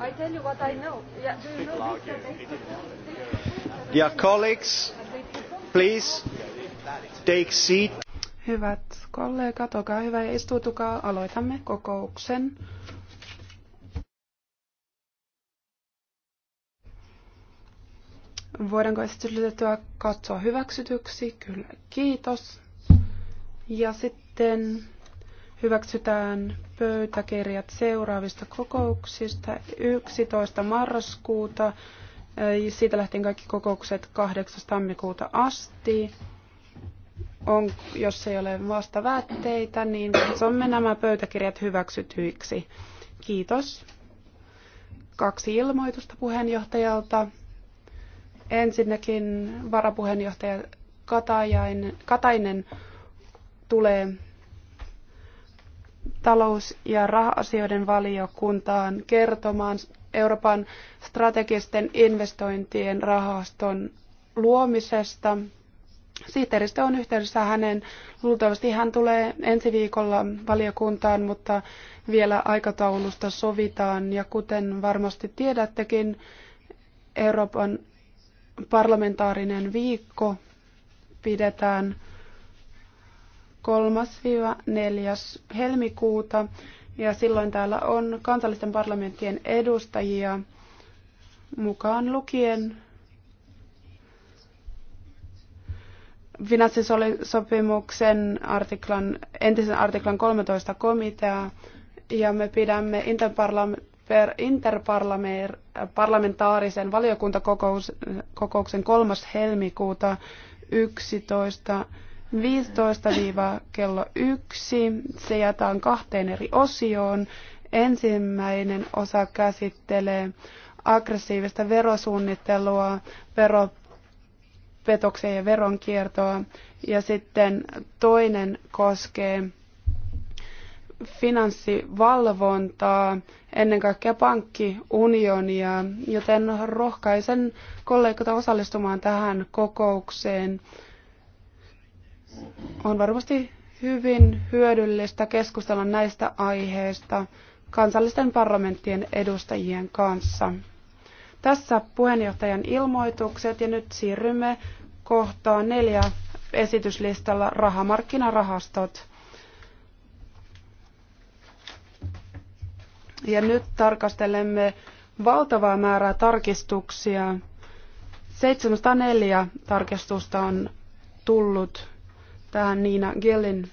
I tell you what I know. Yeah, do you know Dear colleagues, please take seat. Hyvät kollegat, olkaa hyvä ja istuutukaa. Aloitamme kokouksen. Voidaanko esitystä katsoa hyväksytyksi? Kyllä, kiitos. Ja sitten hyväksytään pöytäkirjat seuraavista kokouksista 11. marraskuuta. Siitä lähtien kaikki kokoukset 8. tammikuuta asti. On, jos ei ole vasta väitteitä, niin katsomme nämä pöytäkirjat hyväksytyiksi. Kiitos. Kaksi ilmoitusta puheenjohtajalta. Ensinnäkin varapuheenjohtaja Katajainen, Katainen tulee talous- ja raha-asioiden valiokuntaan kertomaan Euroopan strategisten investointien rahaston luomisesta. Sihteeristö on yhteydessä hänen. Luultavasti hän tulee ensi viikolla valiokuntaan, mutta vielä aikataulusta sovitaan. Ja kuten varmasti tiedättekin, Euroopan parlamentaarinen viikko pidetään 3-4. helmikuuta ja silloin täällä on kansallisten parlamenttien edustajia mukaan lukien finanssisopimuksen artiklan, entisen artiklan 13 komitea ja me pidämme interparlamentaarisen valiokuntakokouksen 3. helmikuuta 11 15- kello 1. Se jätään kahteen eri osioon. Ensimmäinen osa käsittelee aggressiivista verosuunnittelua, veropetoksia ja veronkiertoa. Ja sitten toinen koskee finanssivalvontaa, ennen kaikkea pankkiunionia, joten rohkaisen kollegoita osallistumaan tähän kokoukseen. On varmasti hyvin hyödyllistä keskustella näistä aiheista kansallisten parlamenttien edustajien kanssa. Tässä puheenjohtajan ilmoitukset ja nyt siirrymme kohtaan neljä esityslistalla rahamarkkinarahastot. Ja nyt tarkastelemme valtavaa määrää tarkistuksia. 704 tarkistusta on tullut tähän Niina Gellin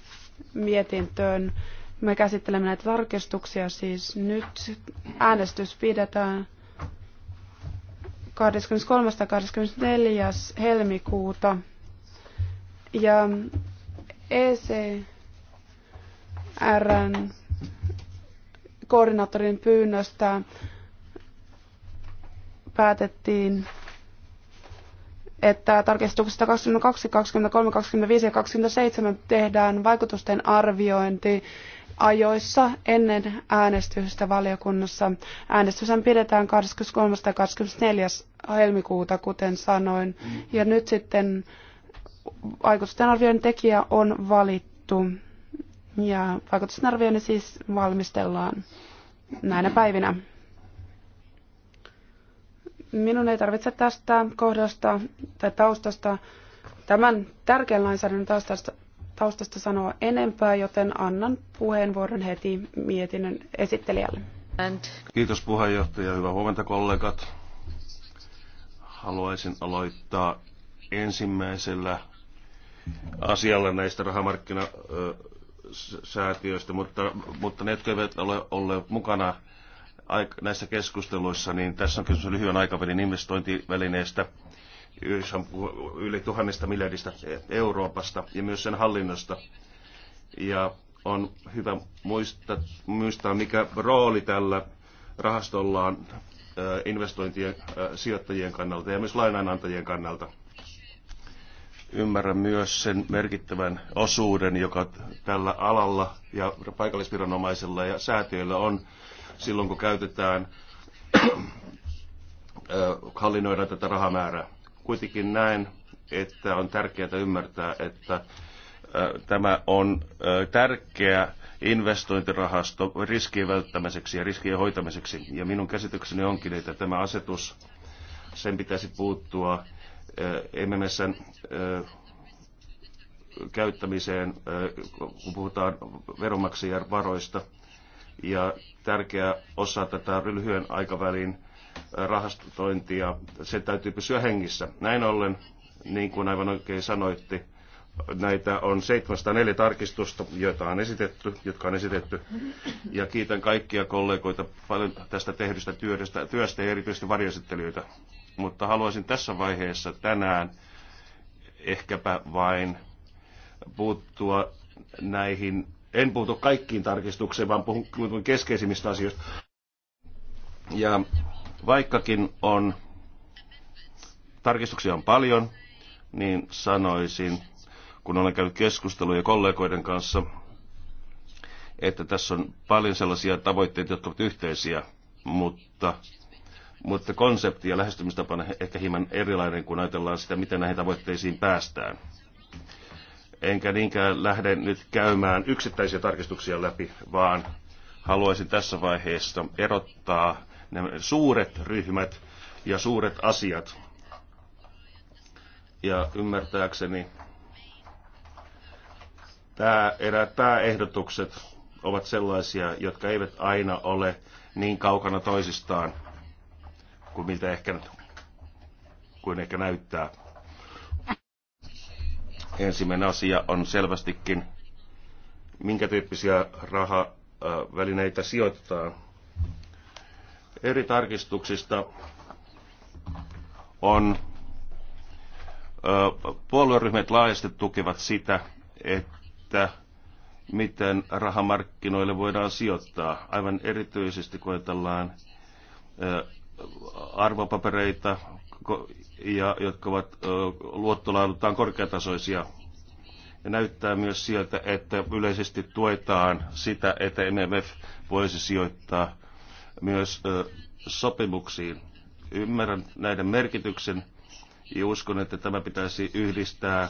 mietintöön. Me käsittelemme näitä tarkistuksia siis nyt. Äänestys pidetään 23. 24. helmikuuta. Ja ECRn koordinaattorin pyynnöstä päätettiin että tarkistuksista 22, 23, 25 ja 27 tehdään vaikutusten arviointi ajoissa ennen äänestystä valiokunnassa. Äänestyshän pidetään 23. ja 24. helmikuuta, kuten sanoin. Ja nyt sitten vaikutusten arvioinnin tekijä on valittu. Ja vaikutusten arvioinnin siis valmistellaan näinä päivinä. Minun ei tarvitse tästä kohdasta tai taustasta, tämän tärkeän lainsäädännön taustasta, taustasta sanoa enempää, joten annan puheenvuoron heti mietinnön esittelijälle. Kiitos puheenjohtaja. Hyvää huomenta kollegat. Haluaisin aloittaa ensimmäisellä asialla näistä rahamarkkinasäätiöistä, mutta, mutta ne, jotka eivät ole olleet mukana näissä keskusteluissa, niin tässä on kysymys lyhyen aikavälin investointivälineestä, yli tuhannesta miljardista Euroopasta ja myös sen hallinnosta. Ja on hyvä muistaa, muistaa mikä rooli tällä rahastolla on investointien sijoittajien kannalta ja myös lainanantajien kannalta. Ymmärrän myös sen merkittävän osuuden, joka tällä alalla ja paikallisviranomaisella ja säätiöillä on silloin, kun käytetään hallinnoidaan tätä rahamäärää. Kuitenkin näen, että on tärkeää ymmärtää, että tämä on tärkeä investointirahasto riskien välttämiseksi ja riskien hoitamiseksi. Ja minun käsitykseni onkin, että tämä asetus, sen pitäisi puuttua MMSn käyttämiseen, kun puhutaan veronmaksajien varoista – ja tärkeä osa tätä lyhyen aikavälin rahastointia, se täytyy pysyä hengissä. Näin ollen, niin kuin aivan oikein sanoitti, näitä on 704 tarkistusta, joita on esitetty, jotka on esitetty. Ja kiitän kaikkia kollegoita paljon tästä tehdystä työstä, työstä ja erityisesti varjoesittelyitä. Mutta haluaisin tässä vaiheessa tänään ehkäpä vain puuttua näihin en puutu kaikkiin tarkistuksiin, vaan puhun keskeisimmistä asioista. Ja vaikkakin on, tarkistuksia on paljon, niin sanoisin, kun olen käynyt keskusteluja kollegoiden kanssa, että tässä on paljon sellaisia tavoitteita, jotka ovat yhteisiä, mutta, mutta konsepti ja lähestymistapa on ehkä hieman erilainen, kun ajatellaan sitä, miten näihin tavoitteisiin päästään enkä niinkään lähde nyt käymään yksittäisiä tarkistuksia läpi, vaan haluaisin tässä vaiheessa erottaa nämä suuret ryhmät ja suuret asiat. Ja ymmärtääkseni tämä, eräät pääehdotukset ovat sellaisia, jotka eivät aina ole niin kaukana toisistaan kuin miltä ehkä, kuin ehkä näyttää. Ensimmäinen asia on selvästikin, minkä tyyppisiä rahavälineitä sijoitetaan. Eri tarkistuksista on puolueryhmät laajasti tukevat sitä, että miten rahamarkkinoille voidaan sijoittaa. Aivan erityisesti koetellaan arvopapereita, ja, jotka ovat luottolaadultaan korkeatasoisia. Ja näyttää myös sieltä, että yleisesti tuetaan sitä, että MMF voisi sijoittaa myös sopimuksiin. Ymmärrän näiden merkityksen ja uskon, että tämä pitäisi yhdistää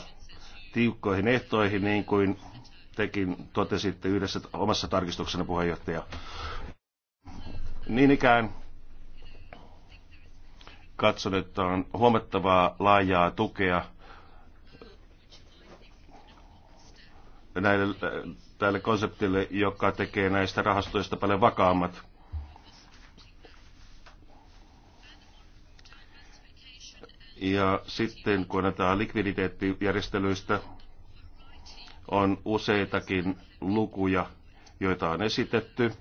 tiukkoihin ehtoihin, niin kuin tekin totesitte yhdessä omassa tarkistuksena puheenjohtaja. Niin ikään katson, että on huomattavaa laajaa tukea näille, tälle konseptille, joka tekee näistä rahastoista paljon vakaammat. Ja sitten kun näitä likviditeettijärjestelyistä, on useitakin lukuja, joita on esitetty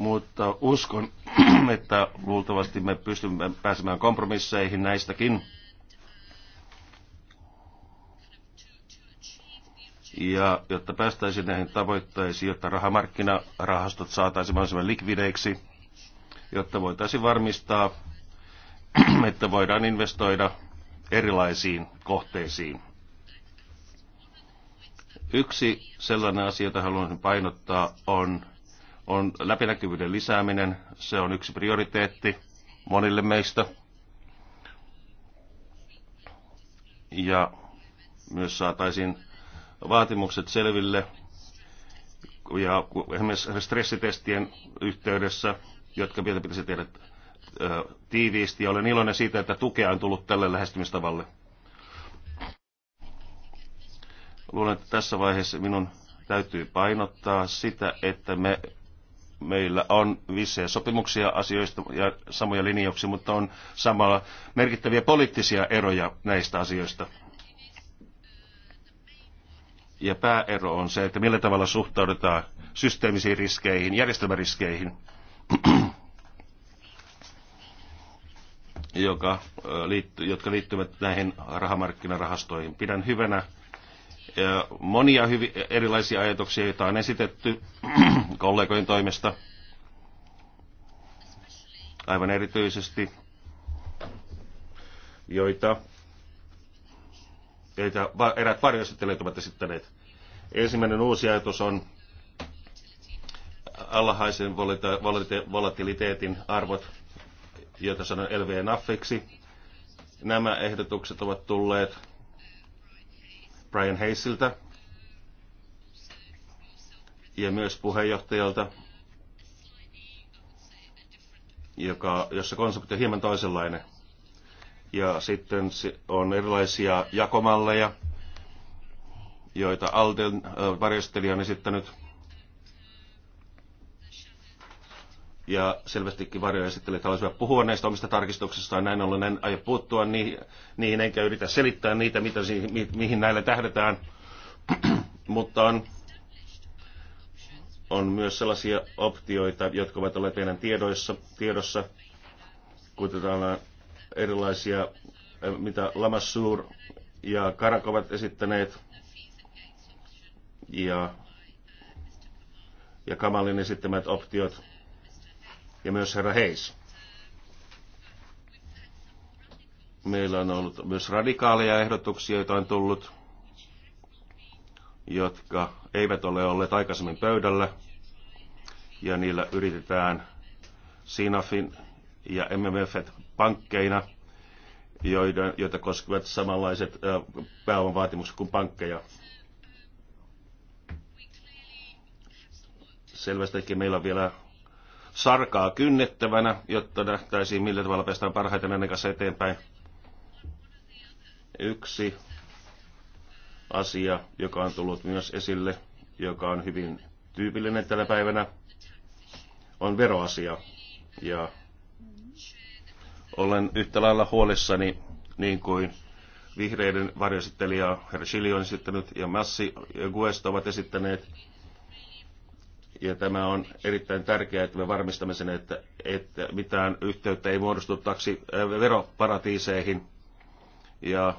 mutta uskon, että luultavasti me pystymme pääsemään kompromisseihin näistäkin. Ja jotta päästäisiin näihin tavoitteisiin, jotta rahamarkkinarahastot saataisiin mahdollisimman likvideiksi, jotta voitaisiin varmistaa, että voidaan investoida erilaisiin kohteisiin. Yksi sellainen asia, jota haluaisin painottaa, on on läpinäkyvyyden lisääminen. Se on yksi prioriteetti monille meistä. Ja myös saataisiin vaatimukset selville ja esimerkiksi stressitestien yhteydessä, jotka vielä pitäisi tehdä tiiviisti. Ja olen iloinen siitä, että tukea on tullut tälle lähestymistavalle. Luulen, että tässä vaiheessa minun täytyy painottaa sitä, että me meillä on vissejä sopimuksia asioista ja samoja linjauksia, mutta on samalla merkittäviä poliittisia eroja näistä asioista. Ja pääero on se, että millä tavalla suhtaudutaan systeemisiin riskeihin, järjestelmäriskeihin, joka, jotka liittyvät näihin rahamarkkinarahastoihin. Pidän hyvänä monia hyvi, erilaisia ajatuksia, joita on esitetty kollegojen toimesta. Aivan erityisesti joita, joita erät varjoesittelijät ovat esittäneet. Ensimmäinen uusi ajatus on alhaisen volatiliteetin arvot, joita sanon LVN affiksi. Nämä ehdotukset ovat tulleet Brian Heisiltä ja myös puheenjohtajalta, joka, jossa konsepti on hieman toisenlainen. Ja sitten on erilaisia jakomalleja, joita Alden äh, varjostelija on esittänyt – ja selvästikin että haluaisivat puhua näistä omista tarkistuksistaan. Näin ollen en aio puuttua niihin, niihin enkä yritä selittää niitä, mitä, mi, mihin näillä tähdetään. Mutta on, on myös sellaisia optioita, jotka ovat olleet teidän tiedoissa, tiedossa, kuten äh, erilaisia, äh, mitä Lamassur ja Karak ovat esittäneet, ja, ja Kamalin esittämät optiot, ja myös herra Heis. Meillä on ollut myös radikaaleja ehdotuksia, joita on tullut, jotka eivät ole olleet aikaisemmin pöydällä, ja niillä yritetään Sinafin ja MMFet pankkeina, joiden, joita koskevat samanlaiset pääomavaatimukset kuin pankkeja. Selvästikin meillä on vielä sarkaa kynnettävänä, jotta nähtäisiin, millä tavalla päästään parhaiten ennen kanssa eteenpäin. Yksi asia, joka on tullut myös esille, joka on hyvin tyypillinen tällä päivänä, on veroasia. Ja olen yhtä lailla huolissani, niin kuin vihreiden varjosittelijaa Herr Schilli on esittänyt ja Massi Guest ovat esittäneet ja tämä on erittäin tärkeää, että me varmistamme sen, että, että mitään yhteyttä ei muodostu taksi, äh, veroparatiiseihin. Ja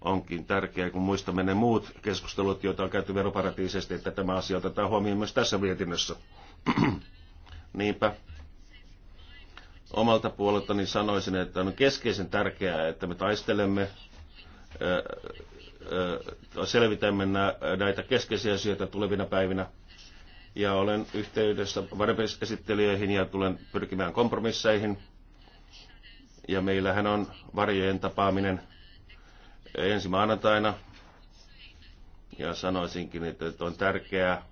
onkin tärkeää, kun muistamme ne muut keskustelut, joita on käyty veroparatiiseista, että tämä asia otetaan huomioon myös tässä mietinnössä. Niinpä omalta puoleltani sanoisin, että on keskeisen tärkeää, että me taistelemme, äh, äh, selvitämme näitä keskeisiä asioita tulevina päivinä – ja olen yhteydessä varjoesittelijöihin ja tulen pyrkimään kompromisseihin. Ja meillähän on varjojen tapaaminen ensi maanantaina. Ja sanoisinkin, että on tärkeää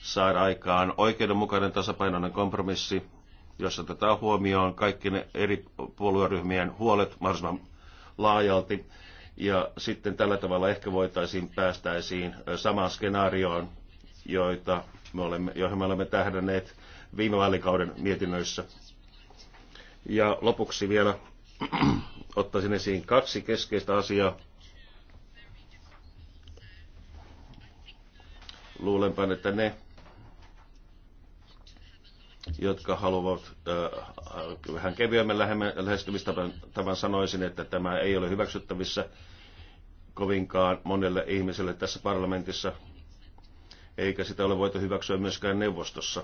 saada aikaan oikeudenmukainen tasapainoinen kompromissi, jossa tätä huomioon kaikki ne eri puolueryhmien huolet mahdollisimman laajalti. Ja sitten tällä tavalla ehkä voitaisiin päästäisiin samaan skenaarioon, joita me olemme, joihin me olemme tähdänneet viime vaalikauden mietinnöissä. Ja lopuksi vielä ottaisin esiin kaksi keskeistä asiaa. Luulenpa, että ne, jotka haluavat äh, vähän kevyemmän lähestymistavan tämän sanoisin, että tämä ei ole hyväksyttävissä kovinkaan monelle ihmiselle tässä parlamentissa – eikä sitä ole voitu hyväksyä myöskään neuvostossa.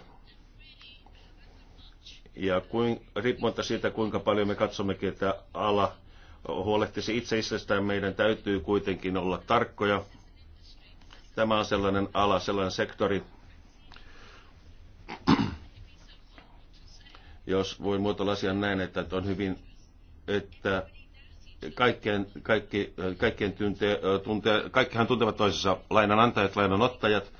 Ja kuin, riippumatta siitä, kuinka paljon me katsommekin, että ala huolehtisi itse itsestään, meidän täytyy kuitenkin olla tarkkoja. Tämä on sellainen ala, sellainen sektori, jos voi muotoilla asian näin, että on hyvin, että kaikkien, kaikki, kaikkien tunte, tunte, kaikkihan tuntevat toisensa lainanantajat, lainanottajat,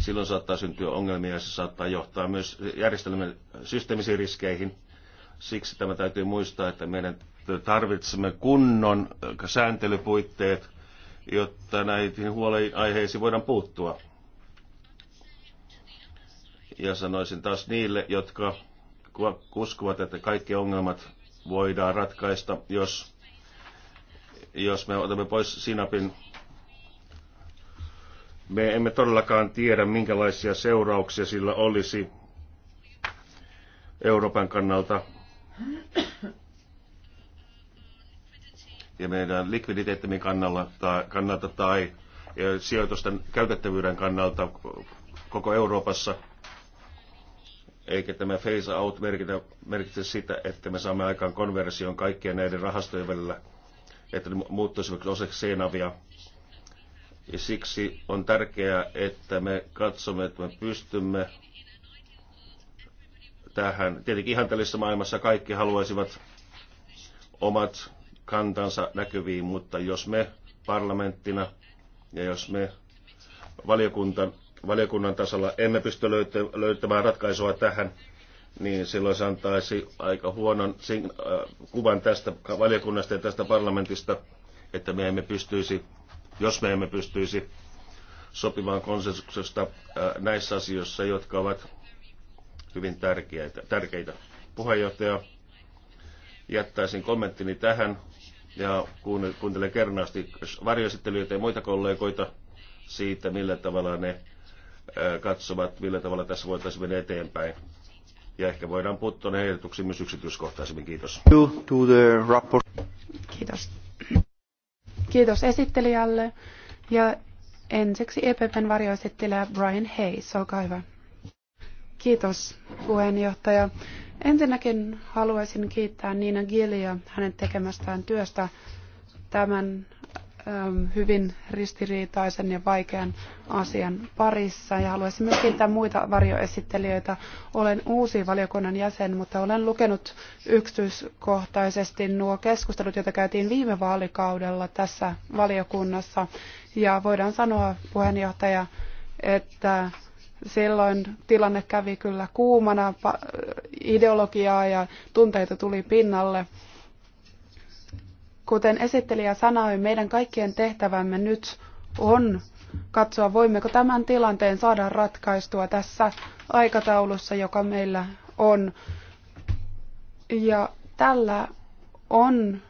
silloin saattaa syntyä ongelmia ja se saattaa johtaa myös järjestelmän systeemisiin riskeihin. Siksi tämä täytyy muistaa, että meidän tarvitsemme kunnon sääntelypuitteet, jotta näihin huolenaiheisiin voidaan puuttua. Ja sanoisin taas niille, jotka uskovat, että kaikki ongelmat voidaan ratkaista, jos, jos me otamme pois sinapin me emme todellakaan tiedä, minkälaisia seurauksia sillä olisi Euroopan kannalta. Ja meidän likviditeettimme kannalta tai, kannalta tai sijoitusten käytettävyyden kannalta koko Euroopassa. Eikä tämä phase out merkitä, merkitse sitä, että me saamme aikaan konversion kaikkien näiden rahastojen välillä, että ne muuttuisivat osaksi Senavia ja siksi on tärkeää, että me katsomme, että me pystymme tähän. Tietenkin tällaisessa maailmassa kaikki haluaisivat omat kantansa näkyviin, mutta jos me parlamenttina ja jos me valiokunta, valiokunnan tasolla emme pysty löytämään ratkaisua tähän, niin silloin se antaisi aika huonon äh, kuvan tästä valiokunnasta ja tästä parlamentista, että me emme pystyisi jos me emme pystyisi sopimaan konsensuksesta näissä asioissa, jotka ovat hyvin tärkeitä. tärkeitä. Puheenjohtaja, jättäisin kommenttini tähän ja kuuntelen kernaasti varjoesittelyitä ja muita kollegoita siitä, millä tavalla ne katsovat, millä tavalla tässä voitaisiin mennä eteenpäin. Ja ehkä voidaan puuttua ne ehdotuksiin myös yksityiskohtaisemmin. Kiitos. Kiitos Kiitos esittelijälle ja ensiksi EPPn varjoesittelijä Brian Hayes, olkaa hyvä. Kiitos puheenjohtaja. Ensinnäkin haluaisin kiittää Niina Gillia hänen tekemästään työstä tämän Ähm, hyvin ristiriitaisen ja vaikean asian parissa. Ja haluaisin myös kiittää muita varjoesittelijöitä. Olen uusi valiokunnan jäsen, mutta olen lukenut yksityiskohtaisesti nuo keskustelut, joita käytiin viime vaalikaudella tässä valiokunnassa. Ja voidaan sanoa, puheenjohtaja, että silloin tilanne kävi kyllä kuumana, ideologiaa ja tunteita tuli pinnalle Kuten esittelijä sanoi, meidän kaikkien tehtävämme nyt on katsoa, voimmeko tämän tilanteen saada ratkaistua tässä aikataulussa, joka meillä on. Ja tällä on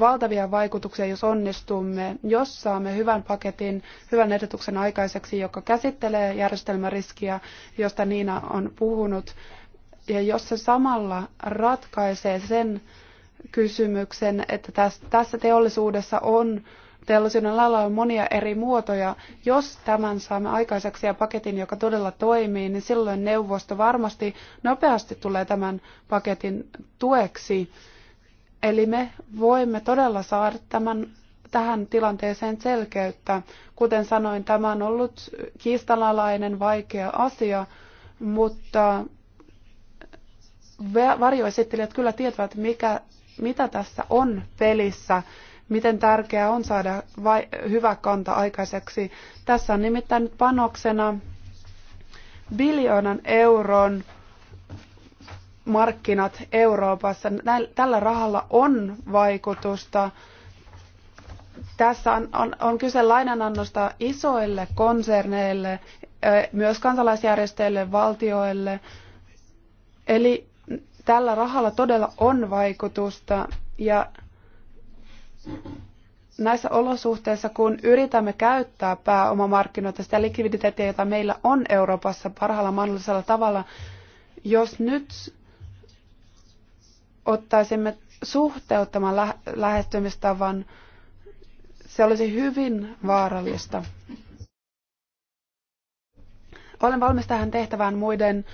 valtavia vaikutuksia, jos onnistumme, jos saamme hyvän paketin, hyvän ehdotuksen aikaiseksi, joka käsittelee järjestelmäriskiä, josta Niina on puhunut, ja jos se samalla ratkaisee sen kysymyksen, että tässä teollisuudessa on, teollisuuden lailla on monia eri muotoja. Jos tämän saamme aikaiseksi ja paketin, joka todella toimii, niin silloin neuvosto varmasti nopeasti tulee tämän paketin tueksi. Eli me voimme todella saada tämän tähän tilanteeseen selkeyttä. Kuten sanoin, tämä on ollut kiistanalainen, vaikea asia, mutta varjoesittelijät kyllä tietävät, mikä mitä tässä on pelissä, miten tärkeää on saada vai, hyvä kanta aikaiseksi. Tässä on nimittäin nyt panoksena biljoonan euron markkinat Euroopassa. Tällä rahalla on vaikutusta. Tässä on, on, on kyse lainanannosta isoille konserneille, myös kansalaisjärjestöille, valtioille. Eli tällä rahalla todella on vaikutusta ja näissä olosuhteissa, kun yritämme käyttää pääomamarkkinoita, sitä likviditeettiä, jota meillä on Euroopassa parhaalla mahdollisella tavalla, jos nyt ottaisimme suhteuttamaan lähestymistavan, se olisi hyvin vaarallista. Olen valmis tähän tehtävään muiden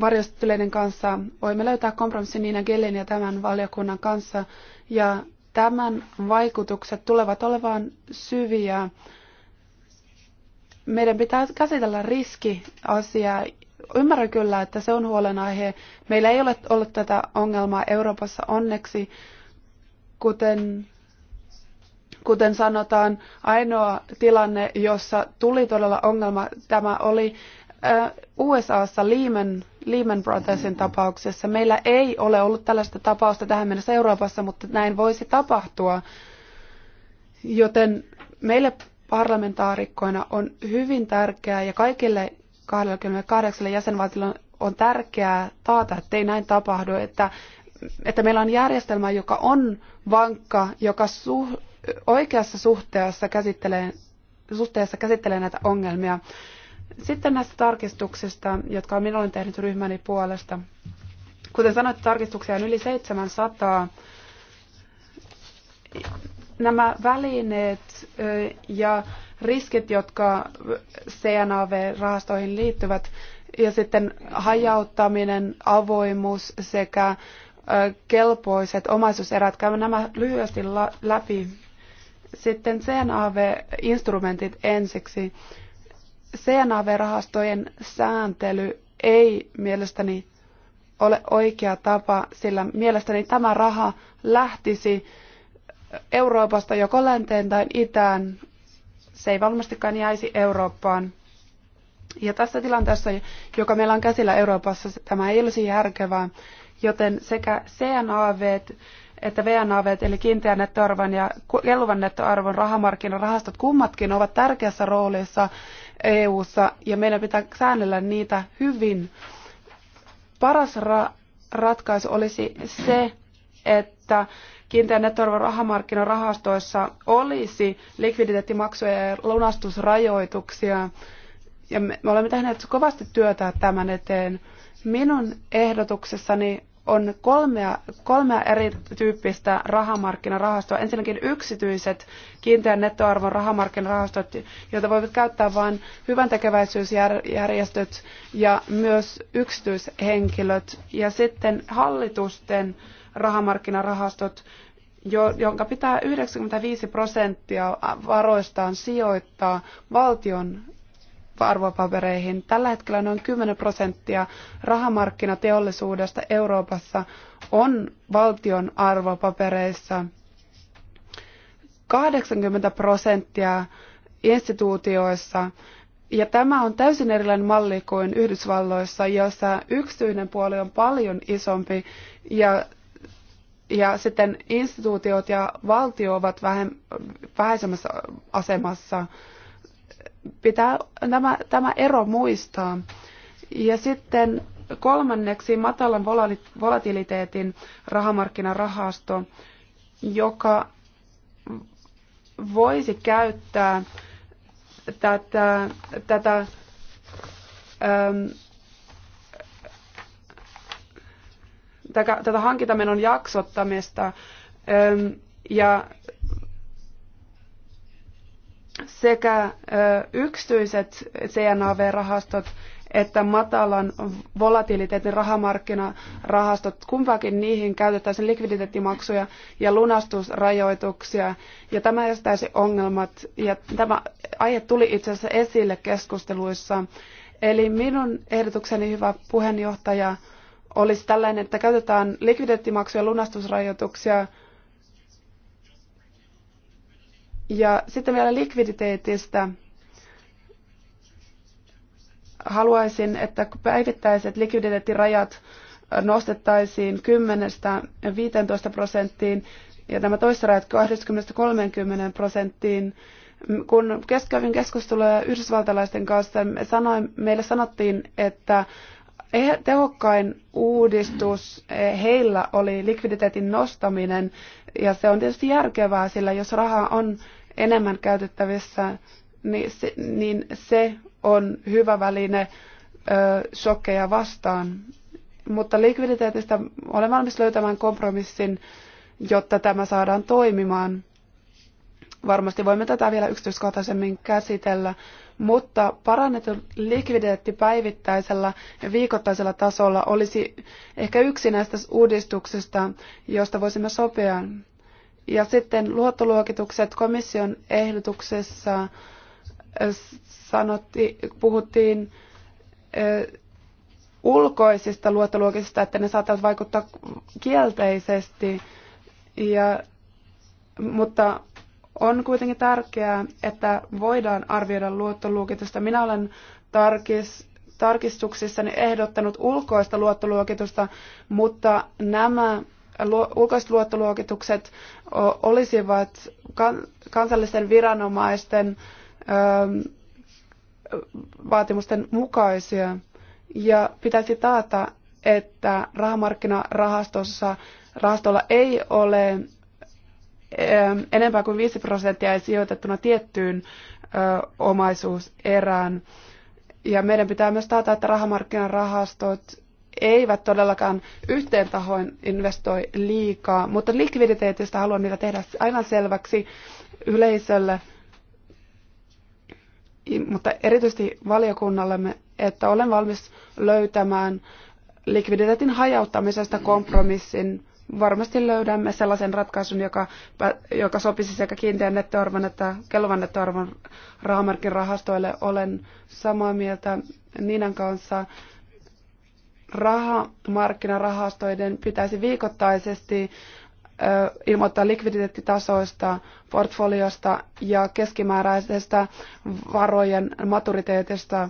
varjostelijoiden kanssa voimme löytää kompromissin Niina Gellin ja tämän valiokunnan kanssa. Ja tämän vaikutukset tulevat olemaan syviä. Meidän pitää käsitellä riskiasiaa. Ymmärrän kyllä, että se on huolenaihe. Meillä ei ole ollut tätä ongelmaa Euroopassa onneksi, kuten kuten sanotaan, ainoa tilanne, jossa tuli todella ongelma, tämä oli USAssa Lehman Lehman Brothersin tapauksessa. Meillä ei ole ollut tällaista tapausta tähän mennessä Euroopassa, mutta näin voisi tapahtua. Joten meille parlamentaarikkoina on hyvin tärkeää ja kaikille 28 jäsenvaltiolle on tärkeää taata, että ei näin tapahdu, että, että meillä on järjestelmä, joka on vankka, joka su, oikeassa suhteessa käsittelee, suhteessa käsittelee näitä ongelmia. Sitten näistä tarkistuksista, jotka minä olen tehnyt ryhmäni puolesta. Kuten sanoit, tarkistuksia on yli 700. Nämä välineet ja riskit, jotka CNAV-rahastoihin liittyvät, ja sitten hajauttaminen, avoimuus sekä kelpoiset omaisuuserät. Käymme nämä lyhyesti läpi. Sitten CNAV-instrumentit ensiksi. CNAV-rahastojen sääntely ei mielestäni ole oikea tapa, sillä mielestäni tämä raha lähtisi Euroopasta joko länteen tai itään. Se ei varmastikaan jäisi Eurooppaan. Ja tässä tilanteessa, joka meillä on käsillä Euroopassa, tämä ei olisi järkevää, joten sekä CNAV että VNAV, eli kiinteän nettoarvon ja kelluvan nettoarvon rahamarkkinarahastot, kummatkin ovat tärkeässä roolissa EU-ssa ja meidän pitää säännellä niitä hyvin. Paras ra- ratkaisu olisi se, että kiinteän nettoarvon rahamarkkinarahastoissa olisi likviditeettimaksuja ja lunastusrajoituksia. Ja me, me olemme tehneet kovasti työtä tämän eteen. Minun ehdotuksessani on kolmea, kolmea erityyppistä rahamarkkinarahastoa. Ensinnäkin yksityiset kiinteän nettoarvon rahamarkkinarahastot, joita voivat käyttää vain hyvän tekeväisyysjärjestöt ja myös yksityishenkilöt. Ja sitten hallitusten rahamarkkinarahastot, jo, jonka pitää 95 prosenttia varoistaan sijoittaa valtion arvopapereihin. Tällä hetkellä noin 10 prosenttia rahamarkkinateollisuudesta Euroopassa on valtion arvopapereissa. 80 prosenttia instituutioissa. Ja tämä on täysin erilainen malli kuin Yhdysvalloissa, jossa yksityinen puoli on paljon isompi ja, ja sitten instituutiot ja valtio ovat vähem, vähäisemmässä asemassa pitää tämä, tämä ero muistaa. Ja sitten kolmanneksi matalan volatiliteetin rahamarkkinarahasto, joka voisi käyttää tätä, tätä äm, tätä hankintamenon jaksottamista ja sekä yksityiset CNAV-rahastot että matalan volatiliteetin rahamarkkinarahastot, kumpaakin niihin käytettäisiin likviditeettimaksuja ja lunastusrajoituksia, ja tämä estäisi ongelmat, ja tämä aihe tuli itse asiassa esille keskusteluissa. Eli minun ehdotukseni, hyvä puheenjohtaja, olisi tällainen, että käytetään likviditeettimaksuja ja lunastusrajoituksia ja sitten vielä likviditeetistä. Haluaisin, että päivittäiset likviditeettirajat nostettaisiin 10-15 prosenttiin ja nämä rajat 20-30 prosenttiin. Kun keskävin keskustelua yhdysvaltalaisten kanssa, sanoin, meille sanottiin, että eh, tehokkain uudistus eh, heillä oli likviditeetin nostaminen ja se on tietysti järkevää, sillä jos rahaa on enemmän käytettävissä, niin se, niin se on hyvä väline ö, shokkeja vastaan. Mutta likviditeetistä olen valmis löytämään kompromissin, jotta tämä saadaan toimimaan. Varmasti voimme tätä vielä yksityiskohtaisemmin käsitellä, mutta parannetun likviditeetti päivittäisellä ja viikoittaisella tasolla olisi ehkä yksi näistä uudistuksista, josta voisimme sopia. Ja sitten luottoluokitukset komission ehdotuksessa sanotti, puhuttiin ulkoisista luottoluokista, että ne saattavat vaikuttaa kielteisesti. Ja, mutta on kuitenkin tärkeää, että voidaan arvioida luottoluokitusta. Minä olen tarkis, tarkistuksissani ehdottanut ulkoista luottoluokitusta, mutta nämä ulkoiset luottoluokitukset olisivat kansallisten viranomaisten vaatimusten mukaisia ja pitäisi taata, että rahamarkkinarahastossa rahastolla ei ole enempää kuin 5 prosenttia ei sijoitettuna tiettyyn omaisuuserään. Ja meidän pitää myös taata, että rahamarkkinarahastot eivät todellakaan yhteen tahoin investoi liikaa, mutta likviditeetistä haluan niitä tehdä aivan selväksi yleisölle, mutta erityisesti valiokunnallemme, että olen valmis löytämään likviditeetin hajauttamisesta kompromissin varmasti löydämme sellaisen ratkaisun, joka, joka sopisi sekä kiinteän nettoarvon että kelvan nettoarvon rahamarkin rahastoille. Olen samaa mieltä Niinan kanssa. Rahamarkkinarahastoiden pitäisi viikoittaisesti ilmoittaa likviditeettitasoista, portfoliosta ja keskimääräisestä varojen maturiteetista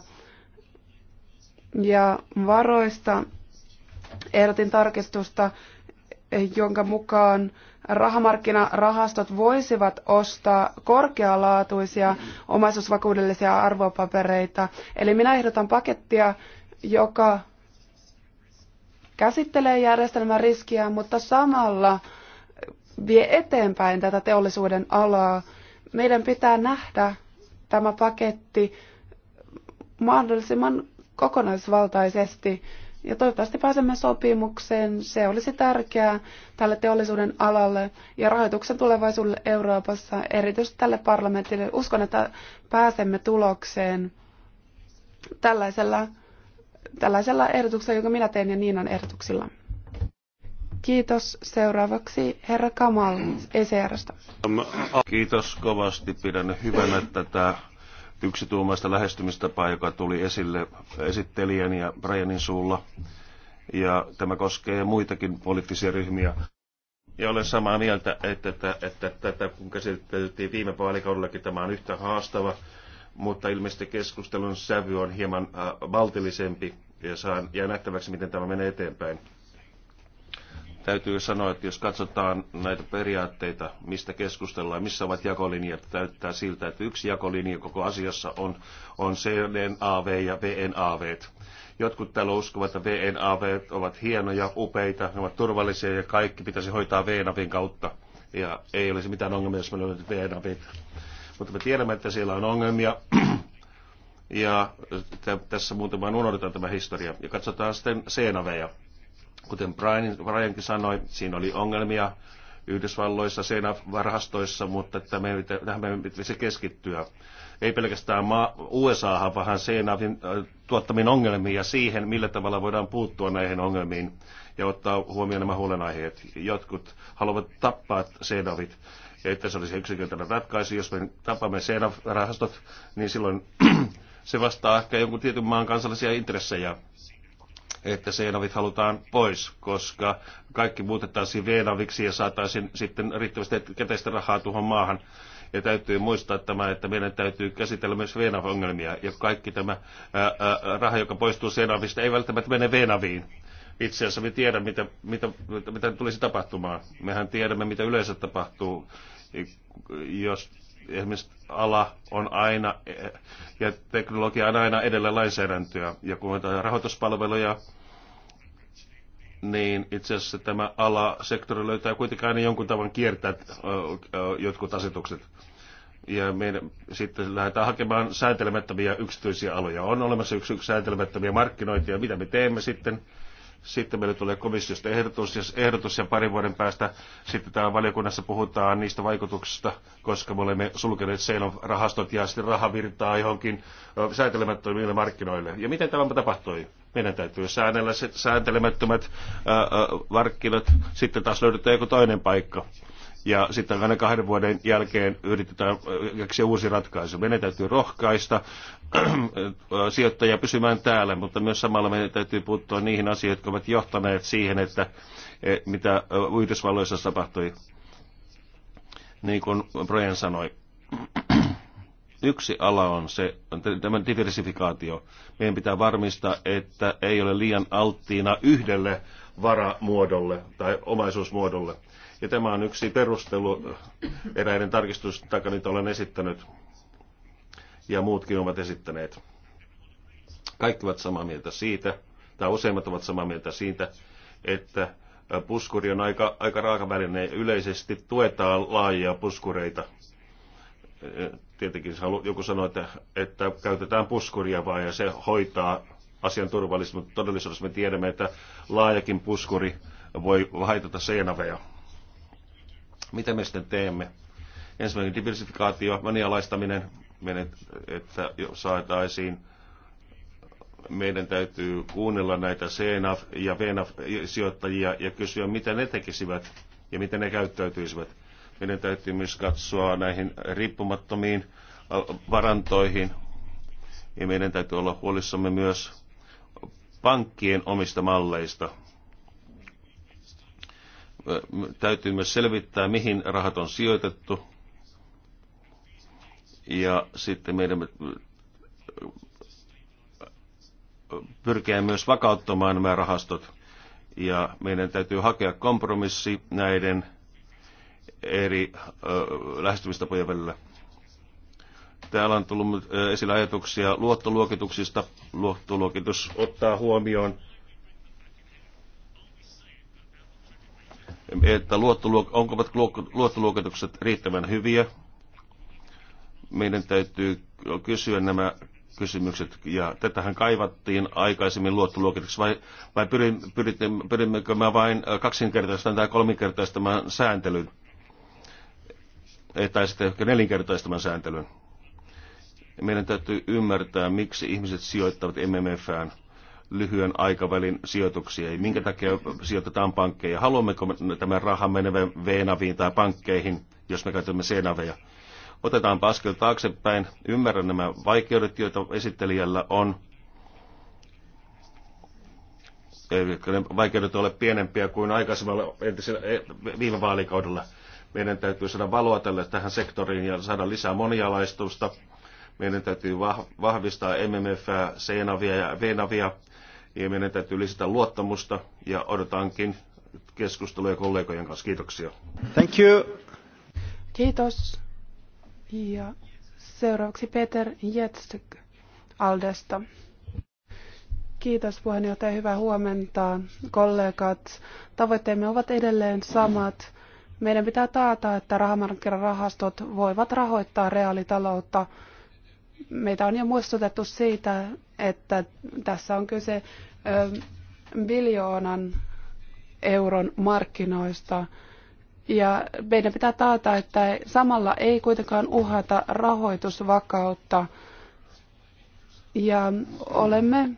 ja varoista. Ehdotin tarkistusta, jonka mukaan rahamarkkinarahastot voisivat ostaa korkealaatuisia omaisuusvakuudellisia arvopapereita. Eli minä ehdotan pakettia, joka käsittelee järjestelmän riskiä, mutta samalla vie eteenpäin tätä teollisuuden alaa. Meidän pitää nähdä tämä paketti mahdollisimman kokonaisvaltaisesti ja toivottavasti pääsemme sopimukseen. Se olisi tärkeää tälle teollisuuden alalle ja rahoituksen tulevaisuudelle Euroopassa, erityisesti tälle parlamentille. Uskon, että pääsemme tulokseen tällaisella, tällaisella ehdotuksella, jonka minä teen ja Niinan ehdotuksilla. Kiitos. Seuraavaksi herra Kamal ECRstä. Kiitos kovasti. Pidän hyvänä tätä yksituumaista lähestymistapaa, joka tuli esille esittelijän ja Brianin suulla. Ja tämä koskee muitakin poliittisia ryhmiä. Ja olen samaa mieltä, että, että, että että kun käsiteltiin viime vaalikaudellakin, tämä on yhtä haastava, mutta ilmeisesti keskustelun sävy on hieman äh, valtillisempi ja saan jää nähtäväksi, miten tämä menee eteenpäin. Täytyy sanoa, että jos katsotaan näitä periaatteita, mistä keskustellaan, missä ovat jakolinjat, täyttää siltä, että yksi jakolinja koko asiassa on, on CNAV ja VNAV. Jotkut täällä uskovat, että VNAV ovat hienoja, upeita, ne ovat turvallisia ja kaikki pitäisi hoitaa VNAVin kautta. Ja ei olisi mitään ongelmia, jos me löydät VNAVit. Mutta me tiedämme, että siellä on ongelmia. Ja tässä muutamaan unohdetaan tämä historia. Ja katsotaan sitten CNAVia Kuten Brian, Briankin sanoi, siinä oli ongelmia Yhdysvalloissa, seinävarastoissa, mutta että meidän pitä, tähän meidän pitäisi keskittyä. Ei pelkästään USA, vaan Seinavin tuottamiin ongelmiin ja siihen, millä tavalla voidaan puuttua näihin ongelmiin ja ottaa huomioon nämä huolenaiheet. Jotkut haluavat tappaa Seinavit että se olisi yksinkertainen ratkaisu. Jos me tapamme CEDAF-rahastot, niin silloin se vastaa ehkä jonkun tietyn maan kansallisia intressejä että Seenavit halutaan pois, koska kaikki muutettaisiin Veenaviksi ja saataisiin sitten riittävästi käteistä rahaa tuohon maahan. Ja täytyy muistaa tämä, että meidän täytyy käsitellä myös Veenav-ongelmia. Ja kaikki tämä ää, ää, raha, joka poistuu Seenavista, ei välttämättä mene Veenaviin. Itse asiassa me tiedämme, mitä, mitä, mitä tulisi tapahtumaan. Mehän tiedämme, mitä yleensä tapahtuu. Jos esimerkiksi ala on aina ja teknologia on aina edellä lainsäädäntöä. Ja kun rahoituspalveluja, niin itse asiassa tämä alasektori löytää kuitenkin aina jonkun tavan kiertää jotkut asetukset. Ja meidän sitten lähdetään hakemaan sääntelemättömiä yksityisiä aloja. On olemassa yksi, yksi sääntelemättömiä markkinointia. Mitä me teemme sitten? Sitten meille tulee komissiosta ehdotus ja, ehdotus ja parin vuoden päästä sitten täällä valiokunnassa puhutaan niistä vaikutuksista, koska me olemme sulkeneet Seilon rahastot ja sitten rahavirtaa johonkin säätelemättömille markkinoille. Ja miten tämä tapahtui? Meidän täytyy säännellä sääntelemättömät markkinat, sitten taas löydetään joku toinen paikka ja sitten aina kahden vuoden jälkeen yritetään äh, keksiä uusi ratkaisu. Meidän täytyy rohkaista äh, äh, sijoittajia pysymään täällä, mutta myös samalla meidän täytyy puuttua niihin asioihin, jotka ovat johtaneet siihen, että e, mitä Yhdysvalloissa tapahtui, niin kuin Brian sanoi. Yksi ala on se, tämän tämä diversifikaatio. Meidän pitää varmistaa, että ei ole liian alttiina yhdelle varamuodolle tai omaisuusmuodolle ja tämä on yksi perustelu eräiden tarkistus, niitä olen esittänyt ja muutkin ovat esittäneet. Kaikki ovat samaa mieltä siitä, tai useimmat ovat samaa mieltä siitä, että puskuri on aika, aika raaka väline. Yleisesti tuetaan laajia puskureita. Tietenkin joku sanoi, että, että käytetään puskuria vaan ja se hoitaa asian turvallisuutta. mutta todellisuudessa me tiedämme, että laajakin puskuri voi haitata seinäveä. Mitä me sitten teemme? Ensimmäinen diversifikaatio, monialaistaminen, että saataisiin meidän täytyy kuunnella näitä CNAF ja VNAF-sijoittajia ja kysyä, mitä ne tekisivät ja miten ne käyttäytyisivät. Meidän täytyy myös katsoa näihin riippumattomiin äh, varantoihin. Ja meidän täytyy olla huolissamme myös pankkien omista malleista – täytyy myös selvittää, mihin rahat on sijoitettu. Ja sitten meidän äh, pyrkiä myös vakauttamaan nämä rahastot. Ja meidän täytyy hakea kompromissi näiden eri äh, lähestymistapojen välillä. Täällä on tullut äh, esillä ajatuksia luottoluokituksista. Luottoluokitus ottaa huomioon että luottoluok- onko luottoluokitukset riittävän hyviä. Meidän täytyy kysyä nämä kysymykset, ja tätähän kaivattiin aikaisemmin luottoluokituksessa, vai, vai pyrin, pyrin, pyrimmekö mä vain kaksinkertaistamaan tai kolminkertaistamaan sääntelyn, eh, tai sitten ehkä nelinkertaistamaan sääntelyn. Meidän täytyy ymmärtää, miksi ihmiset sijoittavat MMFään lyhyen aikavälin sijoituksia. Ei minkä takia sijoitetaan pankkeja? Haluammeko tämän rahan menevän venaviin tai pankkeihin, jos me käytämme senaveja? Otetaanpa askel taaksepäin. Ymmärrän nämä vaikeudet, joita esittelijällä on. ne vaikeudet ole pienempiä kuin aikaisemmalla entisellä, eh, viime vaalikaudella. Meidän täytyy saada valoa tälle tähän sektoriin ja saada lisää monialaistusta meidän täytyy vahvistaa MMF, CNAVia ja VNAVia ja meidän täytyy lisätä luottamusta ja odotankin keskusteluja kollegojen kanssa. Kiitoksia. Thank you. Kiitos. Ja seuraavaksi Peter Jetsk Aldesta. Kiitos puheenjohtaja, hyvää huomenta kollegat. Tavoitteemme ovat edelleen samat. Meidän pitää taata, että rahamarkkinarahastot voivat rahoittaa reaalitaloutta. Meitä on jo muistutettu siitä, että tässä on kyse biljoonan euron markkinoista. Ja meidän pitää taata, että samalla ei kuitenkaan uhata rahoitusvakautta. Ja olemme,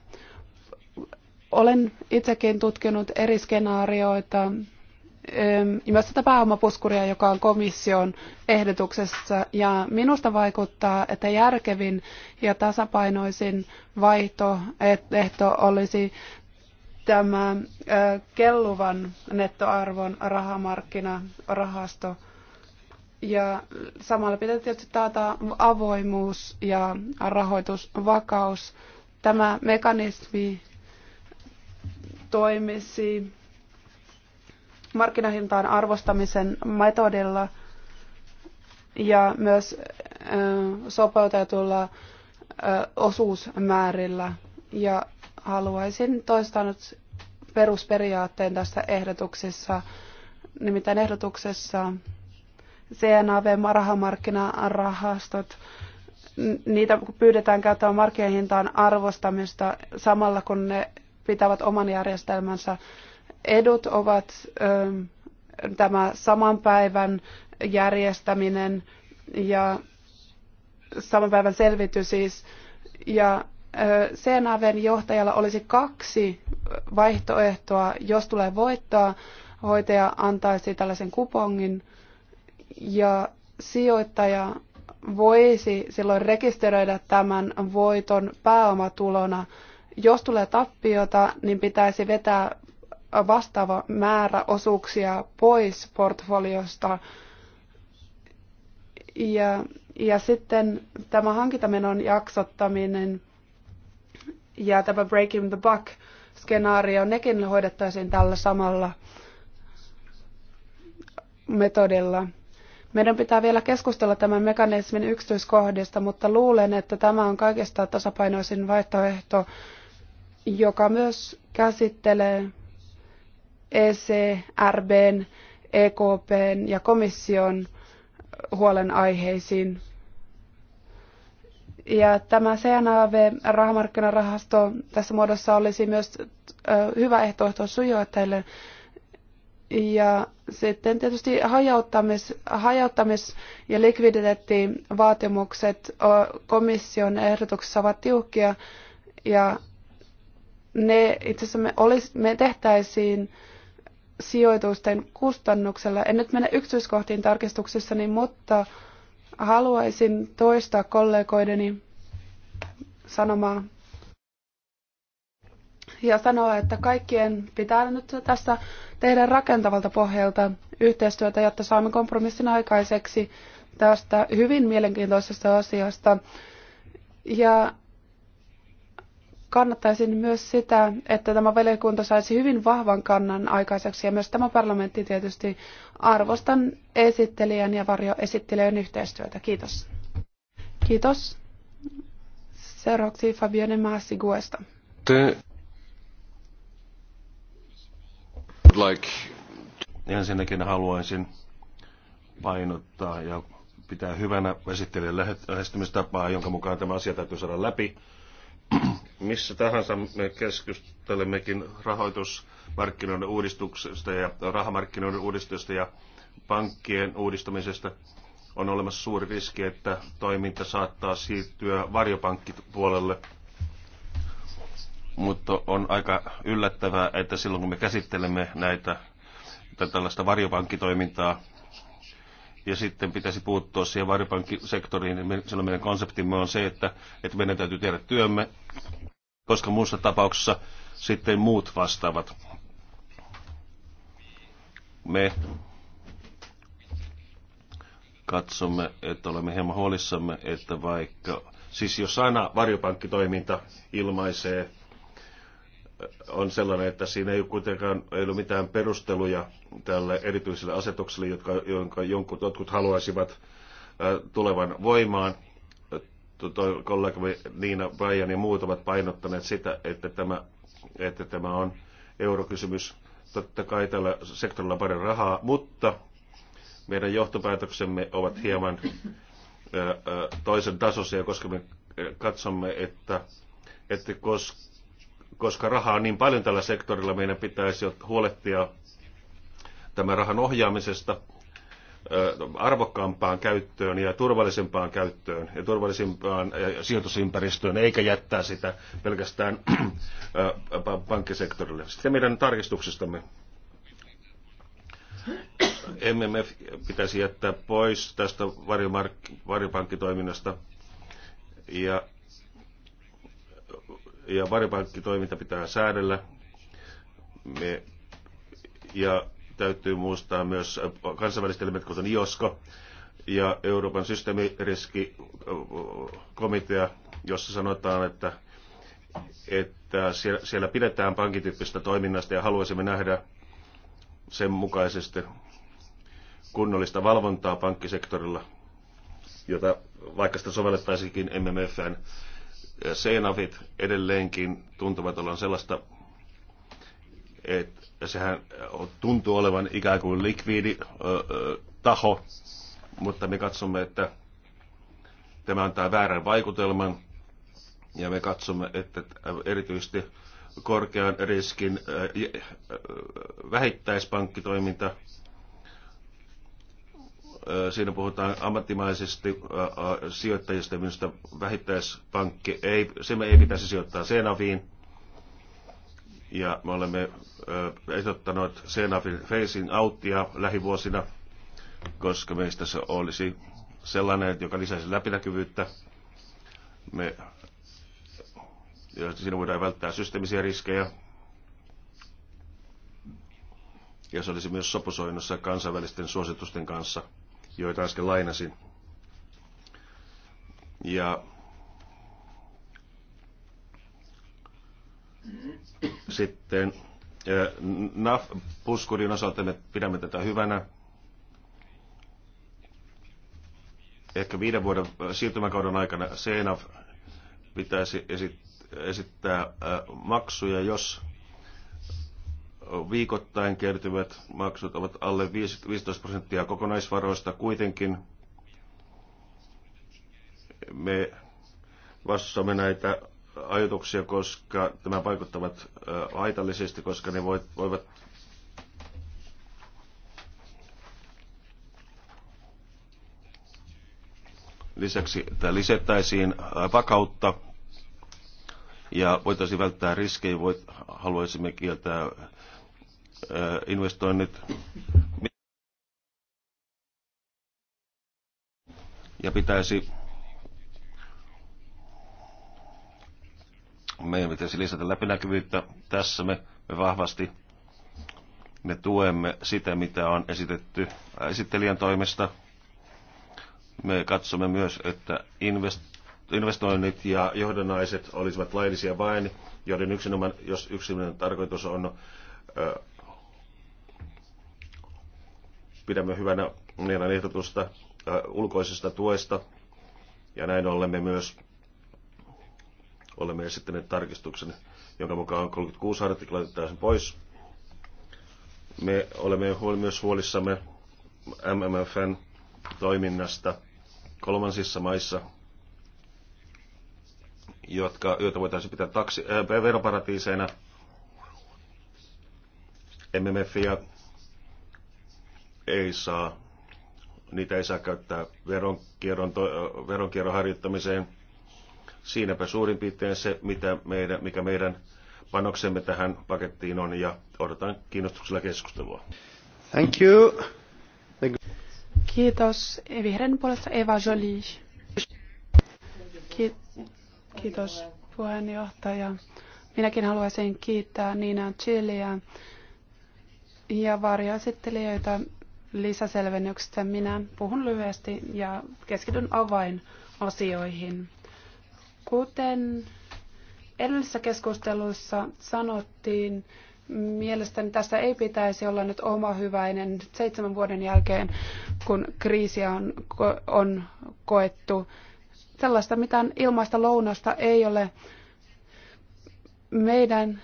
olen itsekin tutkinut eri skenaarioita ja myös tätä pääomapuskuria, joka on komission ehdotuksessa. Ja minusta vaikuttaa, että järkevin ja tasapainoisin vaihtoehto olisi tämä kelluvan nettoarvon rahamarkkinarahasto. Ja samalla pitää tietysti taata avoimuus ja rahoitusvakaus. Tämä mekanismi toimisi markkinahintaan arvostamisen metodilla ja myös sopeutetulla osuusmäärillä. Ja haluaisin toistaa nyt perusperiaatteen tässä ehdotuksessa. Nimittäin ehdotuksessa CNAV-rahamarkkinarahastot, niitä pyydetään käyttämään markkinahintaan arvostamista samalla kun ne pitävät oman järjestelmänsä edut ovat ähm, tämä saman päivän järjestäminen ja saman päivän selvitys siis. Ja äh, CNAVn johtajalla olisi kaksi vaihtoehtoa, jos tulee voittaa. Hoitaja antaisi tällaisen kupongin ja sijoittaja voisi silloin rekisteröidä tämän voiton pääomatulona. Jos tulee tappiota, niin pitäisi vetää vastaava määrä osuuksia pois portfoliosta. Ja, ja sitten tämä hankintamenon jaksottaminen ja tämä breaking the buck skenaario, nekin hoidettaisiin tällä samalla metodilla. Meidän pitää vielä keskustella tämän mekanismin yksityiskohdista, mutta luulen, että tämä on kaikista tasapainoisin vaihtoehto, joka myös käsittelee EC, RB, EKPn ja komission huolenaiheisiin. Ja tämä CNAV-rahamarkkinarahasto tässä muodossa olisi myös hyvä ehtoehto sujuottajille. Ja sitten tietysti hajauttamis, hajauttamis- ja likviditeettivaatimukset komission ehdotuksessa ovat tiukkia ja ne itse asiassa me, olis, me tehtäisiin sijoitusten kustannuksella. En nyt mene yksityiskohtiin tarkistuksissani, mutta haluaisin toistaa kollegoideni sanomaa ja sanoa, että kaikkien pitää nyt tässä tehdä rakentavalta pohjalta yhteistyötä, jotta saamme kompromissin aikaiseksi tästä hyvin mielenkiintoisesta asiasta. Ja kannattaisin myös sitä, että tämä valiokunta saisi hyvin vahvan kannan aikaiseksi ja myös tämä parlamentti tietysti arvostan esittelijän ja varjoesittelijän yhteistyötä. Kiitos. Kiitos. Seuraavaksi Fabienne Maassi Guesta. Like. Ensinnäkin haluaisin painottaa ja pitää hyvänä esittelijän lähestymistapaa, jonka mukaan tämä asia täytyy saada läpi missä tahansa me keskustelemmekin rahoitusmarkkinoiden uudistuksesta ja rahamarkkinoiden uudistuksesta ja pankkien uudistamisesta, on olemassa suuri riski, että toiminta saattaa siirtyä varjopankkipuolelle. Mutta on aika yllättävää, että silloin kun me käsittelemme näitä tällaista varjopankkitoimintaa, ja sitten pitäisi puuttua siihen varipankkisektoriin. Silloin meidän konseptimme on se, että, että meidän täytyy tehdä työmme, koska muussa tapauksessa sitten muut vastaavat. Me katsomme, että olemme hieman huolissamme, että vaikka, siis jos aina varjopankkitoiminta ilmaisee, on sellainen, että siinä ei kuitenkaan ei ole mitään perusteluja tälle erityiselle asetukselle, jotka, jonka jonkun, jotkut haluaisivat äh, tulevan voimaan. Äh, kollegamme Niina Brian ja muut ovat painottaneet sitä, että tämä, että tämä on eurokysymys. Totta kai tällä sektorilla on paljon rahaa, mutta meidän johtopäätöksemme ovat hieman äh, toisen tasoisia, koska me katsomme, että, että koska, koska rahaa on niin paljon tällä sektorilla, meidän pitäisi huolehtia tämän rahan ohjaamisesta arvokkaampaan käyttöön ja turvallisempaan käyttöön ja turvallisempaan sijoitusympäristöön, eikä jättää sitä pelkästään pankkisektorille. Sitten meidän tarkistuksestamme. MMF pitäisi jättää pois tästä varjopankkitoiminnasta ja, ja varjopankkitoiminta pitää säädellä. Me, ja täytyy muistaa myös kansainväliset elimet, kuten IOSCO ja Euroopan systeemiriskikomitea, jossa sanotaan, että, että siellä, siellä pidetään pankityyppistä toiminnasta ja haluaisimme nähdä sen mukaisesti kunnollista valvontaa pankkisektorilla, jota vaikka sitä sovellettaisikin MMFn, CNAFit edelleenkin tuntuvat olla sellaista et, sehän tuntuu olevan ikään kuin likviidi taho, mutta me katsomme, että tämä antaa väärän vaikutelman ja me katsomme, että erityisesti korkean riskin vähittäispankkitoiminta, siinä puhutaan ammattimaisesti sijoittajista, minusta vähittäispankki, ei, se me ei pitäisi sijoittaa Senaviin, ja me olemme esittäneet Senafin Facing Outia lähivuosina, koska meistä se olisi sellainen, joka lisäisi läpinäkyvyyttä. Me, siinä voidaan välttää systeemisiä riskejä. Ja se olisi myös sopusoinnossa kansainvälisten suositusten kanssa, joita äsken lainasin. Ja sitten NAF-puskurin osalta me pidämme tätä hyvänä. Ehkä viiden vuoden siirtymäkauden aikana CNAF pitäisi esittää maksuja, jos viikoittain kertyvät maksut ovat alle 15 prosenttia kokonaisvaroista. Kuitenkin me vastustamme näitä ajatuksia, koska tämä vaikuttavat haitallisesti, koska ne voivat lisäksi tämä lisättäisiin vakautta ja voitaisiin välttää riskejä, voit, haluaisimme kieltää investoinnit ja pitäisi Meidän pitäisi lisätä läpinäkyvyyttä. Tässä me, me vahvasti me tuemme sitä, mitä on esitetty äh, esittelijän toimesta. Me katsomme myös, että investoinnit ja johdonaiset olisivat laillisia vain, joiden yksinomaan, jos yksinomainen tarkoitus on, ö, äh, pidämme hyvänä meidän ehdotusta ö, äh, ulkoisesta tuesta, ja näin ollen me myös olemme esittäneet tarkistuksen, jonka mukaan 36 artikla otetaan pois. Me olemme myös huolissamme MMFn toiminnasta kolmansissa maissa, jotka, joita voitaisiin pitää taksi, äh, veroparatiiseina. MMFia ei saa, niitä ei saa käyttää veronkierron, to, veronkierron harjoittamiseen – Siinäpä suurin piirtein se, mitä meidän, mikä meidän panoksemme tähän pakettiin on, ja odotan kiinnostuksella keskustelua. Thank you. Thank you. Kiitos. Vihreän puolesta Eva Jolie. Kiitos puheenjohtaja. Minäkin haluaisin kiittää Nina Chiliä ja varjoesittelijöitä lisäselvennyksistä. Minä puhun lyhyesti ja keskityn avainasioihin. Kuten edellisessä keskustelussa sanottiin, mielestäni tässä ei pitäisi olla nyt oma hyväinen seitsemän vuoden jälkeen, kun kriisiä on, on koettu. Sellaista mitään ilmaista lounasta ei ole meidän,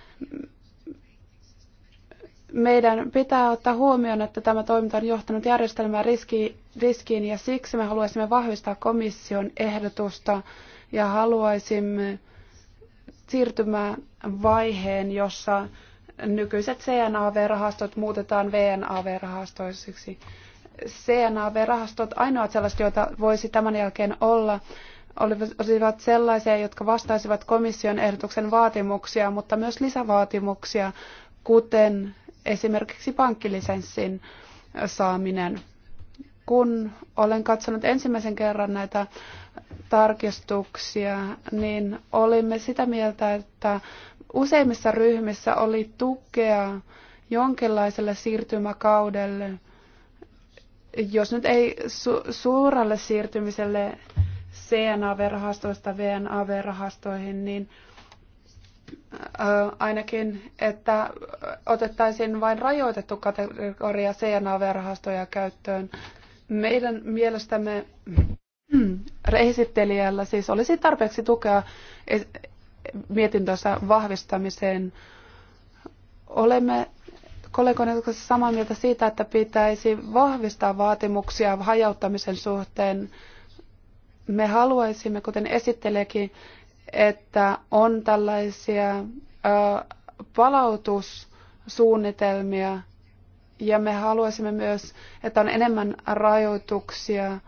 meidän pitää ottaa huomioon, että tämä toiminta on johtanut järjestelmään riskiin ja siksi me haluaisimme vahvistaa komission ehdotusta ja haluaisimme vaiheen, jossa nykyiset CNAV-rahastot muutetaan vnav rahastoiseksi CNAV-rahastot, ainoat sellaiset, joita voisi tämän jälkeen olla, olisivat sellaisia, jotka vastaisivat komission ehdotuksen vaatimuksia, mutta myös lisävaatimuksia, kuten esimerkiksi pankkilisenssin saaminen. Kun olen katsonut ensimmäisen kerran näitä tarkistuksia, niin olimme sitä mieltä, että useimmissa ryhmissä oli tukea jonkinlaiselle siirtymäkaudelle, jos nyt ei su- suuralle siirtymiselle CNAV-rahastoista VNAV-rahastoihin, niin ainakin, että otettaisiin vain rajoitettu kategoria CNAV-rahastoja käyttöön. Meidän mielestämme esittelijällä siis olisi tarpeeksi tukea mietintönsä vahvistamiseen. Olemme kollegoiden kanssa samaa mieltä siitä, että pitäisi vahvistaa vaatimuksia hajauttamisen suhteen. Me haluaisimme, kuten esittelekin, että on tällaisia palautussuunnitelmia ja me haluaisimme myös, että on enemmän rajoituksia –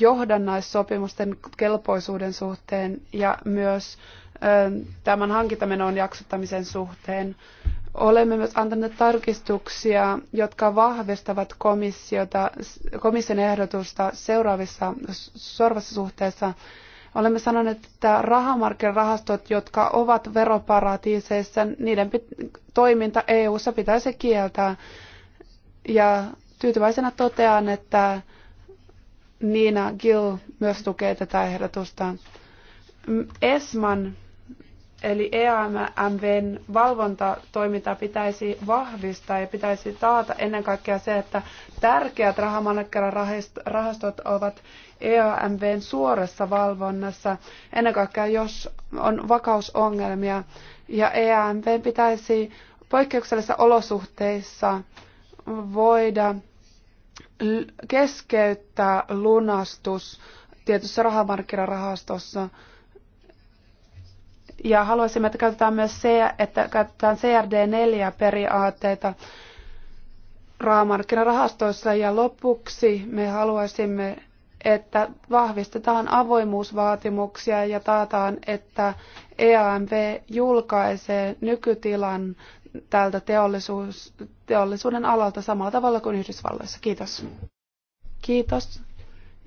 johdannaissopimusten kelpoisuuden suhteen ja myös tämän hankintamenon jaksottamisen suhteen. Olemme myös antaneet tarkistuksia, jotka vahvistavat komissiota, komission ehdotusta seuraavissa sorvassa suhteessa. Olemme sanoneet, että rahamarkkinarahastot, jotka ovat veroparatiiseissa, niiden toiminta EU-ssa pitäisi kieltää. Ja tyytyväisenä totean, että Nina Gill myös tukee tätä ehdotusta. ESMAN eli EAMVn valvontatoimintaa pitäisi vahvistaa ja pitäisi taata ennen kaikkea se, että tärkeät rahastot ovat EAMVn suorassa valvonnassa, ennen kaikkea jos on vakausongelmia. Ja EAMVn pitäisi poikkeuksellisissa olosuhteissa voida keskeyttää lunastus tietyssä rahamarkkinarahastossa. Ja haluaisimme, että käytetään myös se, että käytetään CRD4-periaatteita rahamarkkinarahastoissa. Ja lopuksi me haluaisimme, että vahvistetaan avoimuusvaatimuksia ja taataan, että EAMV julkaisee nykytilan tältä teollisuus, teollisuuden alalta samalla tavalla kuin Yhdysvalloissa. Kiitos. Kiitos.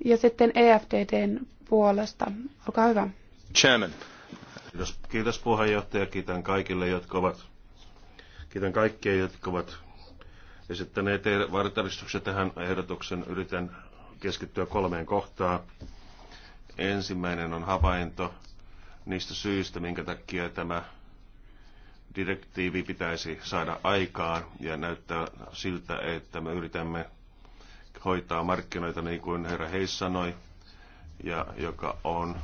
Ja sitten EFTDn puolesta. Olkaa hyvä. Chairman. Kiitos, kiitos puheenjohtaja. Kiitän kaikille, jotka ovat, kiitän kaikkia, jotka ovat esittäneet vartaristuksen tähän ehdotuksen. Yritän keskittyä kolmeen kohtaan. Ensimmäinen on havainto niistä syistä, minkä takia tämä direktiivi pitäisi saada aikaan ja näyttää siltä, että me yritämme hoitaa markkinoita niin kuin herra Heis sanoi, ja joka on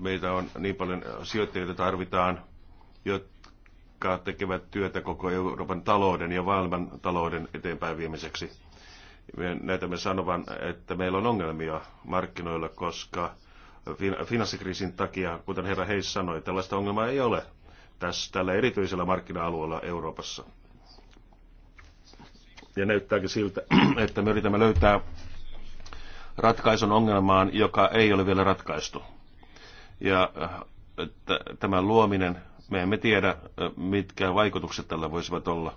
meitä on niin paljon sijoittajia, joita tarvitaan, jotka tekevät työtä koko Euroopan talouden ja maailman talouden eteenpäin viemiseksi. Me näytämme sanovan, että meillä on ongelmia markkinoilla, koska finanssikriisin takia, kuten herra Heis sanoi, tällaista ongelmaa ei ole tässä, tällä erityisellä markkina-alueella Euroopassa. Ja näyttääkin siltä, että me yritämme löytää ratkaisun ongelmaan, joka ei ole vielä ratkaistu. Ja äh, tämän luominen, me emme tiedä, äh, mitkä vaikutukset tällä voisivat olla.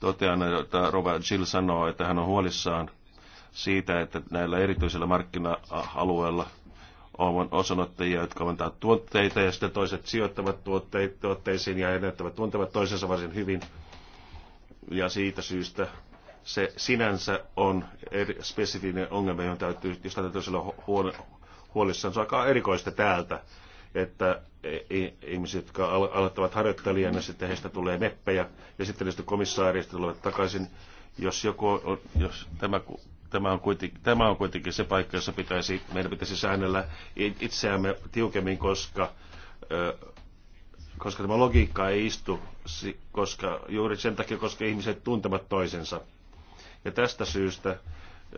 Totean, että Rova Jill sanoo, että hän on huolissaan siitä, että näillä erityisillä markkina-alueilla – ovat osanottajia, jotka ovat tuotteita ja sitten toiset sijoittavat tuotteet, tuotteisiin ja näyttävät tuntevat toisensa varsin hyvin. Ja siitä syystä se sinänsä on eri, spesifinen ongelma, johon täytyy, jos täytyy olla huone, huolissaan. Se on aika erikoista täältä, että ihmiset, jotka aloittavat harjoittelijana, sitten heistä tulee meppejä ja sitten niistä komissaarista tulevat takaisin. Jos, joku, jos tämä tämä on, kuitenkin, tämä on kuitenkin se paikka, jossa pitäisi, meidän pitäisi säännellä itseämme tiukemmin, koska, koska tämä logiikka ei istu, koska, juuri sen takia, koska ihmiset tuntevat toisensa. Ja tästä syystä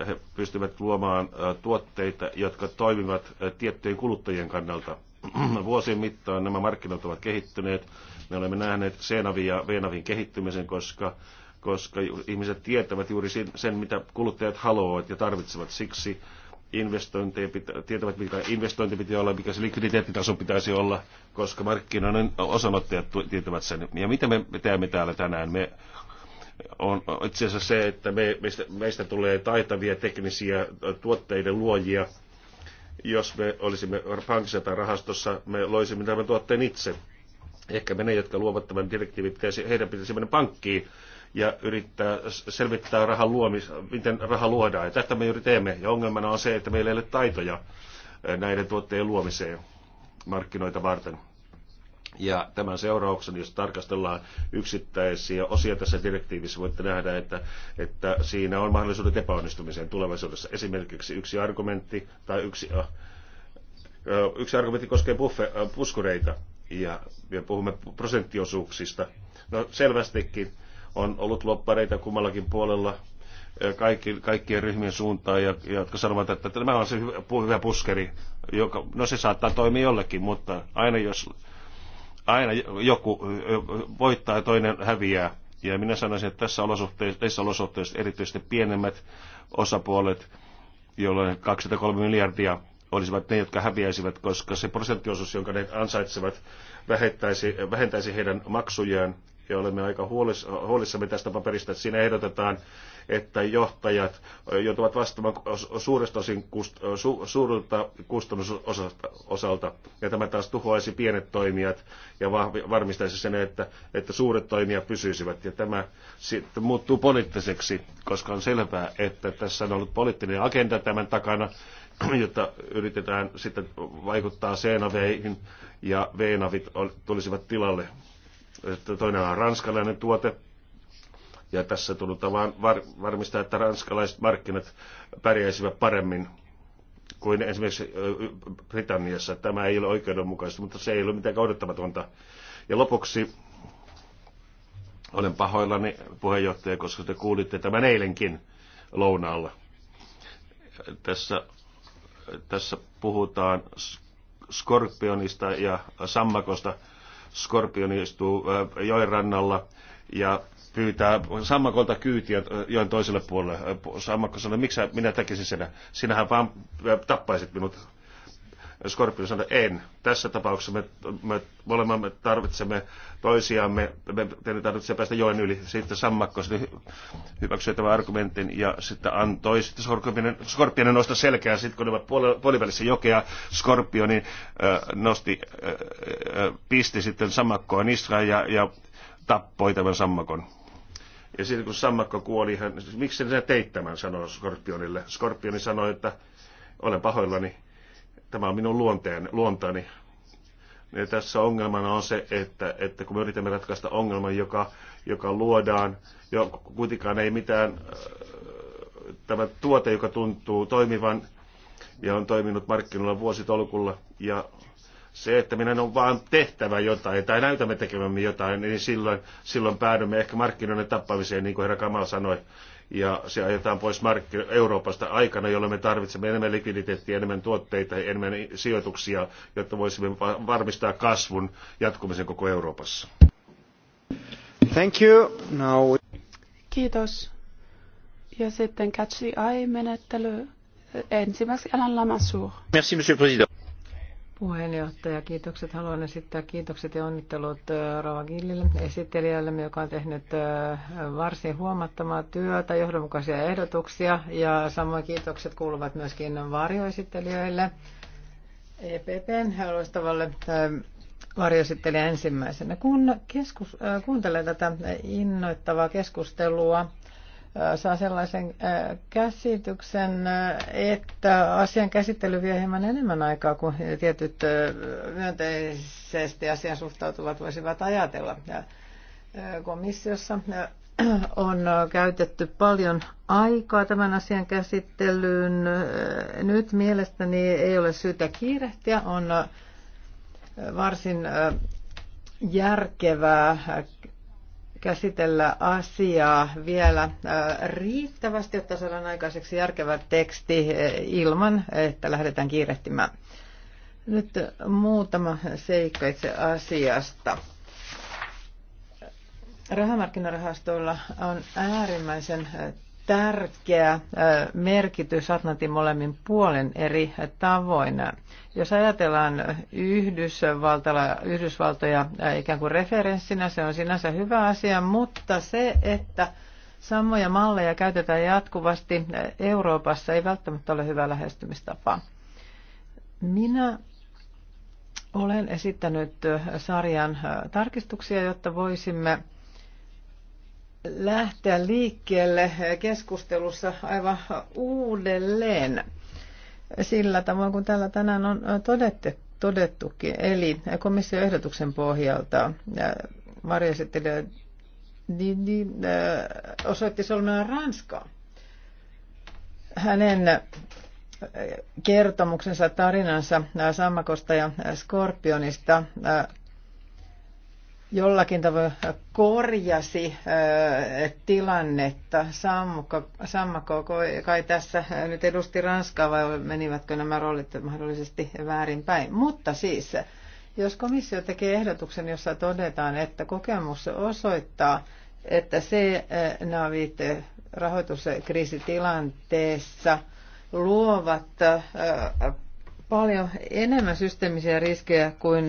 he pystyvät luomaan tuotteita, jotka toimivat tiettyjen kuluttajien kannalta. Vuosien mittaan nämä markkinat ovat kehittyneet. Me olemme nähneet C-Navin ja V-Navin kehittymisen, koska koska ihmiset tietävät juuri sen, mitä kuluttajat haluavat ja tarvitsevat. Siksi investointeja pitä, tietävät, mitä investointi pitää olla, mikä se likviditeettitaso pitäisi olla, koska markkinoiden osanottajat tietävät sen. Ja mitä me teemme täällä tänään? Me on itse asiassa se, että me, meistä, meistä tulee taitavia teknisiä tuotteiden luojia. Jos me olisimme pankissa tai rahastossa, me loisimme tämän tuotteen itse. Ehkä me ne, jotka luovat tämän direktiivin, pitäisi, heidän pitäisi mennä pankkiin ja yrittää selvittää rahan luomis, miten raha luodaan. Ja tätä me juuri teemme. Ja ongelmana on se, että meillä ei ole taitoja eh, näiden tuotteiden luomiseen markkinoita varten. Ja tämän seurauksen, jos tarkastellaan yksittäisiä osia tässä direktiivissä, voitte nähdä, että, että siinä on mahdollisuudet epäonnistumiseen tulevaisuudessa. Esimerkiksi yksi argumentti tai yksi, äh, äh yksi argumentti koskee buffe, äh, puskureita ja, ja puhumme prosenttiosuuksista. No selvästikin on ollut loppareita kummallakin puolella kaikki, kaikkien ryhmien suuntaan, ja, jotka sanovat, että tämä on se hyvä, hyvä puskeri. Joka, no se saattaa toimia jollekin, mutta aina jos aina joku voittaa ja toinen häviää. Ja minä sanoisin, että tässä olosuhteessa, tässä olosuhteessa erityisesti pienemmät osapuolet, jolloin 23 miljardia olisivat ne, jotka häviäisivät, koska se prosenttiosuus, jonka ne ansaitsevat, vähentäisi, vähentäisi heidän maksujaan ja olemme aika huolissamme tästä paperista, että siinä ehdotetaan, että johtajat joutuvat vastaamaan suuresta osin kust, su, suurelta kustannusosalta. Ja tämä taas tuhoaisi pienet toimijat ja varmistaisi sen, että, että suuret toimijat pysyisivät. Ja tämä sitten muuttuu poliittiseksi, koska on selvää, että tässä on ollut poliittinen agenda tämän takana, jotta yritetään sitten vaikuttaa CNAVeihin ja VNAVit tulisivat tilalle toinen on ranskalainen tuote, ja tässä tullut vaan var, varmistaa, että ranskalaiset markkinat pärjäisivät paremmin kuin esimerkiksi Britanniassa. Tämä ei ole oikeudenmukaista, mutta se ei ole mitenkään odottamatonta. Ja lopuksi olen pahoillani puheenjohtaja, koska te kuulitte tämän eilenkin lounaalla. Tässä, tässä puhutaan skorpionista ja sammakosta Skorpioni istuu joen rannalla ja pyytää sammakolta kyytiä joen toiselle puolelle. Sammakko sanoi, miksi minä tekisin sen? Sinähän vaan tappaisit minut. Scorpion sanoi en. Tässä tapauksessa me, me molemmat me tarvitsemme toisiamme, me, me tarvitsemme päästä joen yli. Sitten sammakko sitten hyväksyi tämän argumentin ja sitten antoi sitten Scorpionen, Scorpionen nostaa selkää. Sitten kun ne ovat puolivälissä jokea, Scorpioni niin, äh, nosti, äh, pisti sitten sammakkoa niskaan ja, ja tappoi tämän sammakon. Ja sitten kun sammakko kuoli, hän, siis miksi sinä teit tämän, sanoi Skorpionille. Skorpioni sanoi, että olen pahoillani, Tämä on minun luonteeni, luontani. Ja tässä ongelmana on se, että, että kun me yritämme ratkaista ongelman, joka, joka luodaan, jo kuitenkaan ei mitään äh, tämä tuote, joka tuntuu toimivan ja on toiminut markkinoilla vuositolkulla, ja se, että meidän on vaan tehtävä jotain tai näytämme tekevämme jotain, niin silloin, silloin päädymme ehkä markkinoiden tappamiseen, niin kuin herra Kamal sanoi ja se ajetaan pois markkino- Euroopasta aikana, jolloin me tarvitsemme enemmän likviditeettiä, enemmän tuotteita, enemmän sijoituksia, jotta voisimme varmistaa kasvun jatkumisen koko Euroopassa. Thank you. Now... Kiitos. Ja sitten catch the eye-menettely. Ensimmäiseksi Alain Lamassoure. Merci, monsieur le président. Puheenjohtaja, kiitokset. Haluan esittää kiitokset ja onnittelut äh, Rova Gillille, esittelijälle, joka on tehnyt äh, varsin huomattamaa työtä, johdonmukaisia ehdotuksia ja samoin kiitokset kuuluvat myöskin varjoesittelijöille. EPPn loistavalle äh, varjoesittelijä ensimmäisenä. Kun keskus, kuuntelee tätä innoittavaa keskustelua, Äh, saa sellaisen äh, käsityksen, äh, että asian käsittely vie hieman enemmän aikaa kuin tietyt myönteisesti asian suhtautuvat voisivat ajatella. Komissiossa on käytetty paljon aikaa tämän asian käsittelyyn. Nyt mielestäni ei ole syytä kiirehtiä. On varsin järkevää käsitellä asiaa vielä äh, riittävästi, jotta saadaan aikaiseksi järkevä teksti äh, ilman, että lähdetään kiirehtimään. Nyt muutama seikka itse asiasta. Rahamarkkinarahastoilla on äärimmäisen tärkeä merkitys Atlantin molemmin puolen eri tavoin. Jos ajatellaan Yhdysvaltoja ikään kuin referenssinä, se on sinänsä hyvä asia, mutta se, että samoja malleja käytetään jatkuvasti Euroopassa, ei välttämättä ole hyvä lähestymistapa. Minä olen esittänyt sarjan tarkistuksia, jotta voisimme lähteä liikkeelle keskustelussa aivan uudelleen sillä tavoin kuin täällä tänään on todettu, todettukin. Eli komission ehdotuksen pohjalta varjoesittelijä niin, niin, osoitti solmea Ranskaa. Hänen äh, kertomuksensa, tarinansa äh, Sammakosta ja Skorpionista jollakin tavoin korjasi tilannetta. Sammukka, Sammakko kai tässä nyt edusti Ranskaa vai menivätkö nämä roolit mahdollisesti väärinpäin. Mutta siis, jos komissio tekee ehdotuksen, jossa todetaan, että kokemus osoittaa, että se navit rahoituskriisitilanteessa luovat paljon enemmän systeemisiä riskejä kuin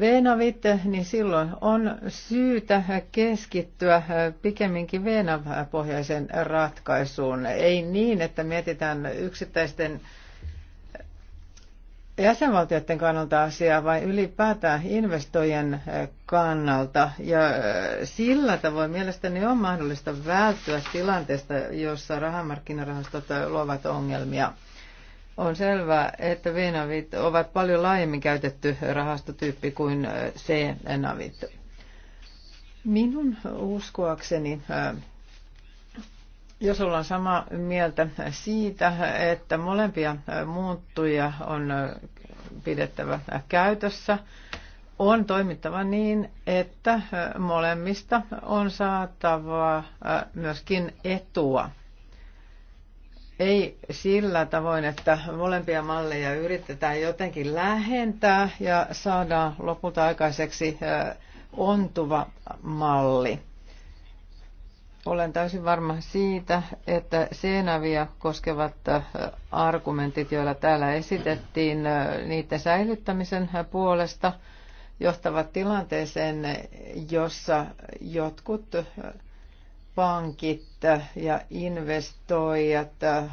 Veenavit, niin silloin on syytä keskittyä pikemminkin veenav ratkaisuun. Ei niin, että mietitään yksittäisten jäsenvaltioiden kannalta asiaa, vai ylipäätään investoijien kannalta. Ja sillä tavoin mielestäni on mahdollista välttyä tilanteesta, jossa rahamarkkinarahastot luovat ongelmia – on selvää, että V-navit ovat paljon laajemmin käytetty rahastotyyppi kuin C-navit. Minun uskoakseni, äh, jos ollaan samaa mieltä siitä, että molempia äh, muuttuja on äh, pidettävä käytössä, on toimittava niin, että molemmista on saatava myöskin etua. Ei sillä tavoin, että molempia malleja yritetään jotenkin lähentää ja saadaan lopulta aikaiseksi ontuva malli. Olen täysin varma siitä, että Seenavia koskevat argumentit, joilla täällä esitettiin niiden säilyttämisen puolesta, johtavat tilanteeseen, jossa jotkut pankit ja investoijat äh,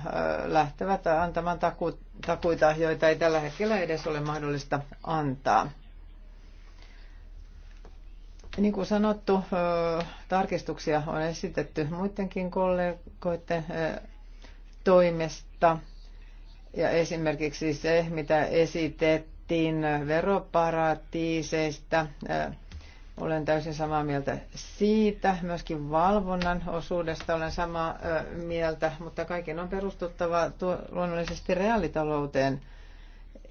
lähtevät antamaan takuita, joita ei tällä hetkellä edes ole mahdollista antaa. Niin kuin sanottu, äh, tarkistuksia on esitetty muidenkin kollegoiden äh, toimesta. Ja esimerkiksi se, mitä esitettiin veroparatiiseista, olen täysin samaa mieltä siitä, myöskin valvonnan osuudesta olen samaa mieltä, mutta kaiken on perustuttava tuo, luonnollisesti reaalitalouteen.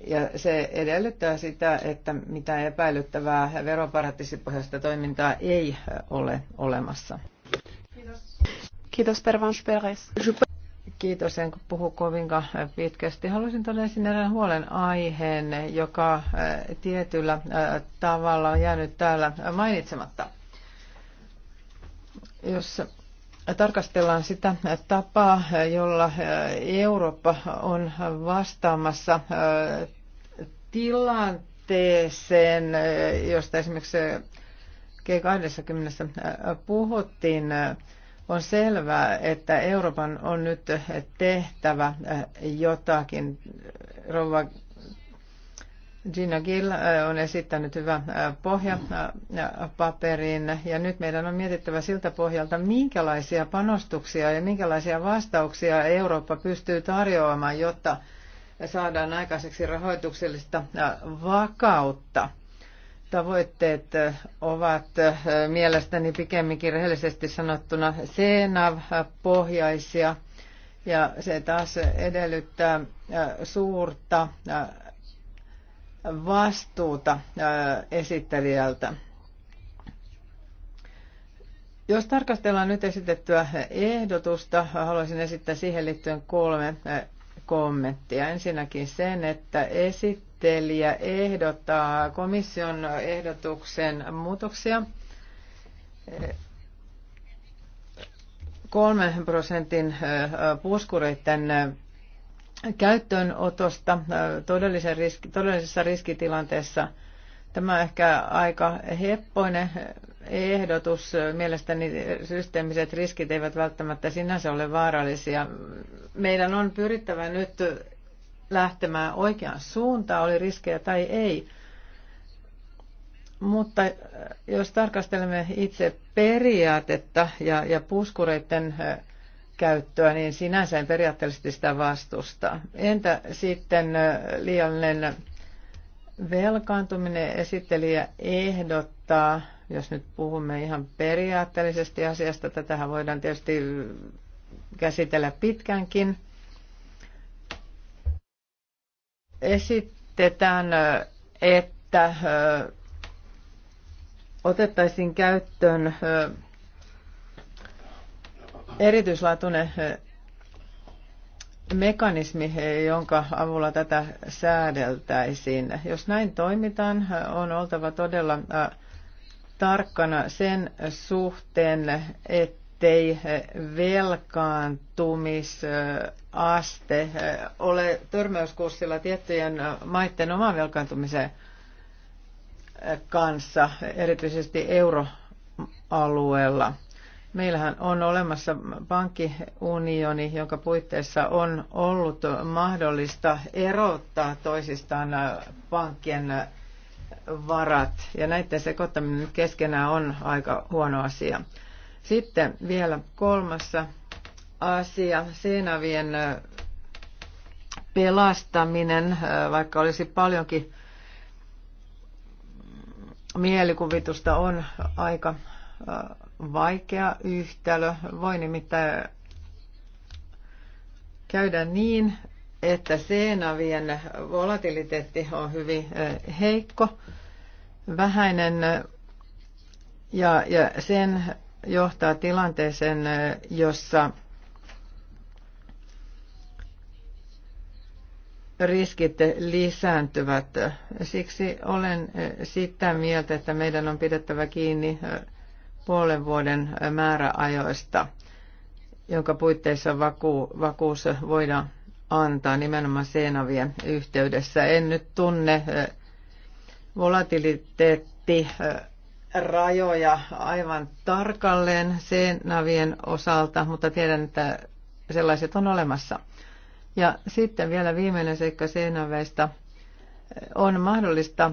Ja se edellyttää sitä, että mitä epäilyttävää veroparatiisipohjaista toimintaa ei ole olemassa. Kiitos. Kiitos, Pervans Perez. Kiitos, en puhu kovinkaan pitkästi. Haluaisin tuoda ensin erään huolen aiheen, joka äh, tietyllä äh, tavalla on jäänyt täällä mainitsematta. Jos tarkastellaan sitä tapaa, jolla äh, Eurooppa on vastaamassa tilanteeseen, josta esimerkiksi G20 puhuttiin, on selvää, että Euroopan on nyt tehtävä eh, jotakin. Rouva Gina Gill eh, on esittänyt hyvä eh, pohjapaperin ja nyt meidän on mietittävä siltä pohjalta, minkälaisia panostuksia ja minkälaisia vastauksia Eurooppa pystyy tarjoamaan, jotta saadaan aikaiseksi rahoituksellista vakautta tavoitteet ovat mielestäni pikemminkin rehellisesti sanottuna CNAV-pohjaisia ja se taas edellyttää suurta vastuuta esittelijältä. Jos tarkastellaan nyt esitettyä ehdotusta, haluaisin esittää siihen liittyen kolme kommenttia. Ensinnäkin sen, että esittelijä esittelijä ehdottaa komission ehdotuksen muutoksia. 3 prosentin puskureiden käyttöönotosta todellisen riski, todellisessa riskitilanteessa. Tämä on ehkä aika heppoinen ehdotus. Mielestäni systeemiset riskit eivät välttämättä sinänsä ole vaarallisia. Meidän on pyrittävä nyt lähtemään oikeaan suuntaan, oli riskejä tai ei. Mutta äh, jos tarkastelemme itse periaatetta ja, ja puskureiden äh, käyttöä, niin sinänsä en periaatteellisesti sitä vastusta. Entä sitten äh, liiallinen velkaantuminen esittelijä ehdottaa, jos nyt puhumme ihan periaatteellisesti asiasta, tätähän voidaan tietysti käsitellä pitkänkin – esitetään, että otettaisiin käyttöön erityislaatuinen mekanismi, jonka avulla tätä säädeltäisiin. Jos näin toimitaan, on oltava todella tarkkana sen suhteen, että ettei eh, velkaantumisaste eh, ole törmäyskurssilla tiettyjen eh, maiden oman velkaantumisen kanssa, erityisesti euroalueella. Meillähän on olemassa pankkiunioni, jonka puitteissa on ollut mahdollista erottaa toisistaan pankkien varat. Ja näiden sekoittaminen keskenään on aika huono asia. Sitten vielä kolmas asia, seinävien pelastaminen, vaikka olisi paljonkin mielikuvitusta, on aika vaikea yhtälö. Voi nimittäin käydä niin, että seinävien volatiliteetti on hyvin heikko, vähäinen ja, ja sen johtaa tilanteeseen, jossa riskit lisääntyvät. Siksi olen sitä mieltä, että meidän on pidettävä kiinni puolen vuoden määräajoista, jonka puitteissa vaku, vakuus voidaan antaa nimenomaan Seenavien yhteydessä. En nyt tunne volatiliteetti rajoja aivan tarkalleen C-navien osalta, mutta tiedän, että sellaiset on olemassa. Ja sitten vielä viimeinen seikka C-naveista. On mahdollista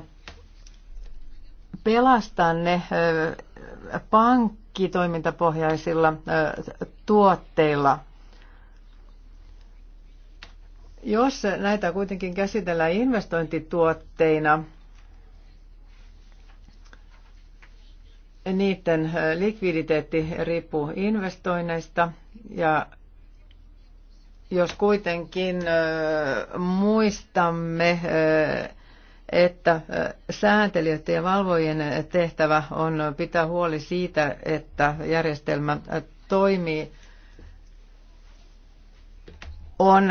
pelastaa ne pankkitoimintapohjaisilla tuotteilla. Jos näitä kuitenkin käsitellään investointituotteina, niiden likviditeetti riippuu investoinneista ja jos kuitenkin muistamme, että sääntelijöiden ja valvojien tehtävä on pitää huoli siitä, että järjestelmä toimii, on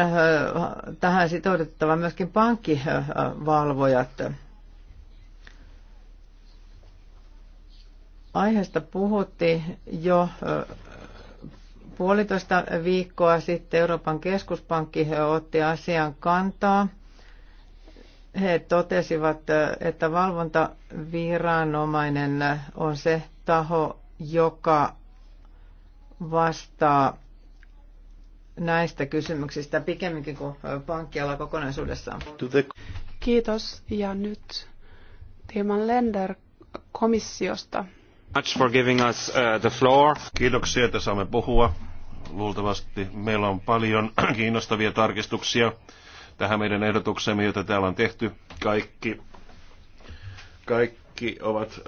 tähän sitouduttava myöskin pankkivalvojat. Aiheesta puhuttiin jo puolitoista viikkoa sitten Euroopan keskuspankki otti asian kantaa. He totesivat, että valvontaviranomainen on se taho, joka vastaa näistä kysymyksistä pikemminkin kuin pankkiala kokonaisuudessaan. Kiitos. Ja nyt Timan Lender komissiosta much for giving us uh, the floor. Kiitoksia, että saamme puhua. Luultavasti meillä on paljon kiinnostavia tarkistuksia tähän meidän ehdotuksemme, jota täällä on tehty. Kaikki, kaikki ovat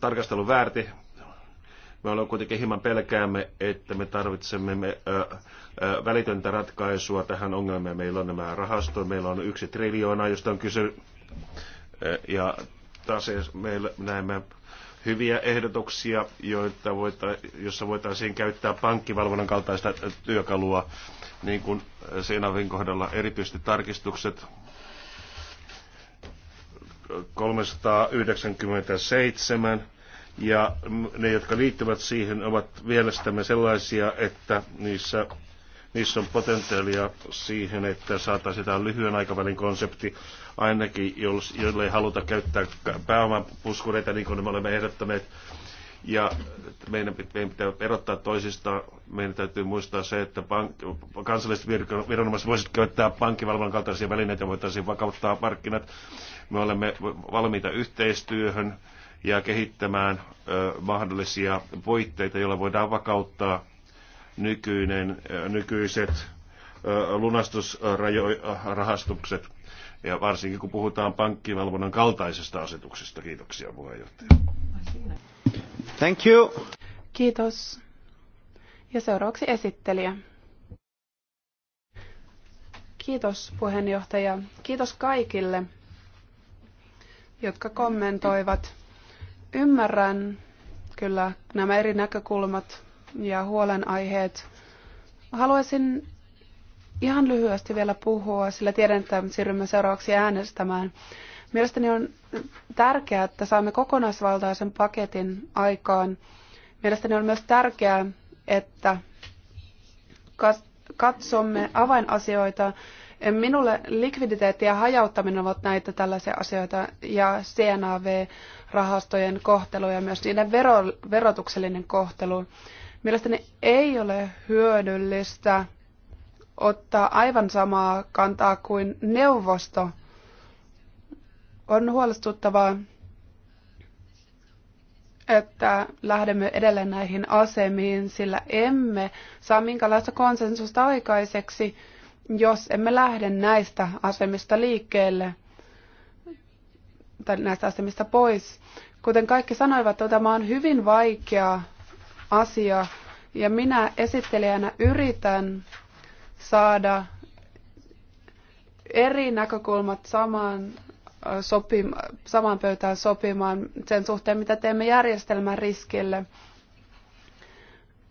tarkastelun väärti. Me ollaan kuitenkin hieman pelkäämme, että me tarvitsemme me, ö, ö, välitöntä ratkaisua tähän ongelmaan. Meillä on nämä rahastoja, meillä on yksi triljoona, josta on kyse. ja taas meillä näemme hyviä ehdotuksia, joita voita, jossa voitaisiin käyttää pankkivalvonnan kaltaista työkalua, niin kuin Seinavin kohdalla erityisesti tarkistukset 397 ja ne, jotka liittyvät siihen, ovat mielestämme sellaisia, että niissä niissä on potentiaalia siihen, että saataisiin tämä lyhyen aikavälin konsepti, ainakin jolle ei haluta käyttää pääomapuskureita, niin kuin me olemme ehdottaneet. Ja meidän pitää erottaa toisista, Meidän täytyy muistaa se, että pank- kansalliset viranomaiset voisivat käyttää pankkivalvonnan kaltaisia välineitä, voitaisiin vakauttaa markkinat. Me olemme valmiita yhteistyöhön ja kehittämään ö, mahdollisia voitteita, joilla voidaan vakauttaa nykyinen, nykyiset lunastusrahastukset ja varsinkin kun puhutaan pankkivalvonnan kaltaisesta asetuksesta. Kiitoksia puheenjohtaja. Thank you. Kiitos. Ja seuraavaksi esittelijä. Kiitos puheenjohtaja. Kiitos kaikille, jotka kommentoivat. Ymmärrän kyllä nämä eri näkökulmat ja huolenaiheet. Haluaisin ihan lyhyesti vielä puhua, sillä tiedän, että siirrymme seuraavaksi äänestämään. Mielestäni on tärkeää, että saamme kokonaisvaltaisen paketin aikaan. Mielestäni on myös tärkeää, että katsomme avainasioita. Minulle likviditeetti ja hajauttaminen ovat näitä tällaisia asioita ja CNAV-rahastojen kohtelu ja myös niiden vero, verotuksellinen kohtelu. Mielestäni ei ole hyödyllistä ottaa aivan samaa kantaa kuin neuvosto. On huolestuttavaa, että lähdemme edelleen näihin asemiin, sillä emme saa minkälaista konsensusta aikaiseksi, jos emme lähde näistä asemista liikkeelle tai näistä asemista pois. Kuten kaikki sanoivat, tämä on hyvin vaikea asia. Ja minä esittelijänä yritän saada eri näkökulmat samaan, äh, sopim, samaan pöytään sopimaan sen suhteen, mitä teemme järjestelmän riskille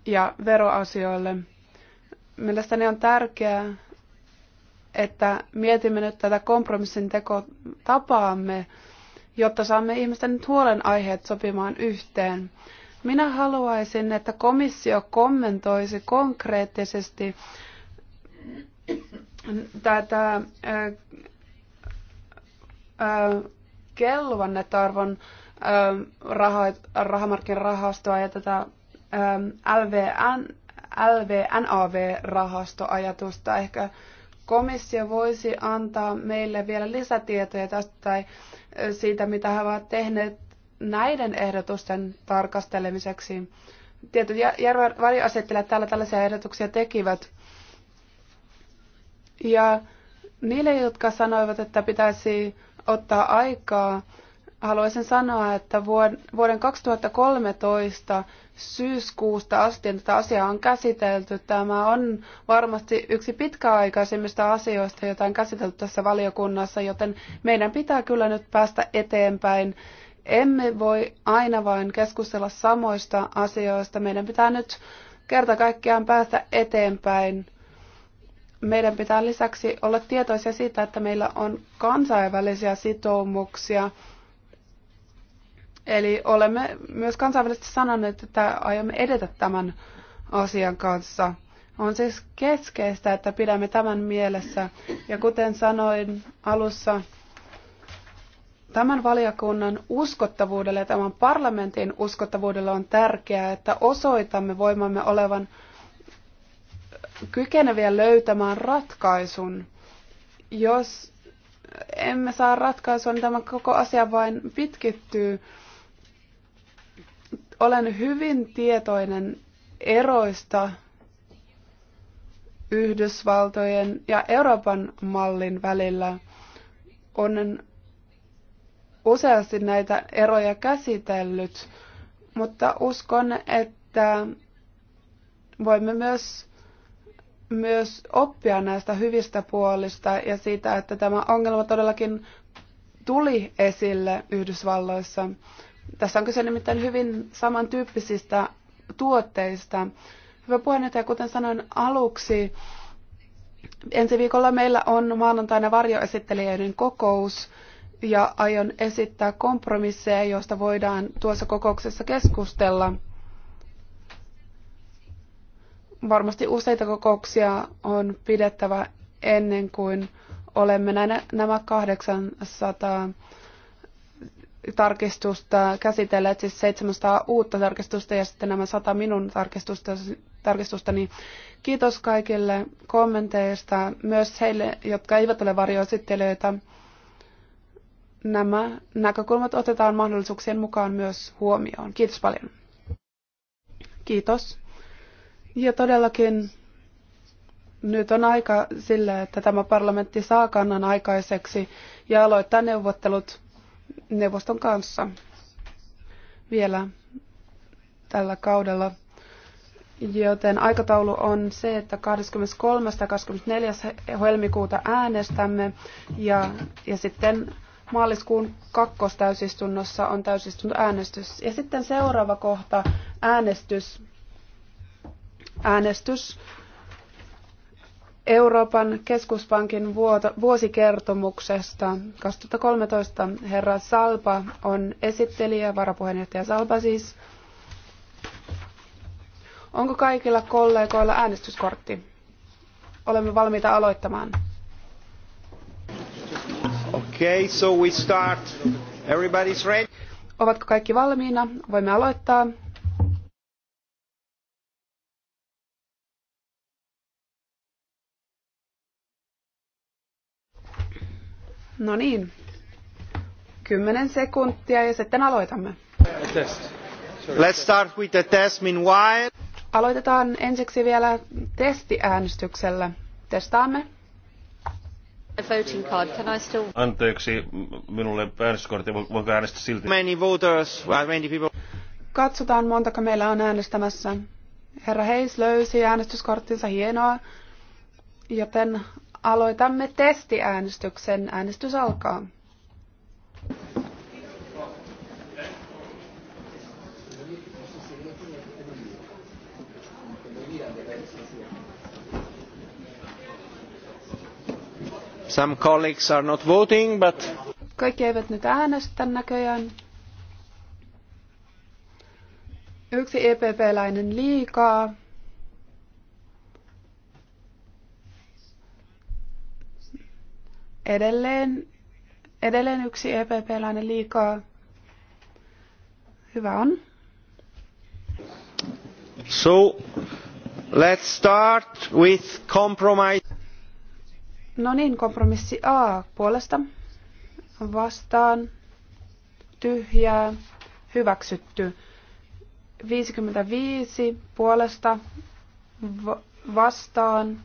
ja veroasioille. Mielestäni on tärkeää, että mietimme nyt tätä kompromissin tekotapaamme, jotta saamme ihmisten huolenaiheet sopimaan yhteen. Minä haluaisin, että komissio kommentoisi konkreettisesti tätä ää, ää, kelluvannetarvon rahamarkkinarahastoa ja tätä LVN, LVNAV-rahastoajatusta. Ehkä komissio voisi antaa meille vielä lisätietoja tästä tai siitä, mitä he ovat tehneet näiden ehdotusten tarkastelemiseksi. Tietyt varjoasettelijat täällä tällaisia ehdotuksia tekivät. Ja niille, jotka sanoivat, että pitäisi ottaa aikaa, haluaisin sanoa, että vuoden 2013 syyskuusta asti tätä asiaa on käsitelty. Tämä on varmasti yksi pitkäaikaisimmista asioista, joita on käsitelty tässä valiokunnassa, joten meidän pitää kyllä nyt päästä eteenpäin emme voi aina vain keskustella samoista asioista. Meidän pitää nyt kerta kaikkiaan päästä eteenpäin. Meidän pitää lisäksi olla tietoisia siitä, että meillä on kansainvälisiä sitoumuksia. Eli olemme myös kansainvälisesti sanoneet, että aiomme edetä tämän asian kanssa. On siis keskeistä, että pidämme tämän mielessä. Ja kuten sanoin alussa, tämän valiokunnan uskottavuudelle ja tämän parlamentin uskottavuudelle on tärkeää, että osoitamme voimamme olevan kykeneviä löytämään ratkaisun. Jos emme saa ratkaisua, niin tämä koko asia vain pitkittyy. Olen hyvin tietoinen eroista Yhdysvaltojen ja Euroopan mallin välillä. Onnen useasti näitä eroja käsitellyt, mutta uskon, että voimme myös, myös oppia näistä hyvistä puolista ja siitä, että tämä ongelma todellakin tuli esille Yhdysvalloissa. Tässä on kyse nimittäin hyvin samantyyppisistä tuotteista. Hyvä puheenjohtaja, kuten sanoin aluksi, ensi viikolla meillä on maanantaina varjoesittelijöiden kokous ja aion esittää kompromisseja, joista voidaan tuossa kokouksessa keskustella. Varmasti useita kokouksia on pidettävä ennen kuin olemme näinä, nämä 800 tarkistusta käsitelleet, siis 700 uutta tarkistusta ja sitten nämä 100 minun tarkistusta, tarkistusta niin kiitos kaikille kommenteista, myös heille, jotka eivät ole varjoesittelijöitä nämä näkökulmat otetaan mahdollisuuksien mukaan myös huomioon. Kiitos paljon. Kiitos. Ja todellakin nyt on aika sille, että tämä parlamentti saa kannan aikaiseksi ja aloittaa neuvottelut neuvoston kanssa vielä tällä kaudella. Joten aikataulu on se, että 23. ja 24. helmikuuta äänestämme ja, ja sitten maaliskuun kakkostäysistunnossa on äänestys. Ja sitten seuraava kohta, äänestys. Äänestys Euroopan keskuspankin vuosikertomuksesta 2013. Herra Salpa on esittelijä, varapuheenjohtaja Salpa siis. Onko kaikilla kollegoilla äänestyskortti? Olemme valmiita aloittamaan. Okay, so we start. Everybody's ready. Ovatko kaikki valmiina? Voimme aloittaa. No niin. Kymmenen sekuntia ja sitten aloitamme. Let's start with the test meanwhile. Aloitetaan ensiksi vielä testiäänestyksellä. Testaamme voting card. Can I still... Anteeksi, minulle äänestyskortti, voinko äänestää silti? Many voters, many people. Katsotaan, montako meillä on äänestämässä. Herra Hayes löysi äänestyskorttinsa, hienoa. Joten aloitamme testiäänestyksen. Äänestys alkaa. Some colleagues are not voting, but... Kaikki eivät nyt äänestä näköjään. Yksi EPP-läinen liikaa. Edelleen, edelleen yksi EPP-läinen liikaa. Hyvä on. So, let's start with compromise. No niin, kompromissi A puolesta. Vastaan. Tyhjää. Hyväksytty. 55 puolesta. vastaan.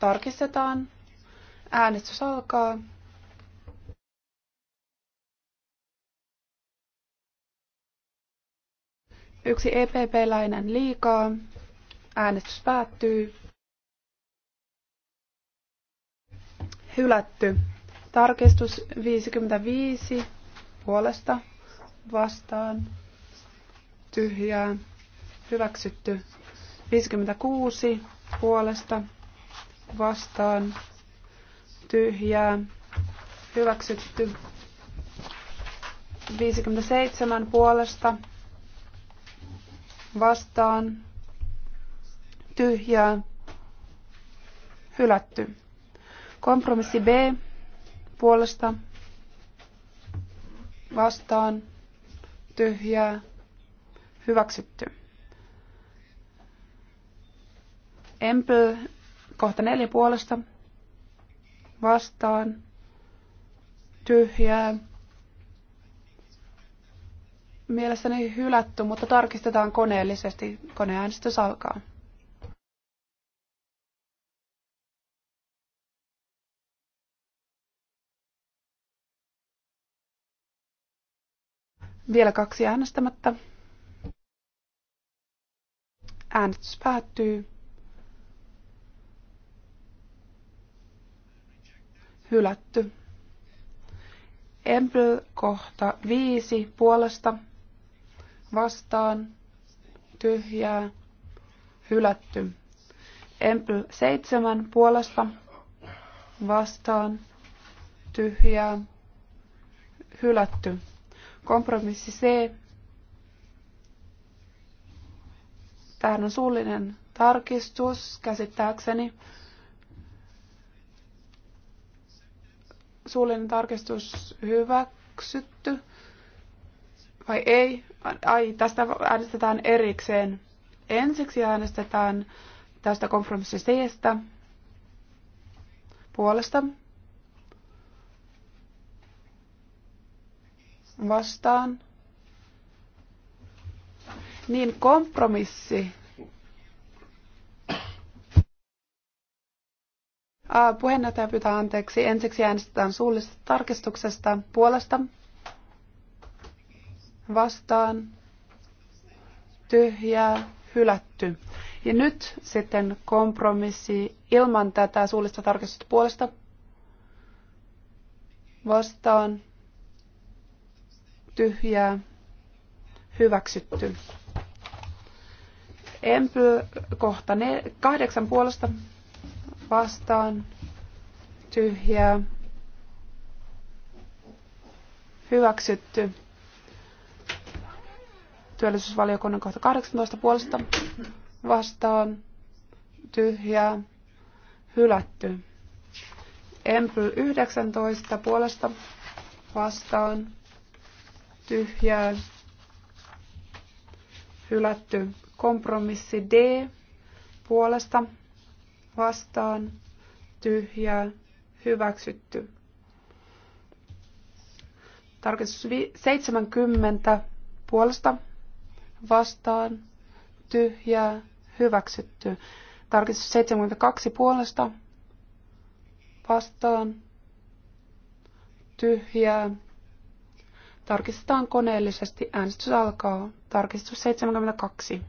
Tarkistetaan. Äänestys alkaa. Yksi EPP-läinen liikaa. Äänestys päättyy. Hylätty. Tarkistus 55 puolesta vastaan. Tyhjää. Hyväksytty. 56 puolesta vastaan. Tyhjää. Hyväksytty. 57 puolesta vastaan tyhjää, hylätty. Kompromissi B puolesta vastaan tyhjää hyväksytty. Empel kohta neljä puolesta vastaan tyhjää. Mielestäni hylätty, mutta tarkistetaan koneellisesti. Koneäänestys alkaa. Vielä kaksi äänestämättä. Äänestys päättyy. Hylätty. Empl kohta viisi puolesta vastaan tyhjää hylätty. Empl seitsemän puolesta vastaan tyhjää hylätty. Kompromissi C. Tähän on suullinen tarkistus käsittääkseni. Suullinen tarkistus hyväksytty vai ei? Ai, tästä äänestetään erikseen. Ensiksi äänestetään tästä kompromissista puolesta vastaan. Niin kompromissi. Aa, puheenjohtaja pyytää anteeksi. Ensiksi äänestetään suullisesta tarkistuksesta puolesta. Vastaan. Tyhjää. Hylätty. Ja nyt sitten kompromissi ilman tätä suullista tarkistusta puolesta. Vastaan tyhjää, hyväksytty. Empl kohta ne, kahdeksan puolesta vastaan, tyhjää, hyväksytty. Työllisyysvaliokunnan kohta 18 puolesta vastaan, tyhjää, hylätty. Empl 19 puolesta vastaan, tyhjää hylätty kompromissi D puolesta vastaan tyhjää hyväksytty. Tarkistus 70 puolesta vastaan tyhjää hyväksytty. Tarkistus 72 puolesta vastaan tyhjää Tarkistetaan koneellisesti. Äänestys alkaa. Tarkistus 72.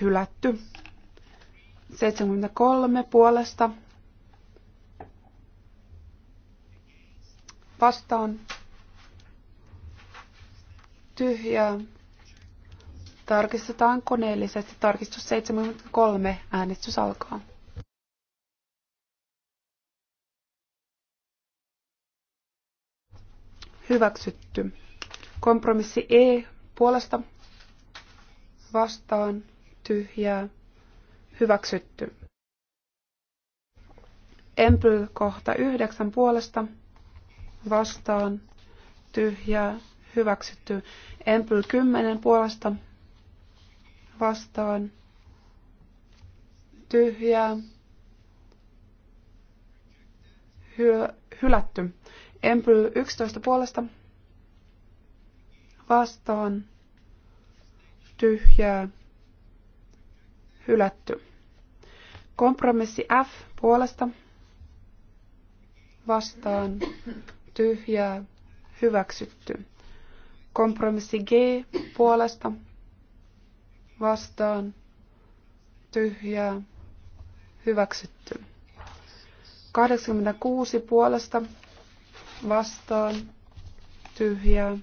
Hylätty. 73 puolesta. Vastaan. Tyhjää Tarkistetaan koneellisesti. Tarkistus 73. Äänestys alkaa. Hyväksytty. Kompromissi E puolesta vastaan tyhjää hyväksytty. Empl kohta yhdeksän puolesta vastaan tyhjää hyväksytty. Empl kymmenen puolesta vastaan tyhjää hyö, hylätty. Empy 11 puolesta vastaan tyhjää hylätty. Kompromissi F puolesta vastaan tyhjää hyväksytty. Kompromissi G puolesta vastaan, tyhjää, hyväksytty. 86 puolesta vastaan, tyhjää,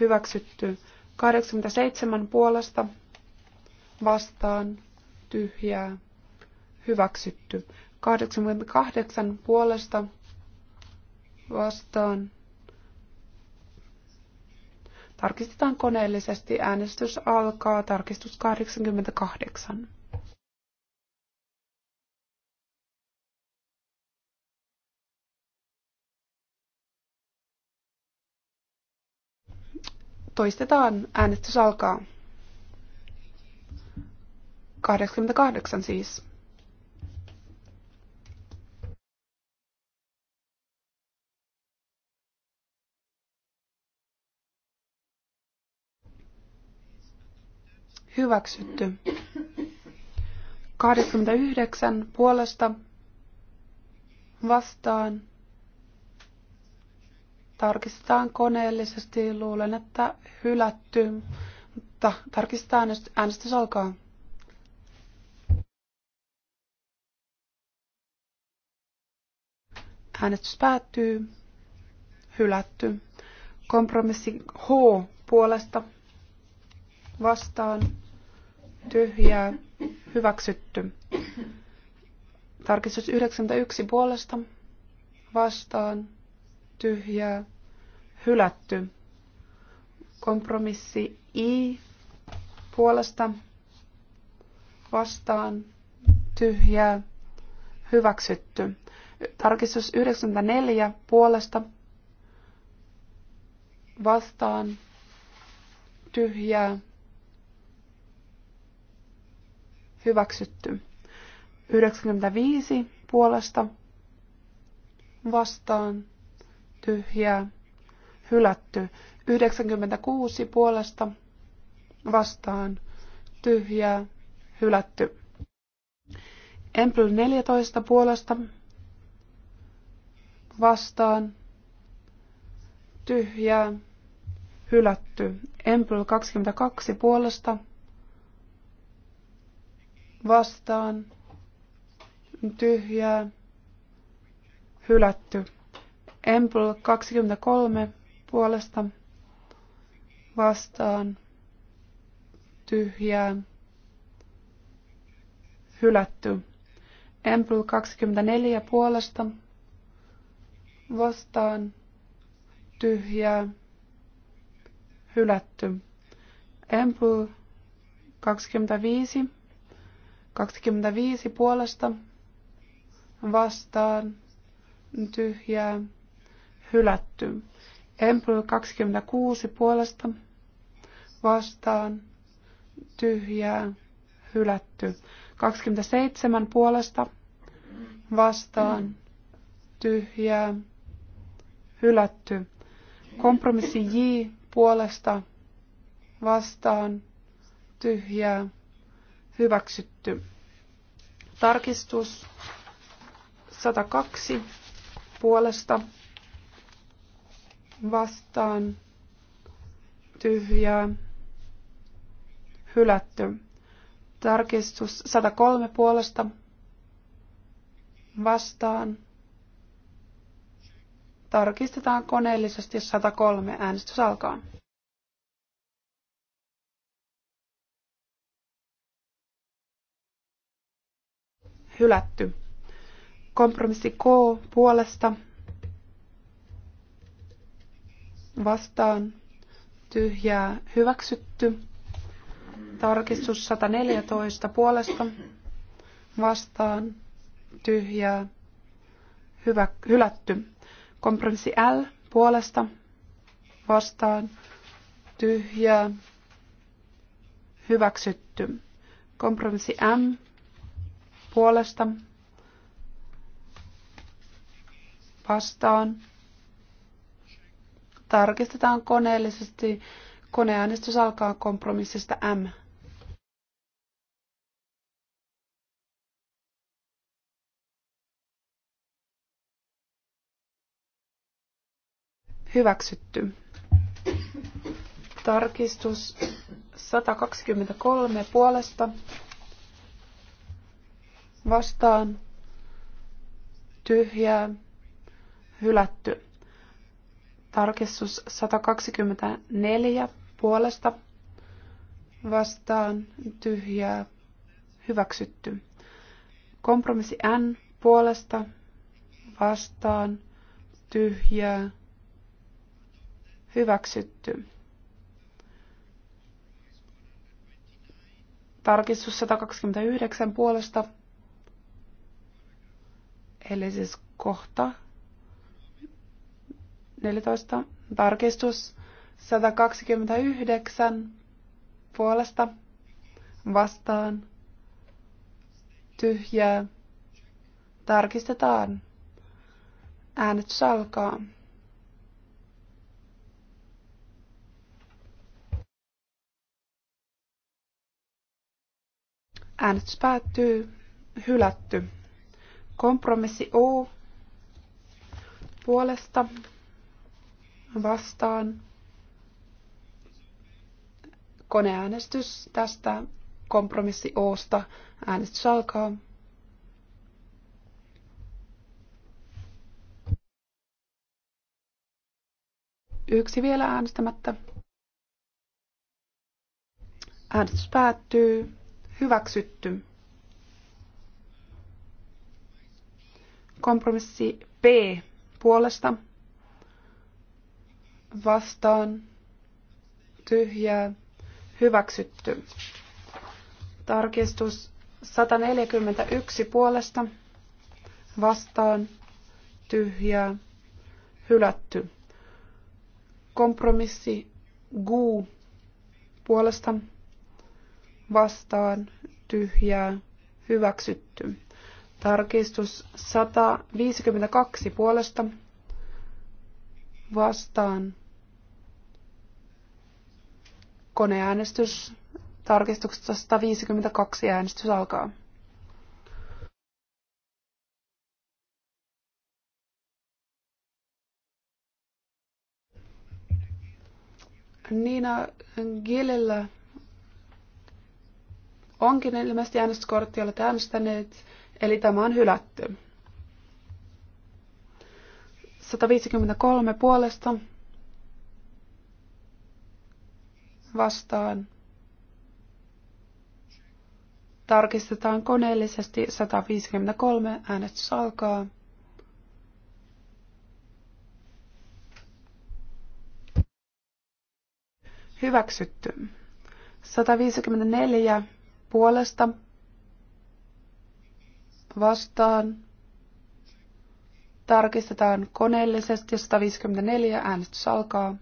hyväksytty. 87 puolesta vastaan, tyhjää, hyväksytty. 88 puolesta vastaan, Tarkistetaan koneellisesti. Äänestys alkaa. Tarkistus 88. Toistetaan. Äänestys alkaa. 88 siis. Hyväksytty. 29 puolesta vastaan. Tarkistetaan koneellisesti. Luulen, että hylätty. Mutta tarkistetaan, jos äänestys alkaa. Äänestys päättyy. Hylätty. Kompromissi H puolesta vastaan tyhjää, hyväksytty. Tarkistus 91 puolesta, vastaan, tyhjää, hylätty. Kompromissi I puolesta, vastaan, tyhjää, hyväksytty. Tarkistus 94 puolesta, vastaan, tyhjää, hyväksytty. 95 puolesta vastaan tyhjää hylätty. 96 puolesta vastaan tyhjää hylätty. Empl 14 puolesta vastaan tyhjää hylätty. Empl 22 puolesta vastaan, vastaan, tyhjää, hylätty. Ample 23 puolesta vastaan, tyhjää, hylätty. Ample 24 puolesta vastaan, tyhjää, hylätty. Ample 25 25 puolesta vastaan tyhjää hylätty. Empl 26 puolesta vastaan tyhjää hylätty. 27 puolesta vastaan tyhjää hylätty. Kompromissi J puolesta vastaan tyhjää hyväksytty. Tarkistus 102 puolesta vastaan tyhjää hylätty. Tarkistus 103 puolesta vastaan. Tarkistetaan koneellisesti 103 äänestys alkaa. hylätty. Kompromissi K puolesta vastaan tyhjää hyväksytty. Tarkistus 114 puolesta vastaan tyhjää hyvä, hylätty. Kompromissi L puolesta vastaan tyhjää hyväksytty. Kompromissi M puolesta vastaan. Tarkistetaan koneellisesti. Koneäänestys alkaa kompromissista M. Hyväksytty. Tarkistus 123 puolesta vastaan tyhjää hylätty. Tarkistus 124 puolesta vastaan tyhjää hyväksytty. Kompromissi N puolesta vastaan tyhjää hyväksytty. Tarkistus 129 puolesta Eli siis kohta 14, tarkistus 129 puolesta vastaan tyhjää. Tarkistetaan. Äänestys alkaa. Äänestys päättyy. Hylätty. Kompromissi U puolesta vastaan. Koneäänestys tästä kompromissi Osta. Äänestys alkaa. Yksi vielä äänestämättä. Äänestys päättyy. Hyväksytty. Kompromissi B puolesta vastaan tyhjää hyväksytty. Tarkistus 141 puolesta vastaan tyhjää hylätty. Kompromissi G puolesta vastaan tyhjää hyväksytty. Tarkistus 152 puolesta vastaan. Koneäänestys tarkistuksesta 152 äänestys alkaa. Niina Gillillä onkin ilmeisesti äänestyskortti, olette äänestäneet. Eli tämä on hylätty. 153 puolesta vastaan. Tarkistetaan koneellisesti 153. Äänestys alkaa. Hyväksytty. 154 puolesta vastaan. Tarkistetaan koneellisesti 154. Äänestys alkaa.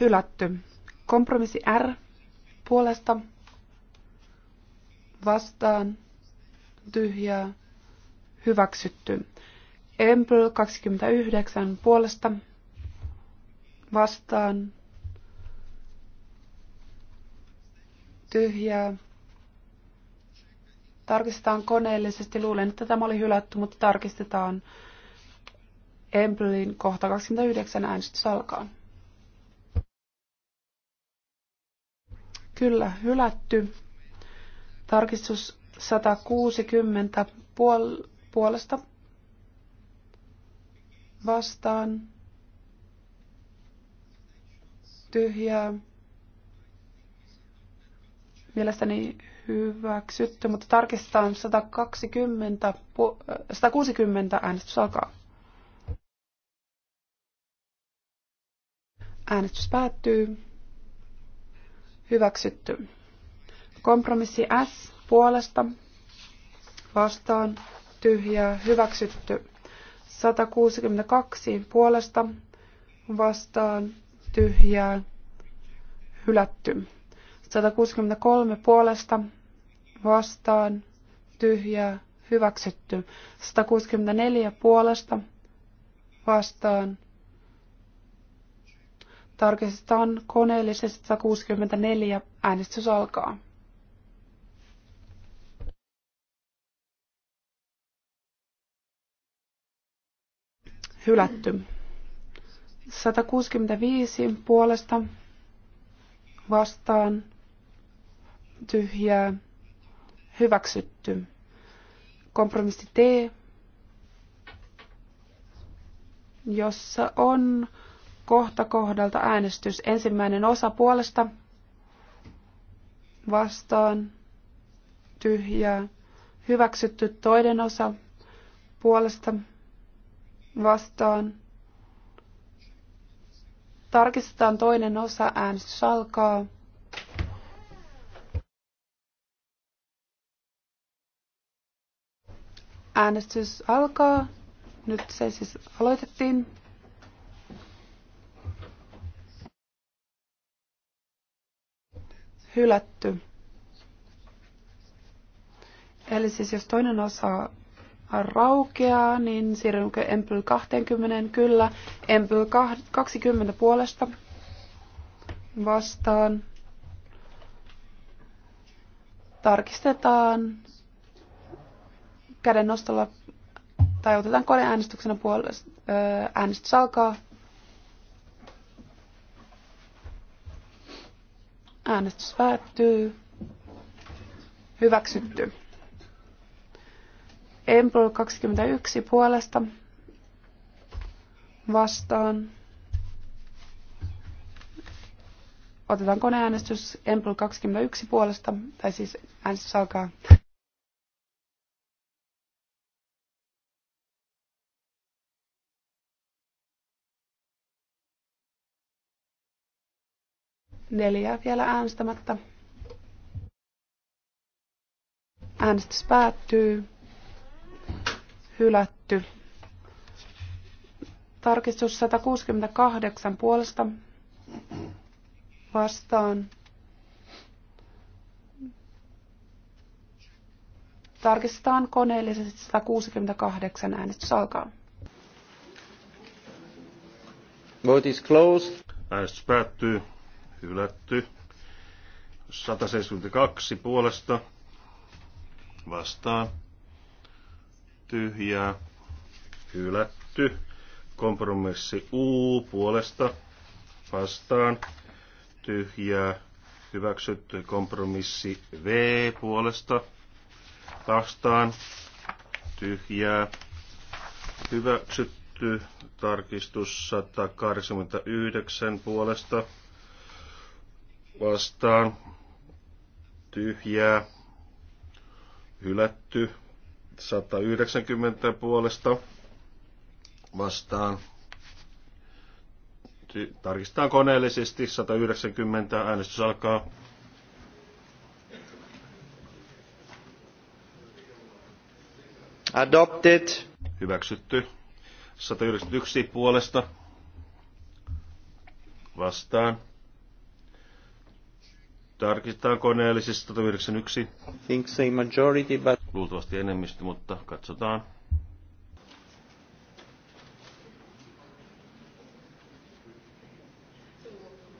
Hylätty. Kompromissi R puolesta vastaan tyhjää hyväksytty. Empl 29 puolesta vastaan tyhjää. Tarkistetaan koneellisesti. Luulen, että tämä oli hylätty, mutta tarkistetaan. Emblin kohta 29 äänestys alkaa. Kyllä, hylätty. Tarkistus 160 puol- puolesta vastaan tyhjää mielestäni hyväksytty, mutta tarkistetaan 120, äh, 160 äänestys alkaa. Äänestys päättyy. Hyväksytty. Kompromissi S puolesta vastaan tyhjää hyväksytty. 162 puolesta vastaan tyhjää hylätty. 163 puolesta vastaan tyhjää hyväksytty. 164 puolesta vastaan tarkistetaan koneellisesti 164 äänestys alkaa. Hylätty. 165 puolesta vastaan tyhjää, hyväksytty. Kompromissi T, jossa on kohta kohdalta äänestys. Ensimmäinen osa puolesta vastaan, tyhjää, hyväksytty toinen osa puolesta vastaan. Tarkistetaan toinen osa, äänestys alkaa. Äänestys alkaa. Nyt se siis aloitettiin. Hylätty. Eli siis jos toinen osa raukeaa, niin siirrynkö Empyl 20? Kyllä. Empyl 20 puolesta vastaan. Tarkistetaan käden nostolla tai otetaan koneäänestyksenä puolesta. Äänestys alkaa. Äänestys päättyy. Hyväksytty. Empl 21 puolesta vastaan. Otetaan koneäänestys Empl 21 puolesta, tai siis äänestys alkaa. Neljä vielä äänestämättä. Äänestys päättyy. Hylätty. Tarkistus 168 puolesta vastaan. Tarkistetaan koneellisesti 168 äänestys alkaa. Vote is closed. Äänestys päättyy hylätty. 172 puolesta vastaan tyhjää hylätty. Kompromissi U puolesta vastaan tyhjää hyväksytty. Kompromissi V puolesta vastaan tyhjää hyväksytty. Tarkistus 189 puolesta vastaan tyhjää hylätty 190 puolesta vastaan. Tarkistetaan koneellisesti 190 äänestys alkaa. Adopted. Hyväksytty. 191 puolesta. Vastaan. Tarkistetaan koneellisesti 191. Think majority, but... Luultavasti enemmistö, mutta katsotaan.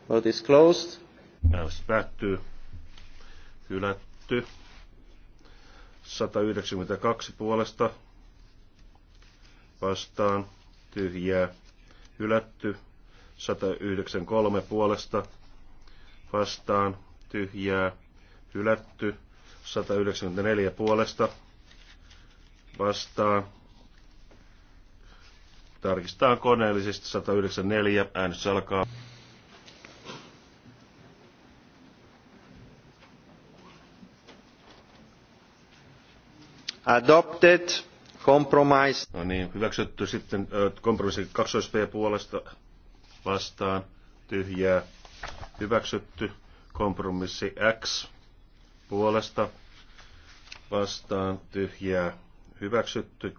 Vote is closed. Äänestys päättyy. Hylätty. 192 puolesta vastaan tyhjää. Hylätty. 193 puolesta vastaan tyhjää, hylätty, 194 puolesta, vastaan, tarkistetaan koneellisesti, 194, äänestys alkaa. Adopted compromise. No niin, hyväksytty sitten kompromissi 2 puolesta vastaan, tyhjää, hyväksytty Kompromissi X puolesta vastaan tyhjää hyväksytty.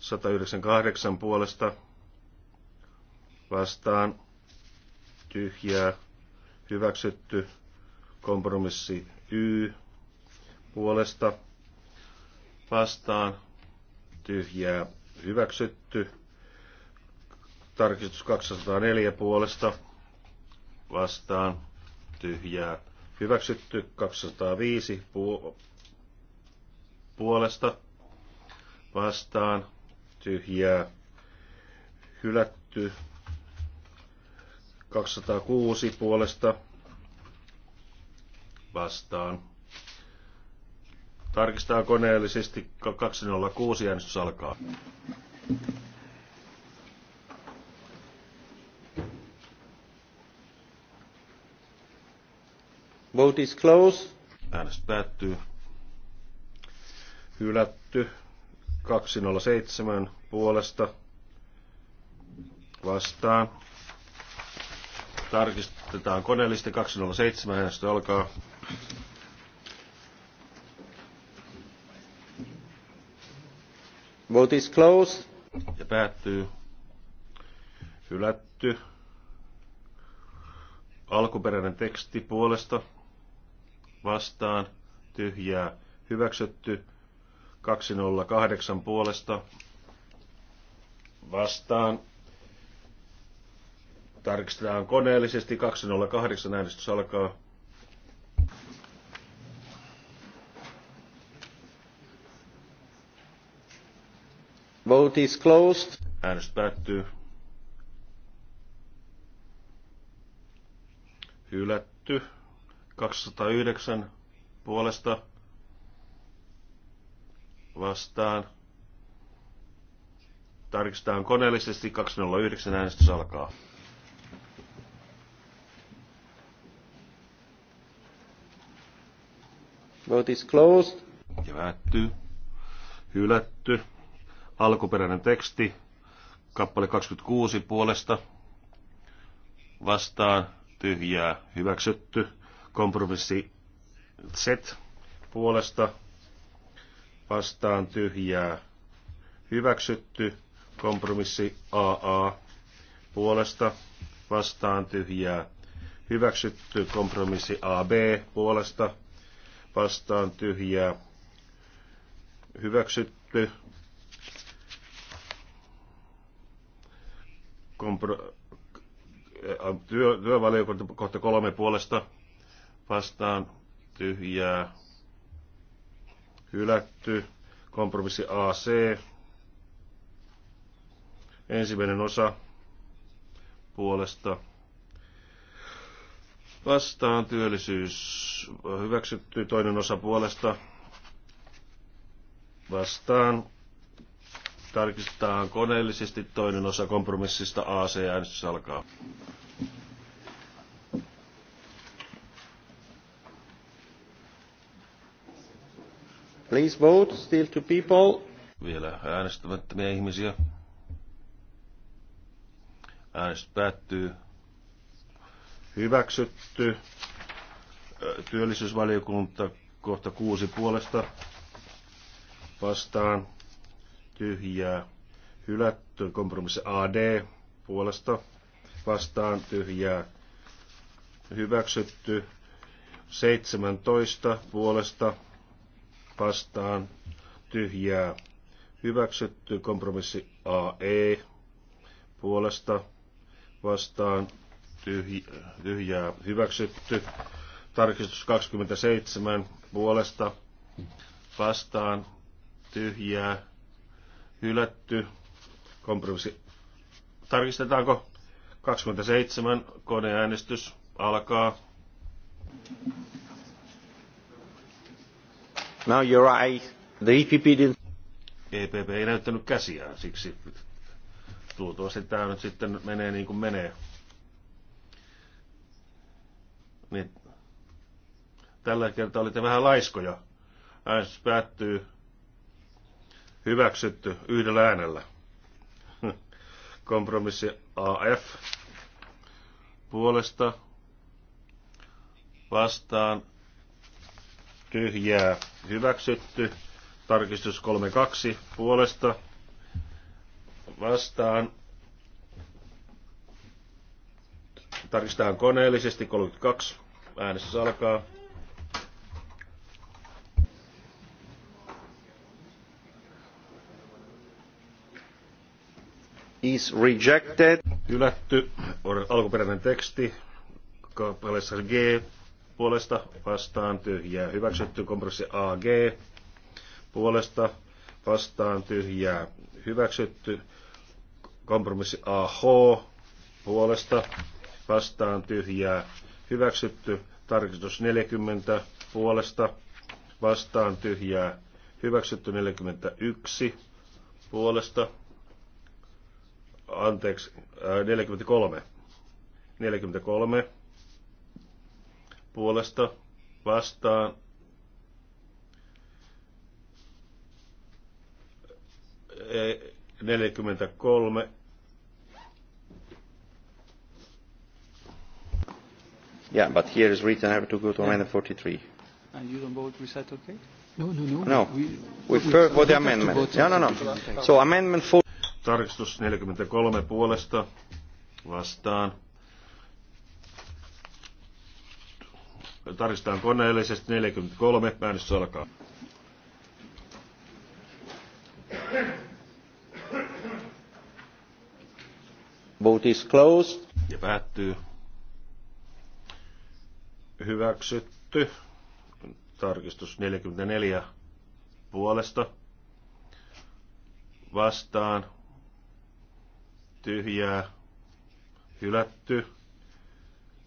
198 puolesta vastaan tyhjää hyväksytty. Kompromissi Y puolesta vastaan tyhjää hyväksytty. Tarkistus 204 puolesta vastaan tyhjää hyväksytty. 205 pu- puolesta vastaan tyhjää hylätty. 206 puolesta vastaan. Tarkistaa koneellisesti 206 äänestys alkaa. Thank you. Vote is closed. Äänestys päättyy. Hylätty. 207 puolesta vastaan. Tarkistetaan koneellisesti 207 äänestys alkaa. Vote is closed. Ja päättyy. Hylätty. Alkuperäinen teksti puolesta vastaan, tyhjää, hyväksytty. 208 puolesta vastaan. Tarkistetaan koneellisesti. 208 äänestys alkaa. Vote is closed. Äänestys päättyy. Hylätty. 209 puolesta vastaan. Tarkistetaan koneellisesti 209 äänestys alkaa. Vote is closed. Ja päättyy. Hylätty. Alkuperäinen teksti. Kappale 26 puolesta. Vastaan. Tyhjää. Hyväksytty. Kompromissi Z puolesta vastaan tyhjää hyväksytty. Kompromissi AA puolesta vastaan tyhjää hyväksytty. Kompromissi AB puolesta vastaan tyhjää hyväksytty. Kompro, työ, työvaliokunta kohta kolme puolesta vastaan tyhjää hylätty. Kompromissi AC ensimmäinen osa puolesta vastaan työllisyys hyväksytty, toinen osa puolesta vastaan tarkistetaan koneellisesti, toinen osa kompromissista AC äänestys alkaa. Please vote, still two people. Vielä äänestämättömiä ihmisiä. Äänestys päättyy. Hyväksytty. Työllisyysvaliokunta kohta kuusi puolesta vastaan. Tyhjää. Hylätty. Kompromissi AD puolesta vastaan. Tyhjää. Hyväksytty. 17 puolesta vastaan tyhjää hyväksytty. Kompromissi AE puolesta vastaan tyhjää hyväksytty. Tarkistus 27 puolesta vastaan tyhjää hylätty. Kompromissi. Tarkistetaanko? 27 koneäänestys alkaa. Now you're right. The EPP didn't... EPP ei näyttänyt käsiään, siksi luultavasti tämä nyt sitten menee niin kuin menee. Niin, tällä kertaa olitte vähän laiskoja. Äänestys päättyy hyväksytty yhdellä äänellä. Kompromissi AF puolesta vastaan tyhjää hyväksytty. Tarkistus 32 puolesta vastaan. Tarkistetaan koneellisesti 32. Äänestys alkaa. Is rejected. Hylätty. Alkuperäinen teksti. Kappaleessa G puolesta vastaan tyhjää hyväksytty. Kompromissi AG puolesta vastaan tyhjää hyväksytty. Kompromissi AH puolesta vastaan tyhjää hyväksytty. Tarkistus 40 puolesta vastaan tyhjää hyväksytty 41 puolesta. Anteeksi, 43. Äh, 43 puolesta vastaan e 43 Yeah, but here is written I have to go to amendment 43. And you don't vote recital okay? No, no, no. No, we, we for the amendment. No, no, no. So amendment 4. Tarkistus 43 puolesta vastaan tarkistetaan koneellisesti 43, äänestys alkaa. Vote is closed. Ja päättyy. Hyväksytty. Tarkistus 44 puolesta. Vastaan. Tyhjää. Hylätty.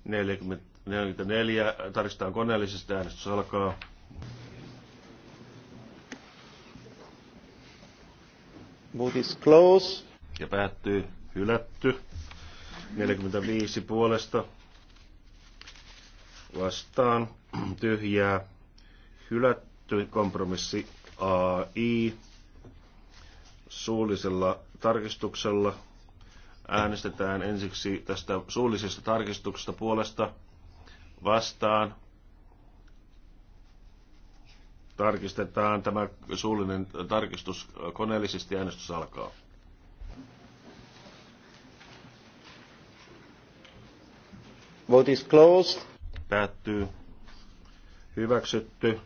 40 44. Tarkistetaan koneellisesti. Äänestys alkaa. Vote is close. Ja päättyy. Hylätty. 45 puolesta. Vastaan. Tyhjää. Hylätty. Kompromissi AI. Suullisella tarkistuksella äänestetään ensiksi tästä suullisesta tarkistuksesta puolesta vastaan. Tarkistetaan tämä suullinen tarkistus koneellisesti. Äänestys alkaa. Vote is closed. Päättyy. Hyväksytty.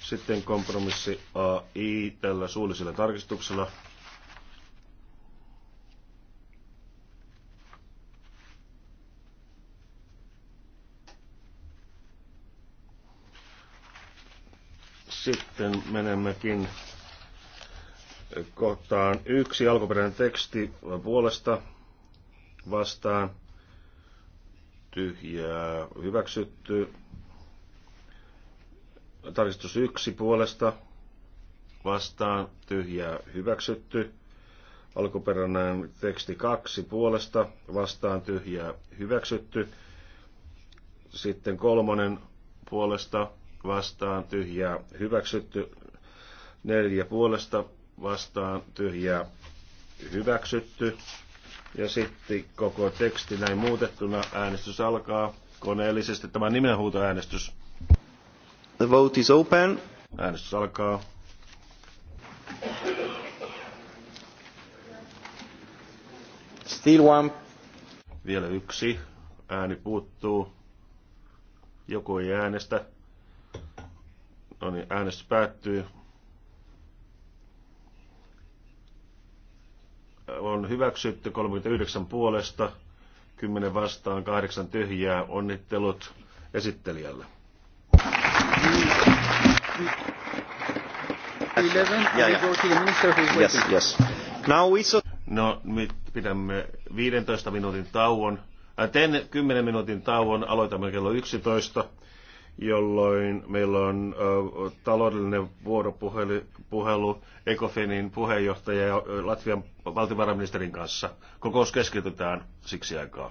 Sitten kompromissi AI tällä suullisella tarkistuksella Sitten menemmekin kohtaan yksi alkuperäinen teksti puolesta vastaan tyhjää hyväksytty. Tarkistus yksi puolesta vastaan tyhjää hyväksytty. Alkuperäinen teksti kaksi puolesta vastaan tyhjää hyväksytty. Sitten kolmonen puolesta vastaan tyhjää hyväksytty. Neljä puolesta vastaan tyhjää hyväksytty. Ja sitten koko teksti näin muutettuna äänestys alkaa koneellisesti. Tämä nimenhuutoäänestys. The vote is open. Äänestys alkaa. Still one. Vielä yksi. Ääni puuttuu. Joku ei äänestä. No niin, äänestys päättyy. On hyväksytty 39 puolesta, 10 vastaan, 8 tyhjää. Onnittelut esittelijälle. No, nyt pidämme 15 minuutin tauon. Äh, teen 10 minuutin tauon, aloitamme kello 11 jolloin meillä on taloudellinen vuoropuhelu Ecofinin puheenjohtaja ja Latvian valtiovarainministerin kanssa. Kokous keskitytään siksi aikaa.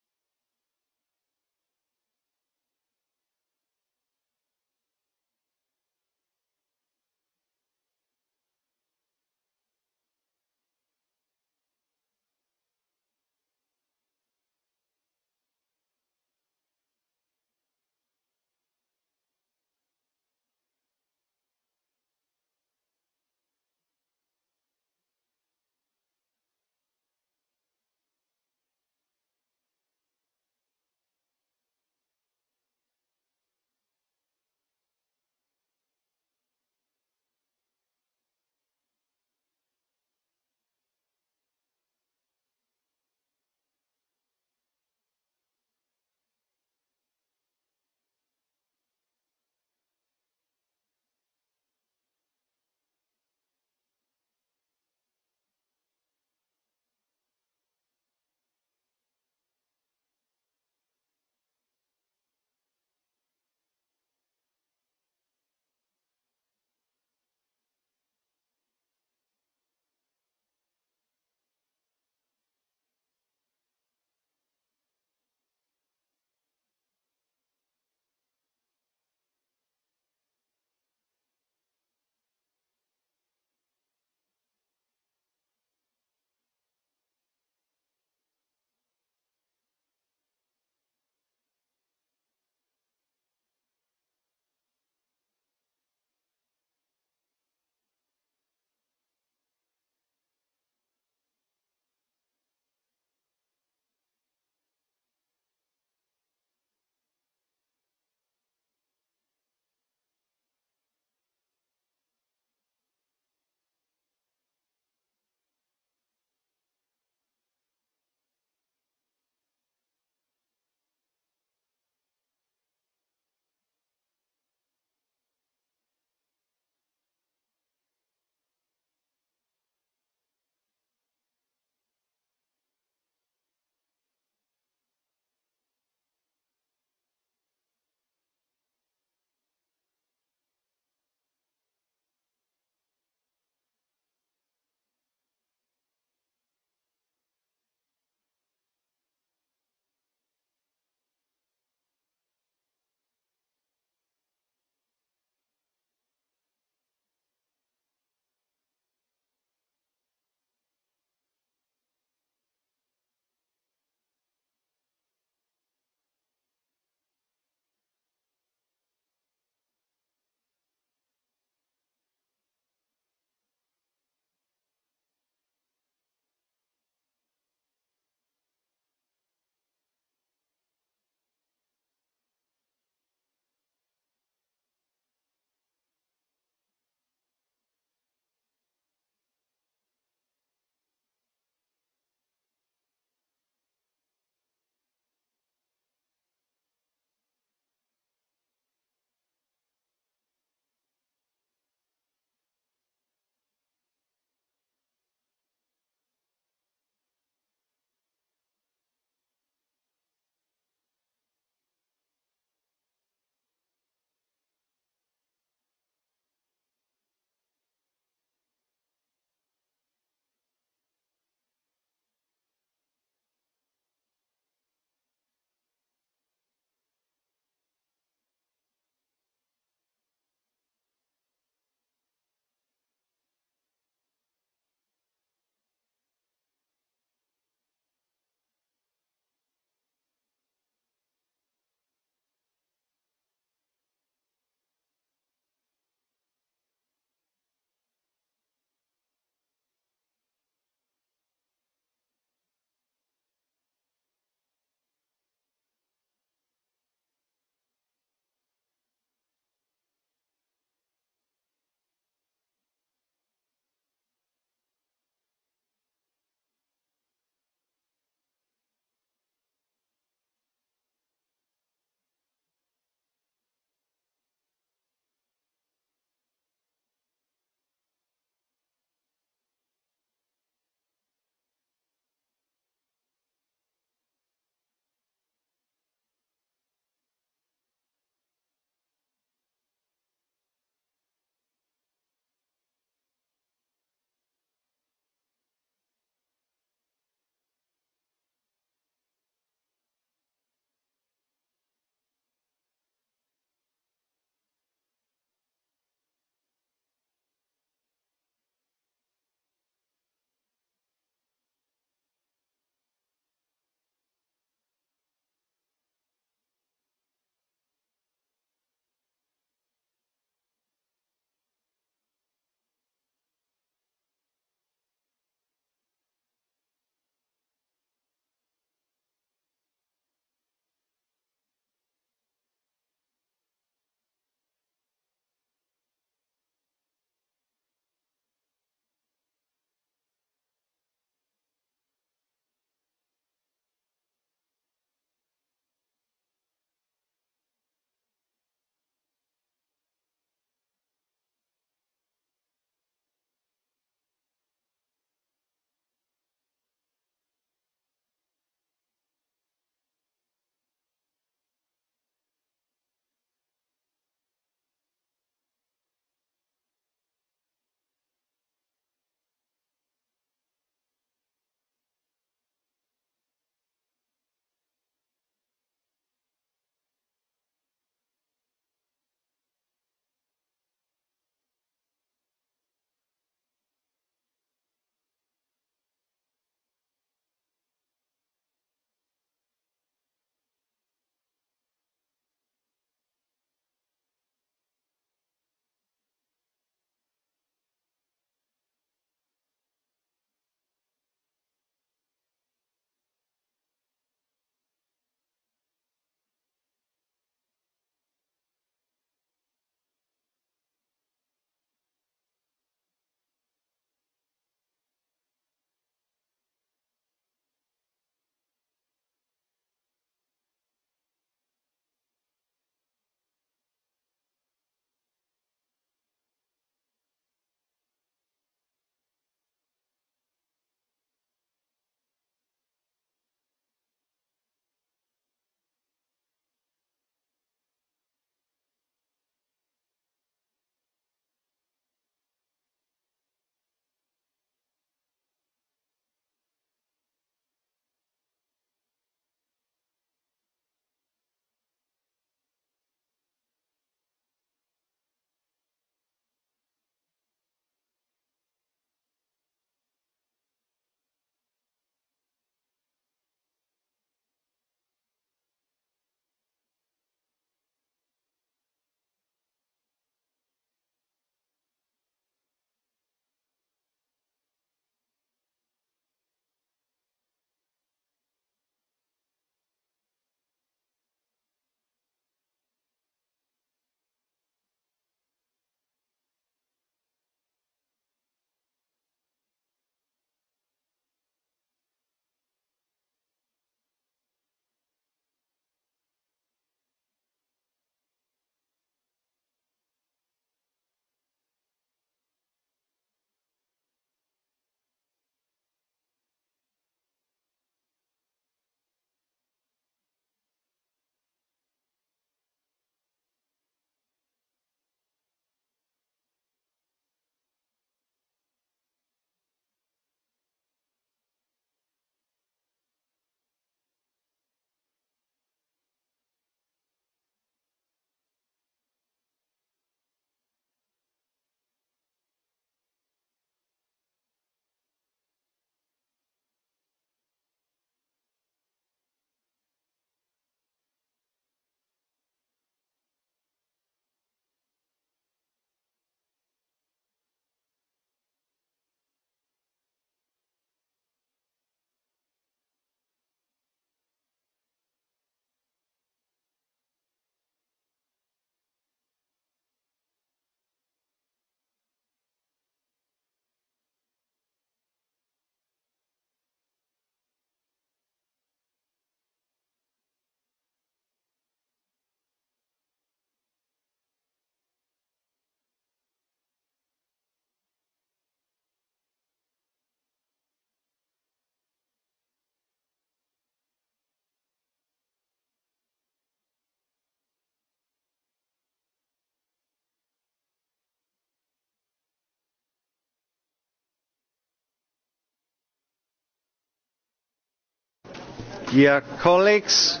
Dear colleagues,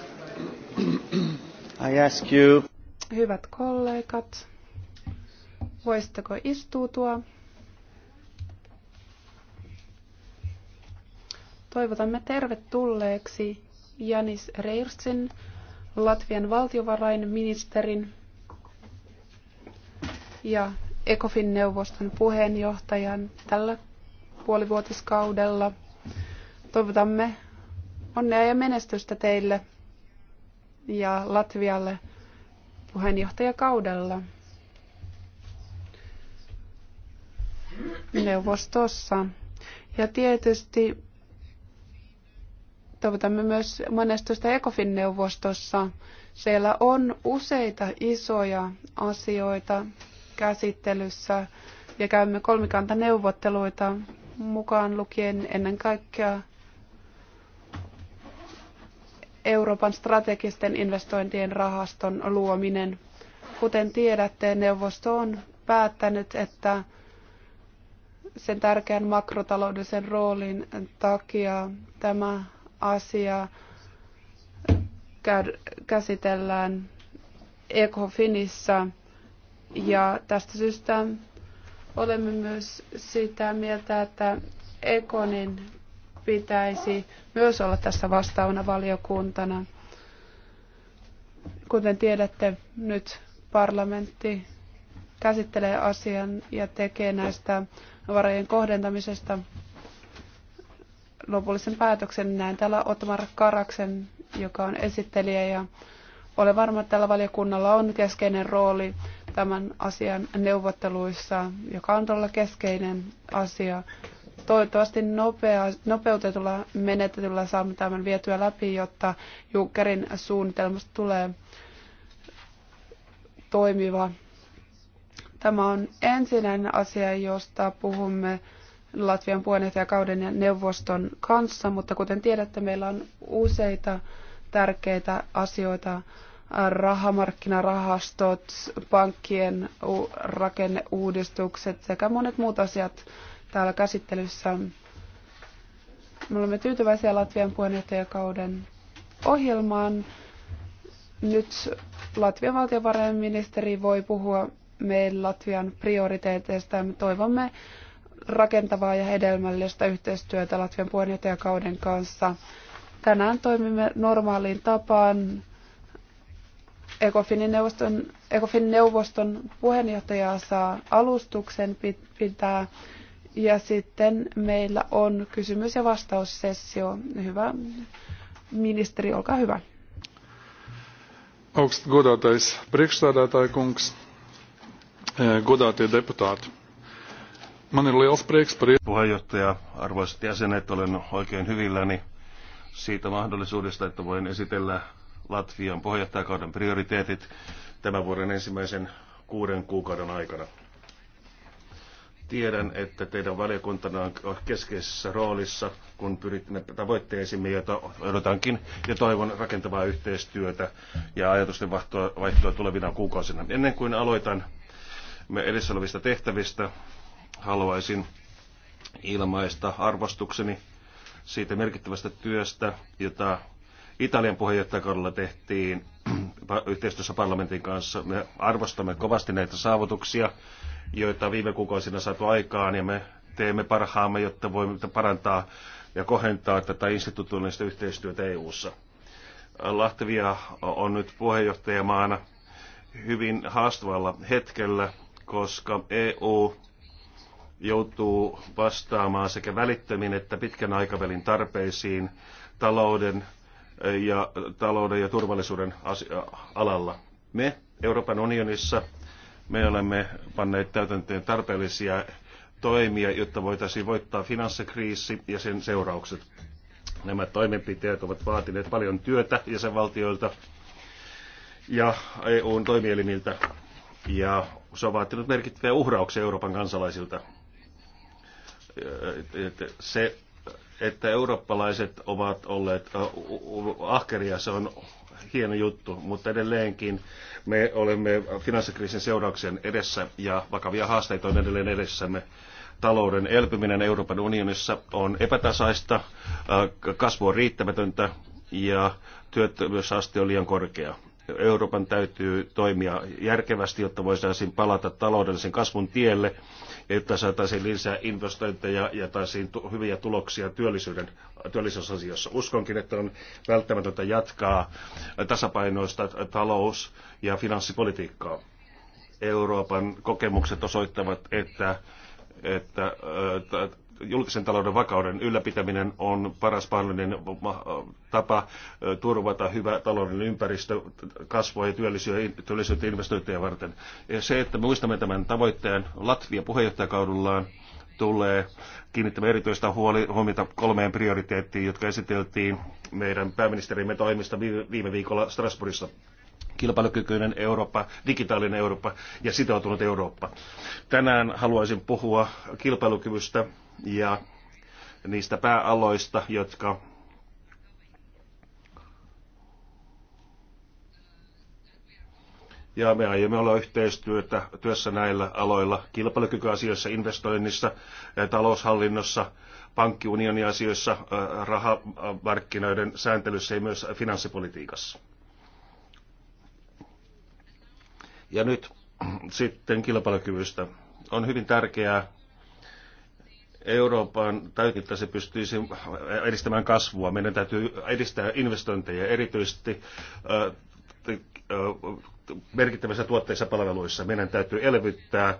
I ask you. Hyvät kollegat, voisitteko istuutua? Toivotamme tervetulleeksi Janis Reirsin, Latvian valtiovarainministerin ja ECOFIN-neuvoston puheenjohtajan tällä puolivuotiskaudella. Toivotamme Onnea ja menestystä teille ja Latvialle puheenjohtajakaudella. neuvostossa. Ja tietysti toivotamme myös menestystä ECOFIN-neuvostossa. Siellä on useita isoja asioita käsittelyssä ja käymme kolmikantaneuvotteluita mukaan lukien ennen kaikkea Euroopan strategisten investointien rahaston luominen. Kuten tiedätte, neuvosto on päättänyt, että sen tärkeän makrotaloudellisen roolin takia tämä asia käsitellään ECOFINissa. Ja tästä syystä olemme myös sitä mieltä, että Ekonin pitäisi myös olla tässä vastaavana valiokuntana. Kuten tiedätte, nyt parlamentti käsittelee asian ja tekee näistä varojen kohdentamisesta lopullisen päätöksen. Näin täällä Otmar Karaksen, joka on esittelijä ja olen varma, että tällä valiokunnalla on keskeinen rooli tämän asian neuvotteluissa, joka on todella keskeinen asia Toivottavasti nopea, nopeutetulla menetetyllä saamme tämän vietyä läpi, jotta Junckerin suunnitelmasta tulee toimiva. Tämä on ensinnäinen asia, josta puhumme Latvian puheenjohtajakauden ja neuvoston kanssa, mutta kuten tiedätte, meillä on useita tärkeitä asioita, rahamarkkinarahastot, pankkien rakenneuudistukset sekä monet muut asiat täällä käsittelyssä. Me olemme tyytyväisiä Latvian puheenjohtajakauden ohjelmaan. Nyt Latvian valtiovarainministeri voi puhua meidän Latvian prioriteeteista ja me toivomme rakentavaa ja hedelmällistä yhteistyötä Latvian puheenjohtajakauden kanssa. Tänään toimimme normaaliin tapaan. Ecofinin neuvoston, Ecofin neuvoston puheenjohtaja saa alustuksen pitää ja sitten meillä on kysymys- ja vastaussessio. Hyvä ministeri, olkaa hyvä. Augst godātais priekšsādātāja kungs, eh, godātie deputāti. Man ir liels prieks par... Puheenjohtaja, arvoisat jäsenet, olen oikein hyvilläni siitä mahdollisuudesta, että voin esitellä Latvian puheenjohtajakauden prioriteetit tämän vuoden ensimmäisen kuuden kuukauden aikana. Tiedän, että teidän valiokuntana on keskeisessä roolissa, kun pyritte tavoitteisiin joita odotankin, ja toivon rakentavaa yhteistyötä ja ajatusten vaihtoa, vaihtoa tulevina kuukausina. Ennen kuin aloitan me edessä olevista tehtävistä, haluaisin ilmaista arvostukseni siitä merkittävästä työstä, jota Italian puheenjohtajakaudella tehtiin yhteistyössä parlamentin kanssa. Me arvostamme kovasti näitä saavutuksia joita viime kuukausina saatu aikaan, ja me teemme parhaamme, jotta voimme parantaa ja kohentaa tätä institutionaalista yhteistyötä EU:ssa. Latvia on nyt puheenjohtajamaana hyvin haastavalla hetkellä, koska EU joutuu vastaamaan sekä välittömin että pitkän aikavälin tarpeisiin talouden ja, talouden ja turvallisuuden alalla. Me Euroopan unionissa me olemme panneet täytäntöön tarpeellisia toimia, jotta voitaisiin voittaa finanssikriisi ja sen seuraukset. Nämä toimenpiteet ovat vaatineet paljon työtä jäsenvaltioilta ja EUn toimielimiltä, ja se on vaatinut merkittäviä uhrauksia Euroopan kansalaisilta. Se, että eurooppalaiset ovat olleet ahkeria, se on hieno juttu, mutta edelleenkin me olemme finanssikriisin seurauksen edessä ja vakavia haasteita on edelleen edessämme. Talouden elpyminen Euroopan unionissa on epätasaista, äh, kasvu on riittämätöntä ja työttömyysaste on liian korkea. Euroopan täytyy toimia järkevästi, jotta voisi palata taloudellisen kasvun tielle, jotta saataisiin lisää investointeja ja taisiin hyviä tuloksia työllisyyden, työllisyysasioissa. Uskonkin, että on välttämätöntä jatkaa tasapainoista talous- ja finanssipolitiikkaa. Euroopan kokemukset osoittavat, että että julkisen talouden vakauden ylläpitäminen on paras mahdollinen äh, tapa äh, turvata hyvä talouden ympäristö kasvua ja työllisyyttä investointeja varten. Ja se, että muistamme tämän tavoitteen, Latvia puheenjohtajakaudullaan, tulee kiinnittämään erityistä huoli, huomiota kolmeen prioriteettiin, jotka esiteltiin meidän pääministerimme toimista viime viikolla Strasbourgissa kilpailukykyinen Eurooppa, digitaalinen Eurooppa ja sitoutunut Eurooppa. Tänään haluaisin puhua kilpailukyvystä ja niistä pääaloista, jotka ja me aiomme olla yhteistyötä työssä näillä aloilla, kilpailukykyasioissa, investoinnissa, eh, taloushallinnossa, pankkiunionin asioissa, eh, rahamarkkinoiden sääntelyssä ja myös finanssipolitiikassa. Ja nyt sitten kilpailukyvystä. On hyvin tärkeää, Euroopan täytettä se pystyisi edistämään kasvua. Meidän täytyy edistää investointeja erityisesti merkittävissä tuotteissa palveluissa. Meidän täytyy elvyttää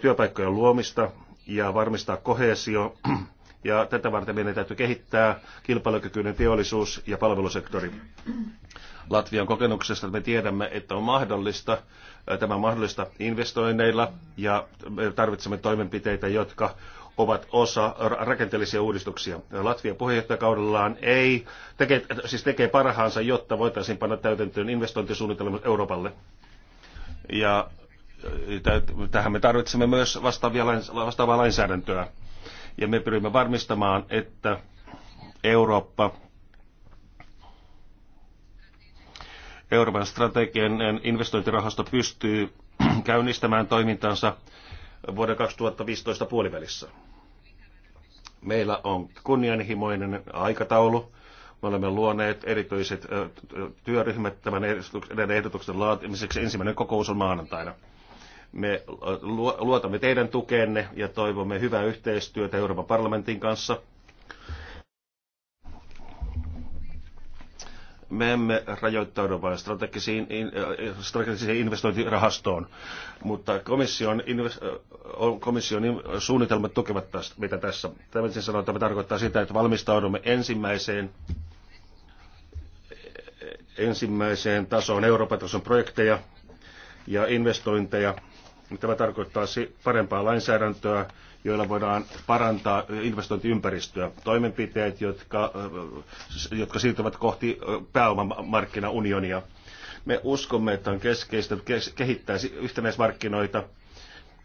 työpaikkojen luomista ja varmistaa kohesio. Ja tätä varten meidän täytyy kehittää kilpailukykyinen teollisuus ja palvelusektori. Latvian kokemuksesta me tiedämme, että on mahdollista, tämä on mahdollista investoinneilla ja me tarvitsemme toimenpiteitä, jotka ovat osa rakenteellisia uudistuksia. Latvia puheenjohtajakaudellaan ei, tekee, siis tekee parhaansa, jotta voitaisiin panna täytäntöön investointisuunnitelmat Euroopalle. Ja tähän me tarvitsemme myös vastaavia, vastaavaa lainsäädäntöä. Ja me pyrimme varmistamaan, että Eurooppa Euroopan strateginen investointirahasto pystyy käynnistämään toimintansa vuoden 2015 puolivälissä. Meillä on kunnianhimoinen aikataulu. Me olemme luoneet erityiset työryhmät tämän ehdotuksen laatimiseksi. Ensimmäinen kokous on maanantaina. Me luotamme teidän tukeenne ja toivomme hyvää yhteistyötä Euroopan parlamentin kanssa Me emme rajoittaudu vain strategisiin, strategisiin investointirahastoon, mutta komission, komission suunnitelmat tukevat tästä, mitä tässä. Tämä siis sanoo, että me tarkoittaa sitä, että valmistaudumme ensimmäiseen ensimmäiseen tasoon Euroopan tason projekteja ja investointeja. Tämä tarkoittaa parempaa lainsäädäntöä joilla voidaan parantaa investointiympäristöä. Toimenpiteet, jotka, äh, jotka siirtyvät kohti äh, pääomamarkkinaunionia. Me uskomme, että on keskeistä kehittää yhtenäismarkkinoita,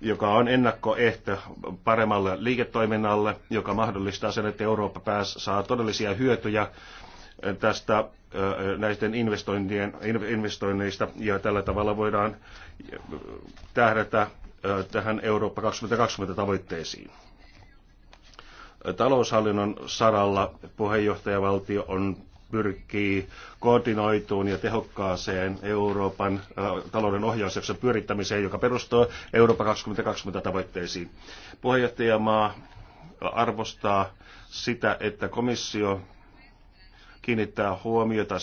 joka on ennakkoehto paremmalle liiketoiminnalle, joka mahdollistaa sen, että Eurooppa pääs, saa todellisia hyötyjä äh, tästä näisten investointien, investoinneista ja tällä tavalla voidaan tähdätä tähän Eurooppa 2020 tavoitteisiin. Taloushallinnon saralla puheenjohtajavaltio on pyrkii koordinoituun ja tehokkaaseen Euroopan talouden ohjausjakson pyörittämiseen, joka perustuu Euroopan 2020 tavoitteisiin. Puheenjohtajamaa arvostaa sitä, että komissio kiinnittää huomiota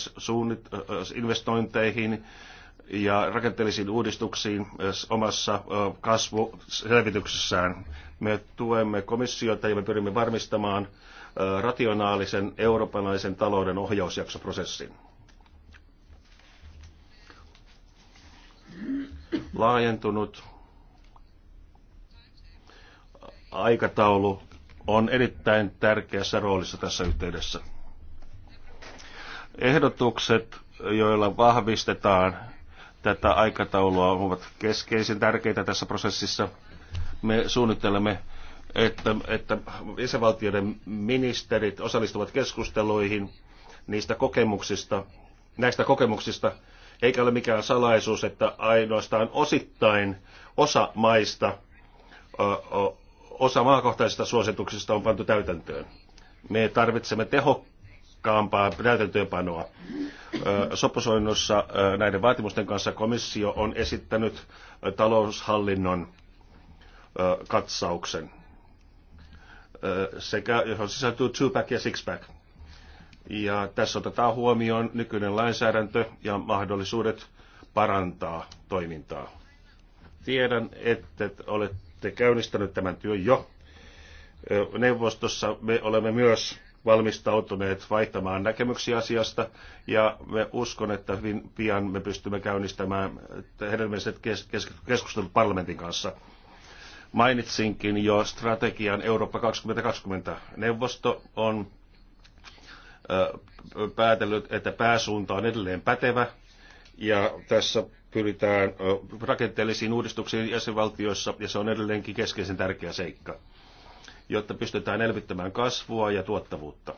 investointeihin ja rakenteellisiin uudistuksiin äh, omassa äh, kasvuselvityksessään. Me tuemme komissiota ja me pyrimme varmistamaan äh, rationaalisen eurooppalaisen talouden ohjausjaksoprosessin. Laajentunut aikataulu on erittäin tärkeässä roolissa tässä yhteydessä. Ehdotukset, joilla vahvistetaan tätä aikataulua ovat keskeisen tärkeitä tässä prosessissa. Me suunnittelemme, että, että isävaltioiden ministerit osallistuvat keskusteluihin niistä kokemuksista, näistä kokemuksista, eikä ole mikään salaisuus, että ainoastaan osittain osa maista, osa maakohtaisista suosituksista on pantu täytäntöön. Me tarvitsemme tehokkaita tehokkaampaa täytäntöönpanoa. Sopusoinnossa näiden vaatimusten kanssa komissio on esittänyt taloushallinnon katsauksen, sekä, johon sisältyy two-pack ja six-pack. Ja tässä otetaan huomioon nykyinen lainsäädäntö ja mahdollisuudet parantaa toimintaa. Tiedän, että olette käynnistänyt tämän työn jo. Neuvostossa me olemme myös valmistautuneet vaihtamaan näkemyksiä asiasta ja me uskon, että hyvin pian me pystymme käynnistämään hedelmälliset keskustelut parlamentin kanssa. Mainitsinkin jo strategian Eurooppa 2020. Neuvosto on päätellyt, että pääsuunta on edelleen pätevä ja tässä pyritään rakenteellisiin uudistuksiin jäsenvaltioissa ja se on edelleenkin keskeisen tärkeä seikka jotta pystytään elvyttämään kasvua ja tuottavuutta.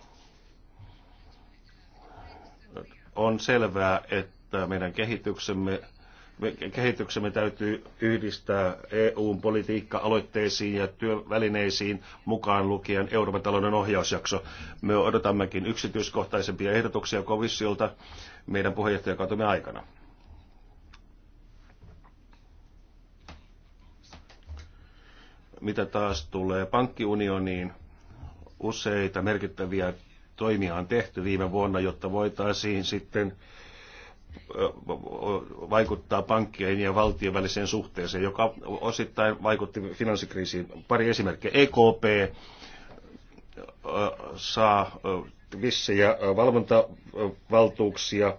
On selvää, että meidän kehityksemme, kehityksemme täytyy yhdistää EUn politiikka-aloitteisiin ja työvälineisiin mukaan lukien Euroopan talouden ohjausjakso. Me odotammekin yksityiskohtaisempia ehdotuksia komissiolta meidän puheenjohtajakautumme aikana. Mitä taas tulee pankkiunioniin, useita merkittäviä toimia on tehty viime vuonna, jotta voitaisiin sitten vaikuttaa pankkien ja valtion väliseen suhteeseen, joka osittain vaikutti finanssikriisiin. Pari esimerkkiä. EKP saa vissejä valvontavaltuuksia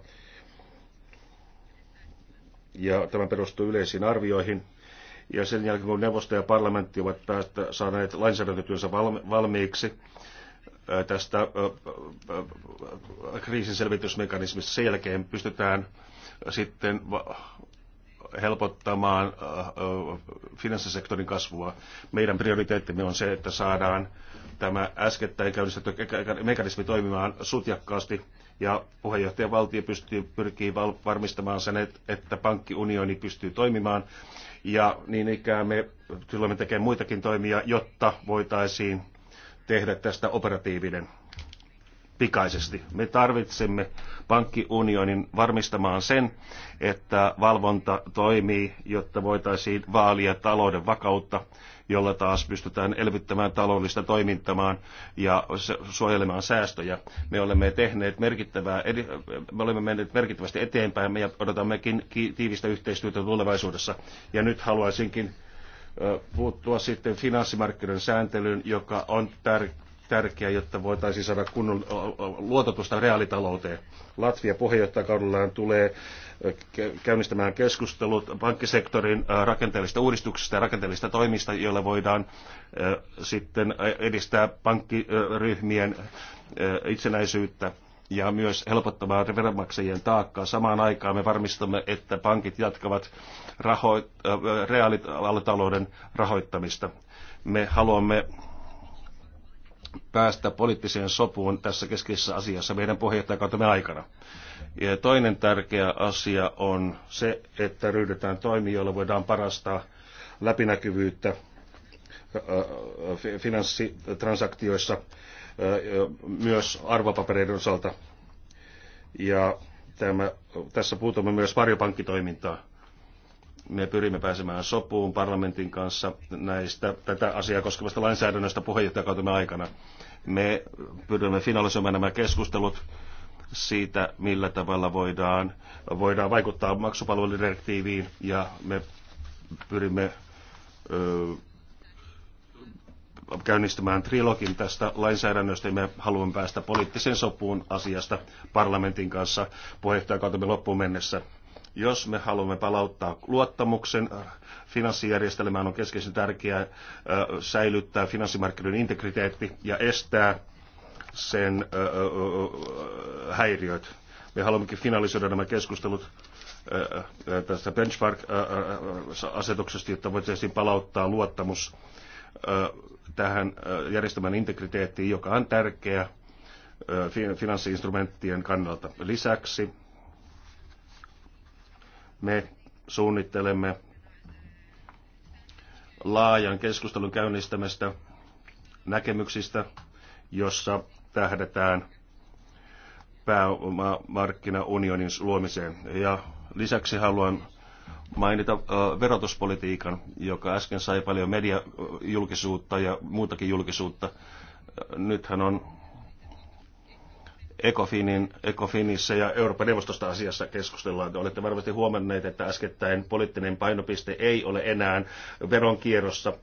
ja tämä perustuu yleisiin arvioihin ja sen jälkeen kun neuvosto ja parlamentti ovat päästä saaneet lainsäädäntötyönsä valmiiksi tästä selvitysmekanismista, sen jälkeen pystytään sitten helpottamaan finanssisektorin kasvua. Meidän prioriteettimme on se, että saadaan tämä äskettäin käynnistetty mekanismi toimimaan sutjakkaasti ja puheenjohtajavaltio pystyy, pyrkii varmistamaan sen, että pankkiunioni pystyy toimimaan ja niin ikään me tulemme tekemään muitakin toimia, jotta voitaisiin tehdä tästä operatiivinen pikaisesti. Me tarvitsemme pankkiunionin varmistamaan sen, että valvonta toimii, jotta voitaisiin vaalia talouden vakautta jolla taas pystytään elvyttämään taloudellista toimintamaan ja suojelemaan säästöjä. Me olemme tehneet merkittävää, me olemme menneet merkittävästi eteenpäin ja odotammekin tiivistä yhteistyötä tulevaisuudessa. Ja nyt haluaisinkin puuttua sitten finanssimarkkinoiden sääntelyyn, joka on tär- tärkeä, jotta voitaisiin saada kunnon luototusta reaalitalouteen. Latvia puheenjohtajakaudellaan tulee käynnistämään keskustelut pankkisektorin rakenteellisista uudistuksista ja rakenteellisista toimista, joilla voidaan sitten edistää pankkiryhmien itsenäisyyttä ja myös helpottamaan veronmaksajien taakkaa. Samaan aikaan me varmistamme, että pankit jatkavat raho- reaalitalouden rahoittamista. Me haluamme päästä poliittiseen sopuun tässä keskeisessä asiassa meidän puheenjohtajakautemme aikana. Ja toinen tärkeä asia on se, että ryhdytään toimiin, joilla voidaan parastaa läpinäkyvyyttä äh, finanssitransaktioissa äh, myös arvopapereiden osalta. Ja tämä, tässä puutumme myös varjopankkitoimintaan me pyrimme pääsemään sopuun parlamentin kanssa näistä tätä asiaa koskevasta lainsäädännöstä puheenjohtajakautemme aikana. Me pyrimme finalisoimaan nämä keskustelut siitä, millä tavalla voidaan, voidaan vaikuttaa maksupalveludirektiiviin ja me pyrimme ö, käynnistämään trilogin tästä lainsäädännöstä ja me haluamme päästä poliittiseen sopuun asiasta parlamentin kanssa puheenjohtajakautemme loppuun mennessä. Jos me haluamme palauttaa luottamuksen äh, finanssijärjestelmään, on keskeisen tärkeää äh, säilyttää finanssimarkkinoiden integriteetti ja estää sen äh, häiriöt. Me haluammekin finalisoida nämä keskustelut tästä benchmark-asetuksesta, jotta voitaisiin palauttaa luottamus tähän järjestelmän integriteettiin, joka on tärkeä finanssiinstrumenttien kannalta. Lisäksi me suunnittelemme laajan keskustelun käynnistämistä näkemyksistä, jossa tähdetään pääomamarkkinaunionin luomiseen. Ja lisäksi haluan mainita äh, verotuspolitiikan, joka äsken sai paljon mediajulkisuutta ja muutakin julkisuutta. Nythän on Ecofinin, Ecofinissa ja Euroopan neuvostosta asiassa keskustellaan. Olette varmasti huomanneet, että äskettäin poliittinen painopiste ei ole enää veronkierrossa,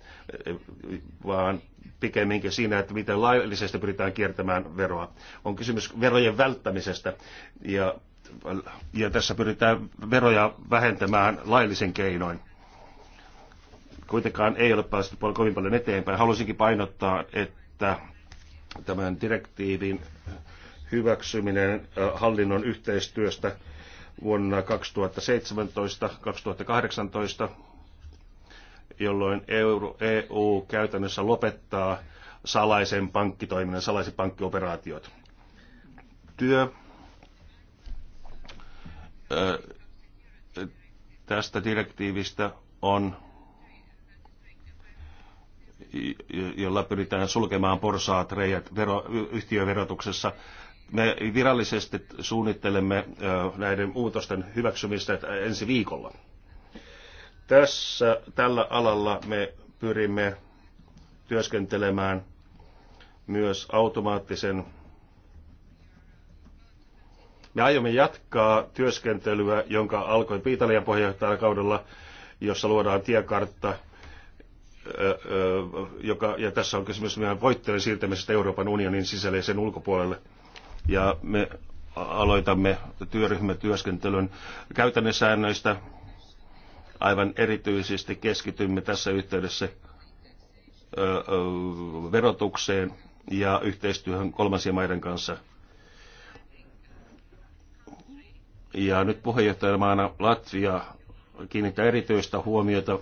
vaan pikemminkin siinä, että miten laillisesti pyritään kiertämään veroa. On kysymys verojen välttämisestä ja, ja tässä pyritään veroja vähentämään laillisen keinoin kuitenkaan ei ole päästy kovin paljon eteenpäin. Haluaisinkin painottaa, että tämän direktiivin hyväksyminen hallinnon yhteistyöstä vuonna 2017-2018, jolloin Euro, EU käytännössä lopettaa salaisen pankkitoiminnan, salaiset pankkioperaatiot. Työ tästä direktiivistä on, jolla pyritään sulkemaan porsaat reijät vero, yhtiöverotuksessa me virallisesti suunnittelemme näiden muutosten hyväksymistä ensi viikolla. Tässä, tällä alalla me pyrimme työskentelemään myös automaattisen me aiomme jatkaa työskentelyä, jonka alkoi Piitalian kaudella, jossa luodaan tiekartta, joka, ja tässä on kysymys meidän voitteiden siirtämisestä Euroopan unionin sisälle ja sen ulkopuolelle ja me aloitamme työryhmätyöskentelyn käytännössäännöistä. Aivan erityisesti keskitymme tässä yhteydessä verotukseen ja yhteistyöhön kolmansien maiden kanssa. Ja nyt puheenjohtajamaana Latvia kiinnittää erityistä huomiota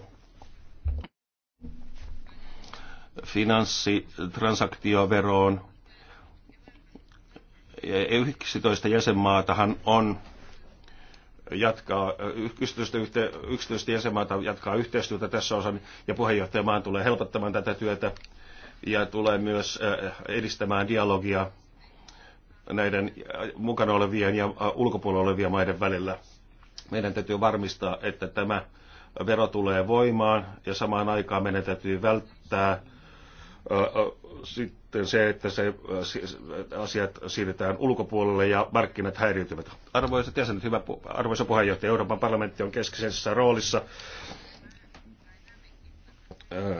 finanssitransaktioveroon 11 jäsenmaatahan on jatkaa, yksityistä, yhte, yksityistä jäsenmaata jatkaa yhteistyötä tässä osan, ja puheenjohtajamaan tulee helpottamaan tätä työtä ja tulee myös äh, edistämään dialogia näiden äh, mukana olevien ja äh, ulkopuolella olevien maiden välillä. Meidän täytyy varmistaa, että tämä vero tulee voimaan ja samaan aikaan meidän täytyy välttää sitten se, että se, asiat siirretään ulkopuolelle ja markkinat häiriytyvät. Arvoisat jäsenet, hyvä arvoisa puheenjohtaja, Euroopan parlamentti on keskeisessä roolissa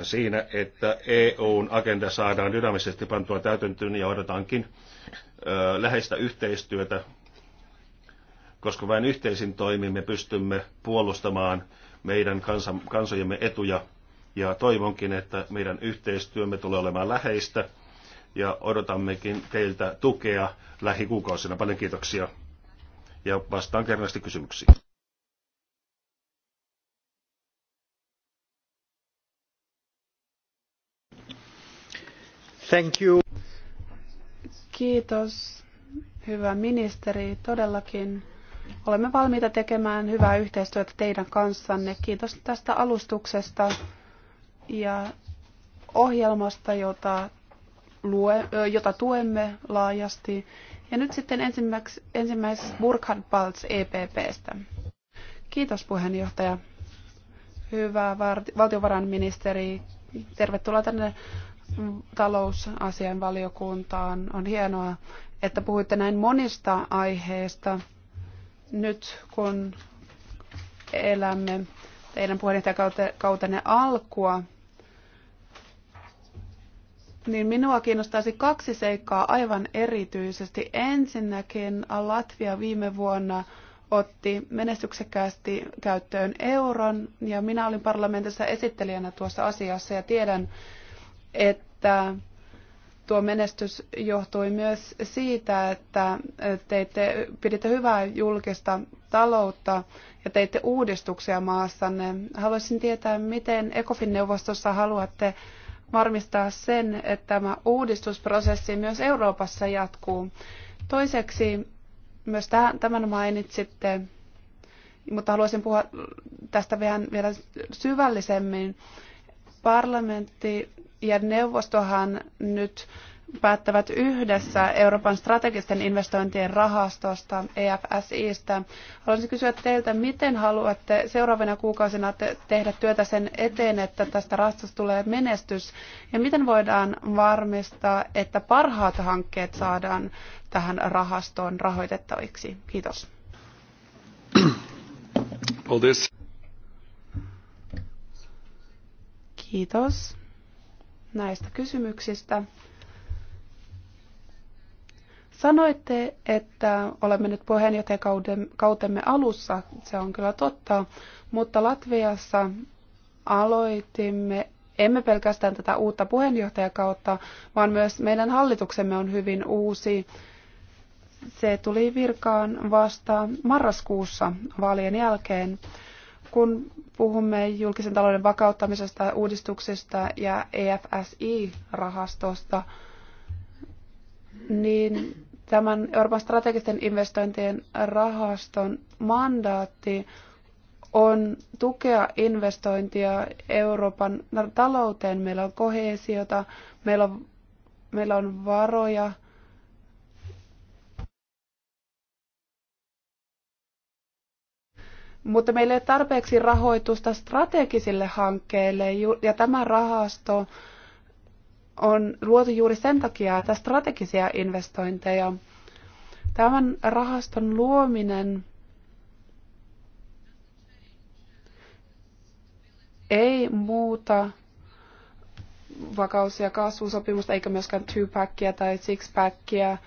siinä, että EUn agenda saadaan dynaamisesti pantua täytäntöön ja odotankin läheistä yhteistyötä, koska vain yhteisin toimin me pystymme puolustamaan meidän kansojemme etuja ja toivonkin, että meidän yhteistyömme tulee olemaan läheistä ja odotammekin teiltä tukea lähikuukausina. Paljon kiitoksia ja vastaan kerrallisesti kysymyksiin. Thank you. Kiitos, hyvä ministeri. Todellakin olemme valmiita tekemään hyvää yhteistyötä teidän kanssanne. Kiitos tästä alustuksesta ja ohjelmasta, jota, lue, jota tuemme laajasti. Ja nyt sitten ensimmäisestä Burkhard Balz EPPstä. Kiitos puheenjohtaja. Hyvä valtiovarainministeri, tervetuloa tänne talousasian valiokuntaan. On hienoa, että puhuitte näin monista aiheista nyt, kun elämme teidän puheenjohtajakautenne alkua niin minua kiinnostaisi kaksi seikkaa aivan erityisesti. Ensinnäkin Latvia viime vuonna otti menestyksekkäästi käyttöön euron ja minä olin parlamentissa esittelijänä tuossa asiassa ja tiedän, että tuo menestys johtui myös siitä, että teitte, piditte hyvää julkista taloutta ja teitte uudistuksia maassanne. Haluaisin tietää, miten ECOFIN-neuvostossa haluatte varmistaa sen, että tämä uudistusprosessi myös Euroopassa jatkuu. Toiseksi myös tämän mainitsitte, mutta haluaisin puhua tästä vähän vielä syvällisemmin. Parlamentti ja neuvostohan nyt päättävät yhdessä Euroopan strategisten investointien rahastosta, EFSIstä. Haluaisin kysyä teiltä, miten haluatte seuraavina kuukausina te- tehdä työtä sen eteen, että tästä rahastosta tulee menestys, ja miten voidaan varmistaa, että parhaat hankkeet saadaan tähän rahastoon rahoitettaviksi? Kiitos. Kiitos näistä kysymyksistä. Sanoitte, että olemme nyt puheenjohtajakautemme alussa, se on kyllä totta, mutta Latviassa aloitimme emme pelkästään tätä uutta puheenjohtajakautta, vaan myös meidän hallituksemme on hyvin uusi. Se tuli virkaan vasta marraskuussa vaalien jälkeen. Kun puhumme julkisen talouden vakauttamisesta, uudistuksista ja EFSI-rahastosta, niin tämän Euroopan strategisten investointien rahaston mandaatti on tukea investointia Euroopan talouteen. Meillä on kohesiota, meillä on, meillä on varoja. Mutta meillä ei ole tarpeeksi rahoitusta strategisille hankkeille ja tämä rahasto on luotu juuri sen takia, että strategisia investointeja. Tämän rahaston luominen ei muuta vakaus- ja kasvusopimusta, eikä myöskään two-packia tai six-packia.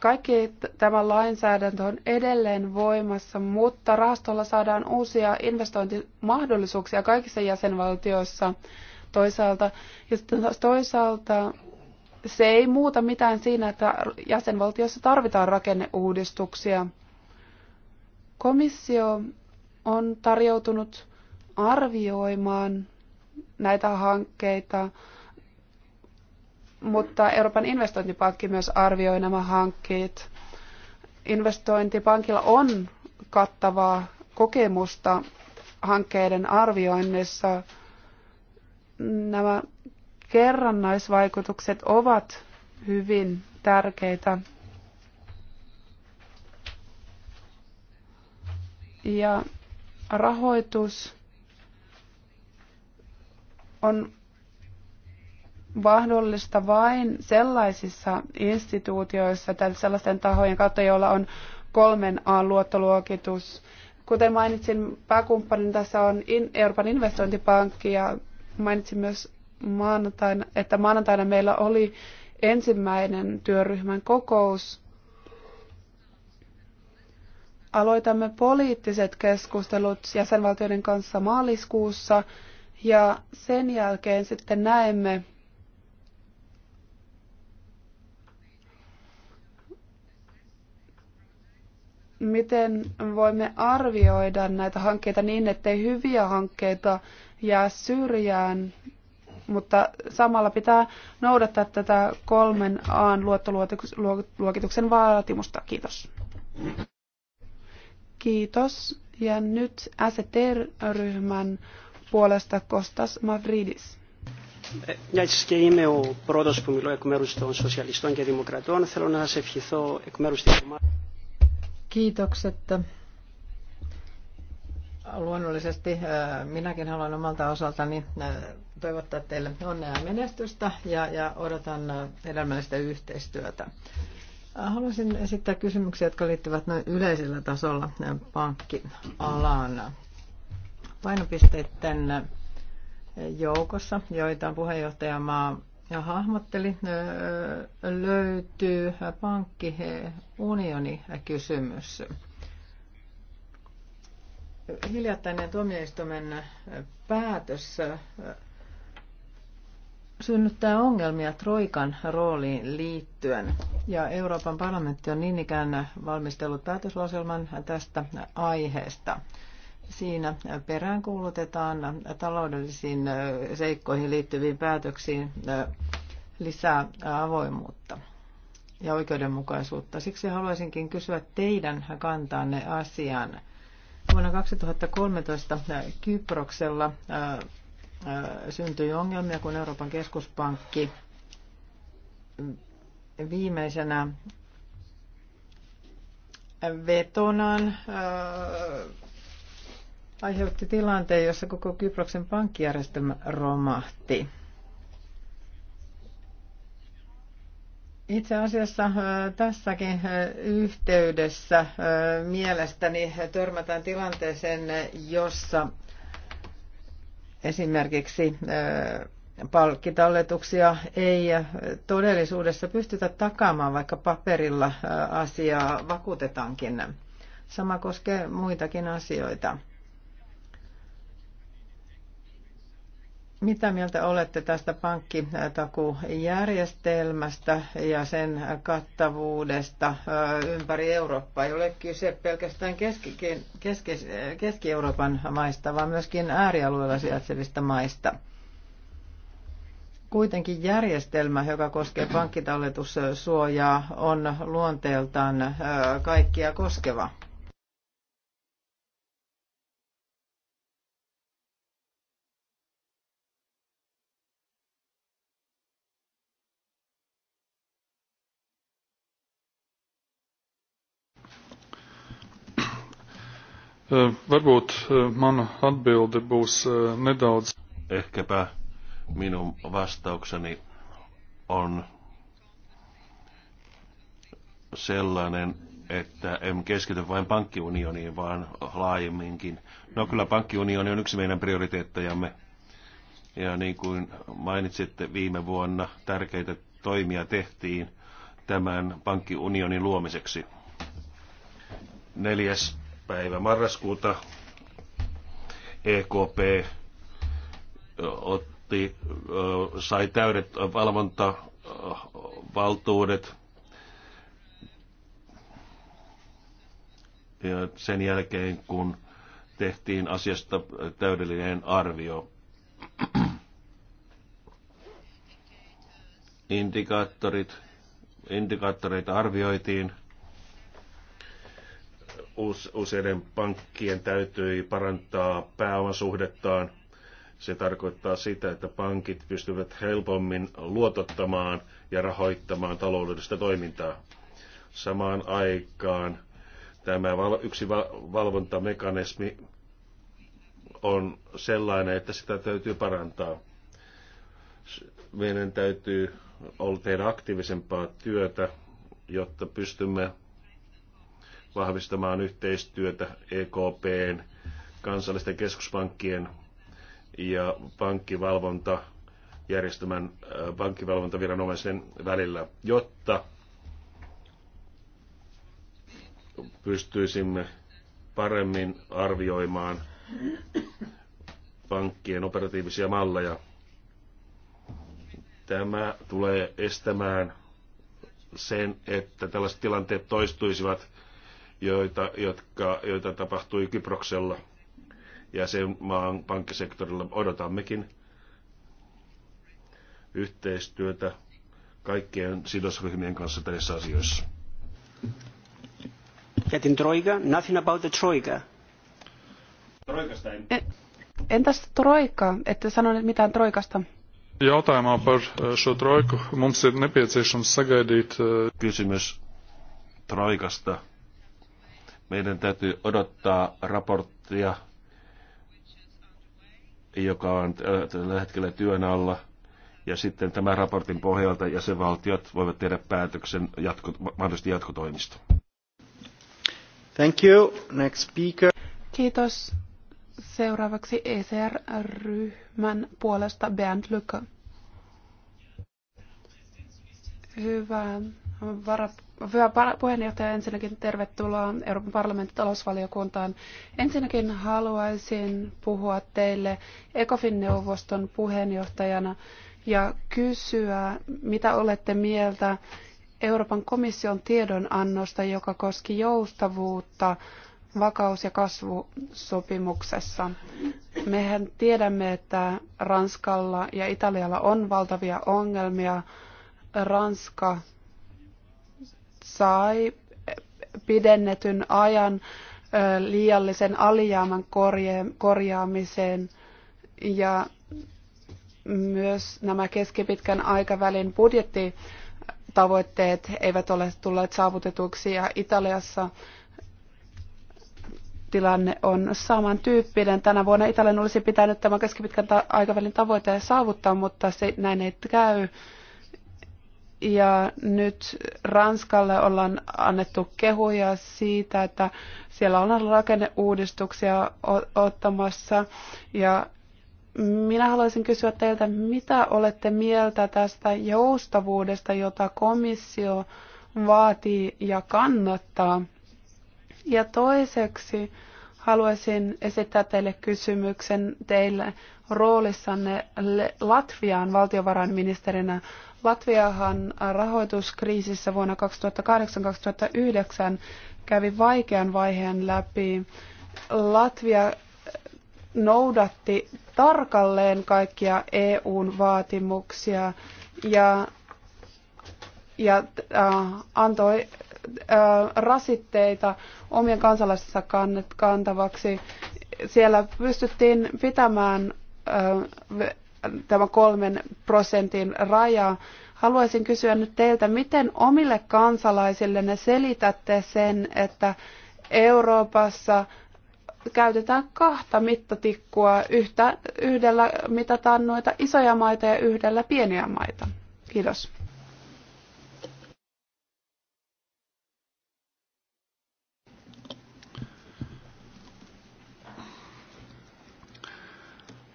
Kaikki tämä lainsäädäntö on edelleen voimassa, mutta rahastolla saadaan uusia investointimahdollisuuksia kaikissa jäsenvaltioissa toisaalta. Ja sitten taas toisaalta se ei muuta mitään siinä, että jäsenvaltiossa tarvitaan rakenneuudistuksia. Komissio on tarjoutunut arvioimaan näitä hankkeita, mutta Euroopan investointipankki myös arvioi nämä hankkeet. Investointipankilla on kattavaa kokemusta hankkeiden arvioinnissa nämä kerrannaisvaikutukset ovat hyvin tärkeitä. Ja rahoitus on mahdollista vain sellaisissa instituutioissa tai sellaisten tahojen kautta, joilla on kolmen A-luottoluokitus. Kuten mainitsin, pääkumppanin tässä on Euroopan investointipankki ja mainitsin myös maanantaina, että maanantaina meillä oli ensimmäinen työryhmän kokous. Aloitamme poliittiset keskustelut jäsenvaltioiden kanssa maaliskuussa ja sen jälkeen sitten näemme, miten voimme arvioida näitä hankkeita niin, ettei hyviä hankkeita jää syrjään, mutta samalla pitää noudattaa tätä kolmen aan luottoluokituksen vaatimusta. Kiitos. Kiitos. Ja nyt SET-ryhmän puolesta Kostas Mavridis. Μια και είμαι ο πρώτο που μιλώ εκ μέρου των Σοσιαλιστών και Δημοκρατών, θέλω να σα ευχηθώ εκ μέρου τη ομάδα. Kiitokset luonnollisesti äh, minäkin haluan omalta osaltani äh, toivottaa teille onnea ja menestystä ja, ja odotan äh, hedelmällistä yhteistyötä. Haluaisin esittää kysymyksiä, jotka liittyvät noin yleisellä tasolla pankkialaan. Painopisteiden joukossa, joita puheenjohtajamaa ja hahmotteli, löytyy pankkiunioni kysymys. kysymys hiljattainen tuomioistuimen päätös synnyttää ongelmia Troikan rooliin liittyen. Ja Euroopan parlamentti on niin ikään valmistellut päätöslauselman tästä aiheesta. Siinä peräänkuulutetaan taloudellisiin seikkoihin liittyviin päätöksiin lisää avoimuutta ja oikeudenmukaisuutta. Siksi haluaisinkin kysyä teidän kantaanne asiaan. Vuonna 2013 äh, Kyproksella äh, äh, syntyi ongelmia, kun Euroopan keskuspankki mm, viimeisenä vetonaan aiheutti tilanteen, jossa koko Kyproksen pankkijärjestelmä romahti. Itse asiassa tässäkin yhteydessä mielestäni törmätään tilanteeseen, jossa esimerkiksi palkkitalletuksia ei todellisuudessa pystytä takaamaan, vaikka paperilla asiaa vakuutetaankin Sama koskee muitakin asioita. Mitä mieltä olette tästä pankkitakujärjestelmästä ja sen kattavuudesta ympäri Eurooppaa? Ei ole kyse pelkästään Keski, Keski, Keski-Euroopan maista, vaan myöskin äärialueilla sijaitsevista maista. Kuitenkin järjestelmä, joka koskee pankkitalletussuojaa, on luonteeltaan kaikkia koskeva. Eh, varbūt eh, mana atbilde būs eh, nedaudz. Ehkäpä minun vastaukseni on sellainen, että en keskity vain pankkiunioniin, vaan laajemminkin. No kyllä pankkiunioni on yksi meidän prioriteettejamme. Ja niin kuin mainitsitte, viime vuonna tärkeitä toimia tehtiin tämän pankkiunionin luomiseksi. Neljäs päivä marraskuuta EKP otti, sai täydet valvontavaltuudet. Ja sen jälkeen, kun tehtiin asiasta täydellinen arvio, indikaattorit, indikaattoreita arvioitiin useiden pankkien täytyi parantaa pääomasuhdettaan. Se tarkoittaa sitä, että pankit pystyvät helpommin luotottamaan ja rahoittamaan taloudellista toimintaa. Samaan aikaan tämä yksi valvontamekanismi on sellainen, että sitä täytyy parantaa. Meidän täytyy olla tehdä aktiivisempaa työtä, jotta pystymme vahvistamaan yhteistyötä EKPn, kansallisten keskuspankkien ja pankkivalvonta järjestämän äh, pankkivalvontaviranomaisen välillä, jotta pystyisimme paremmin arvioimaan pankkien operatiivisia malleja. Tämä tulee estämään sen, että tällaiset tilanteet toistuisivat joita, jotka, joita tapahtui Kyproksella ja sen maan pankkisektorilla. Odotammekin yhteistyötä kaikkien sidosryhmien kanssa tässä asioissa. Ja Troika, nothing about the Troika. Entäs Troika? Ette sanoneet mitään Troikasta. Jautājumā per eh, šo Troiku mums ir nepieciešams sagaidīt... Eh, Kysymys Troikasta meidän täytyy odottaa raporttia, joka on äh, tällä hetkellä työn alla. Ja sitten tämän raportin pohjalta jäsenvaltiot voivat tehdä päätöksen jatko, mahdollisesti jatkotoimista. Thank you. Next speaker. Kiitos. Seuraavaksi ECR-ryhmän puolesta Bernd Lücke. Hyvä hyvä puheenjohtaja, ensinnäkin tervetuloa Euroopan parlamentin talousvaliokuntaan. Ensinnäkin haluaisin puhua teille ECOFIN-neuvoston puheenjohtajana ja kysyä, mitä olette mieltä Euroopan komission tiedonannosta, joka koski joustavuutta vakaus- ja kasvusopimuksessa. Mehän tiedämme, että Ranskalla ja Italialla on valtavia ongelmia. Ranska sai pidennetyn ajan liiallisen alijäämän korjaamiseen ja myös nämä keskipitkän aikavälin budjettitavoitteet eivät ole tulleet saavutetuiksi ja Italiassa tilanne on samantyyppinen. Tänä vuonna Italian olisi pitänyt tämä keskipitkän aikavälin tavoite saavuttaa, mutta se, näin ei käy. Ja nyt Ranskalle ollaan annettu kehuja siitä, että siellä on rakenneuudistuksia ottamassa. Ja minä haluaisin kysyä teiltä, mitä olette mieltä tästä joustavuudesta, jota komissio vaatii ja kannattaa? Ja toiseksi haluaisin esittää teille kysymyksen teille roolissanne Latvian valtiovarainministerinä. Latviahan rahoituskriisissä vuonna 2008-2009 kävi vaikean vaiheen läpi. Latvia noudatti tarkalleen kaikkia EUn vaatimuksia ja, ja äh, antoi äh, rasitteita omien kansalaistensa kannettavaksi. Siellä pystyttiin pitämään äh, tämä kolmen prosentin raja. Haluaisin kysyä nyt teiltä, miten omille kansalaisille ne selitätte sen, että Euroopassa käytetään kahta mittatikkua, yhtä, yhdellä mitataan noita isoja maita ja yhdellä pieniä maita. Kiitos.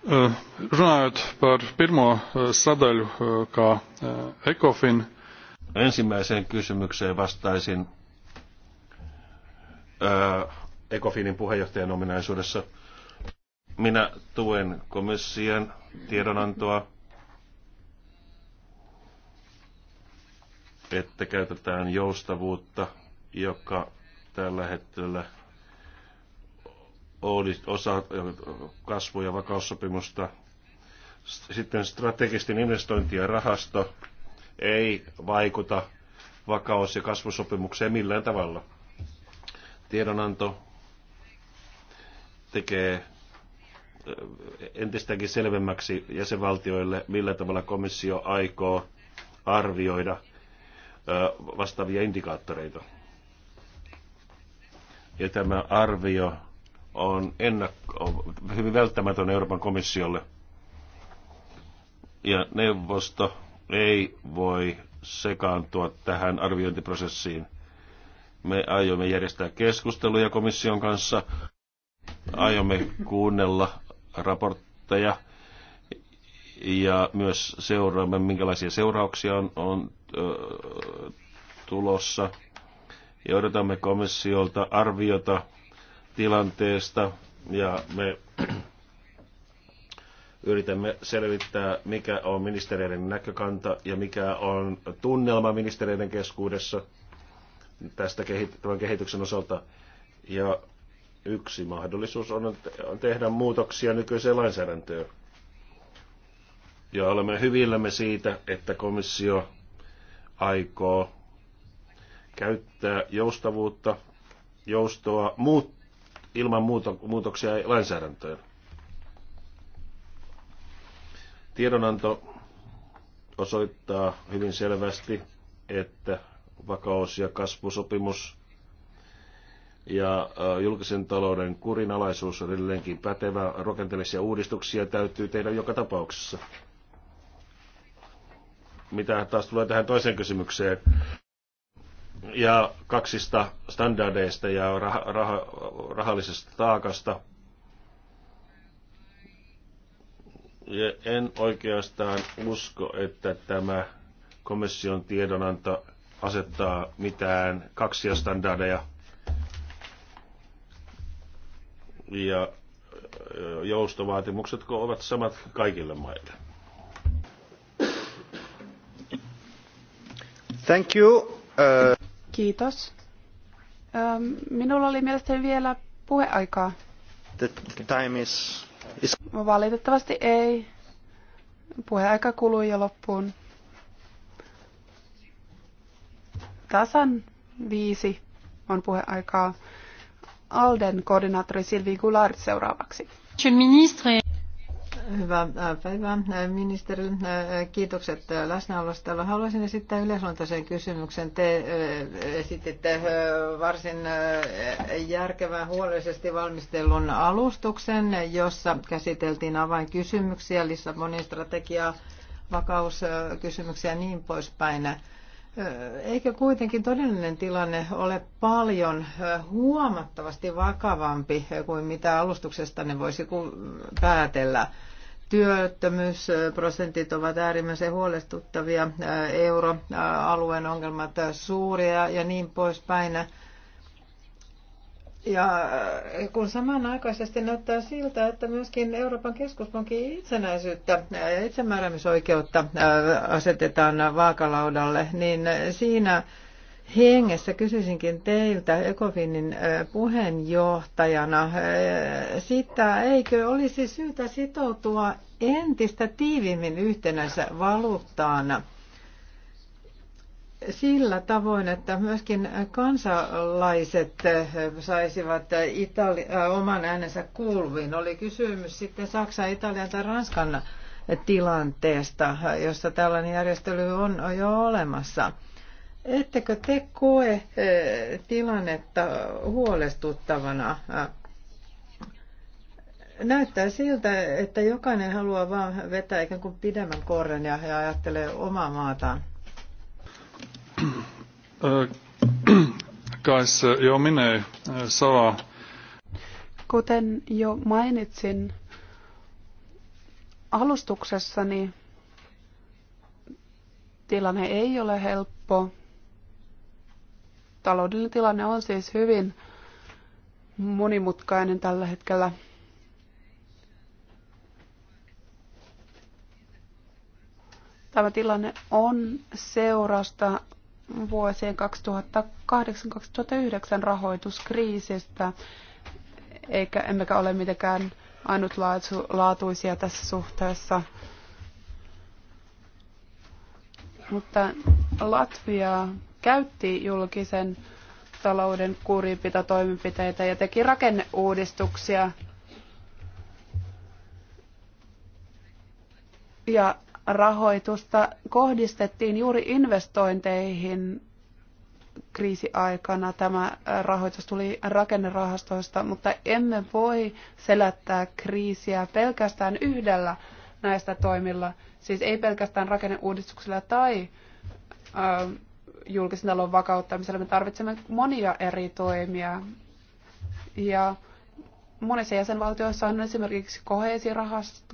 Runājot par pirmo sadaļu, kā ECOFIN. Ensimmäiseen kysymykseen vastaisin ECOFINin puheenjohtajan ominaisuudessa. Minä tuen komission tiedonantoa, että käytetään joustavuutta, joka tällä hetkellä – oli osa kasvu- ja vakaussopimusta. Sitten strategisten investointien rahasto ei vaikuta vakaus- ja kasvusopimukseen millään tavalla. Tiedonanto tekee entistäkin selvemmäksi jäsenvaltioille, millä tavalla komissio aikoo arvioida vastaavia indikaattoreita. Ja tämä arvio on, ennakko, on hyvin välttämätön Euroopan komissiolle. Ja neuvosto ei voi sekaantua tähän arviointiprosessiin. Me aiomme järjestää keskusteluja komission kanssa, aiomme kuunnella raportteja ja myös seuraamme, minkälaisia seurauksia on, on ö, tulossa. Ja odotamme komissiolta arviota tilanteesta ja me yritämme selvittää, mikä on ministereiden näkökanta ja mikä on tunnelma ministereiden keskuudessa tästä tämän kehityksen osalta. Ja yksi mahdollisuus on tehdä muutoksia nykyiseen lainsäädäntöön. Ja olemme hyvillämme siitä, että komissio aikoo käyttää joustavuutta, joustoa, mutta ilman muutoksia lainsäädäntöön. Tiedonanto osoittaa hyvin selvästi, että vakaus- ja kasvusopimus ja julkisen talouden kurinalaisuus on edelleenkin pätevä. Rakenteellisia uudistuksia täytyy tehdä joka tapauksessa. Mitä taas tulee tähän toiseen kysymykseen, ja kaksista standardeista ja rah, rah, rahallisesta taakasta. Ja en oikeastaan usko, että tämä komission tiedonanto asettaa mitään kaksia standardeja. Ja joustovaatimukset ovat samat kaikille maille. Thank you. Uh... Kiitos. Minulla oli mielestäni vielä puheaikaa. The time is, is... Valitettavasti ei. Puheaika kului jo loppuun. Tasan viisi on puheaikaa. Alden koordinaattori Silvi Goulart seuraavaksi. Ministeri. Hyvää äh, päivää äh, ministeri. Äh, kiitokset läsnäolosta. Haluaisin esittää yleisluontoisen kysymyksen. Te esititte varsin järkevän huolellisesti valmistellun alustuksen, jossa käsiteltiin avainkysymyksiä, Lissabonin strategiaa, vakauskysymyksiä ja niin poispäin. Eikö kuitenkin todellinen tilanne ole paljon huomattavasti vakavampi kuin mitä alustuksesta ne voisi päätellä? työttömyysprosentit ovat äärimmäisen huolestuttavia, euroalueen ongelmat suuria ja niin poispäin. Ja kun samanaikaisesti näyttää siltä, että myöskin Euroopan keskuspankin itsenäisyyttä ja itsemääräämisoikeutta asetetaan vaakalaudalle, niin siinä hengessä kysyisinkin teiltä Ekofinin puheenjohtajana sitä, eikö olisi syytä sitoutua entistä tiivimmin yhtenänsä valuuttaan sillä tavoin, että myöskin kansalaiset saisivat Itali- oman äänensä kuuluviin. Oli kysymys sitten Saksan, Italian tai Ranskan tilanteesta, jossa tällainen järjestely on jo olemassa. Ettekö te koe eh, tilannetta huolestuttavana? Näyttää siltä, että jokainen haluaa vain vetää ikään kuin pidemmän korren ja, ajattelee omaa maataan. Kais jo minä saa. Kuten jo mainitsin alustuksessani, tilanne ei ole helppo Taloudellinen tilanne on siis hyvin monimutkainen tällä hetkellä. Tämä tilanne on seurasta vuosien 2008-2009 rahoituskriisistä, eikä emmekä ole mitenkään ainutlaatuisia tässä suhteessa. Mutta Latvia käytti julkisen talouden kurinpitotoimenpiteitä ja teki rakenneuudistuksia. Ja rahoitusta kohdistettiin juuri investointeihin kriisiaikana. Tämä äh, rahoitus tuli rakennerahastoista, mutta emme voi selättää kriisiä pelkästään yhdellä näistä toimilla. Siis ei pelkästään rakenneuudistuksilla tai ähm, julkisen talon vakauttamiselle. Me tarvitsemme monia eri toimia. Ja monissa jäsenvaltioissa on esimerkiksi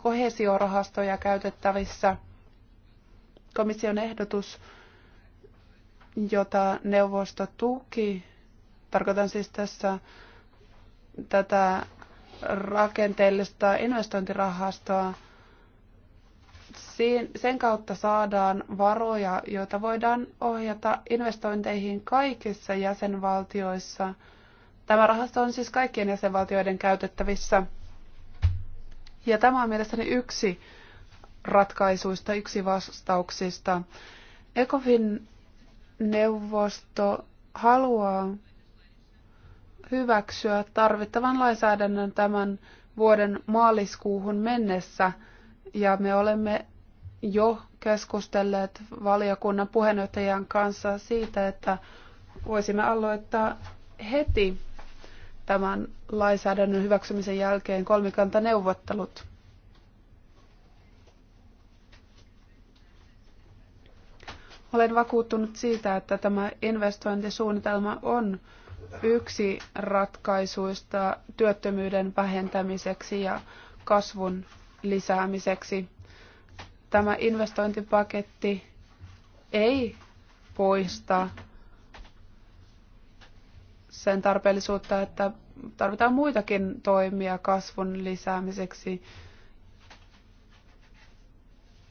kohesiorahastoja käytettävissä. Komission ehdotus, jota neuvosto tuki, tarkoitan siis tässä tätä rakenteellista investointirahastoa, sen kautta saadaan varoja, joita voidaan ohjata investointeihin kaikissa jäsenvaltioissa. Tämä rahasto on siis kaikkien jäsenvaltioiden käytettävissä. Ja tämä on mielestäni yksi ratkaisuista, yksi vastauksista. ECOFIN neuvosto haluaa hyväksyä tarvittavan lainsäädännön tämän vuoden maaliskuuhun mennessä – ja me olemme jo keskustelleet valiokunnan puheenjohtajan kanssa siitä, että voisimme aloittaa heti tämän lainsäädännön hyväksymisen jälkeen kolmikantaneuvottelut. Olen vakuuttunut siitä, että tämä investointisuunnitelma on yksi ratkaisuista työttömyyden vähentämiseksi ja kasvun lisäämiseksi. Tämä investointipaketti ei poista sen tarpeellisuutta, että tarvitaan muitakin toimia kasvun lisäämiseksi.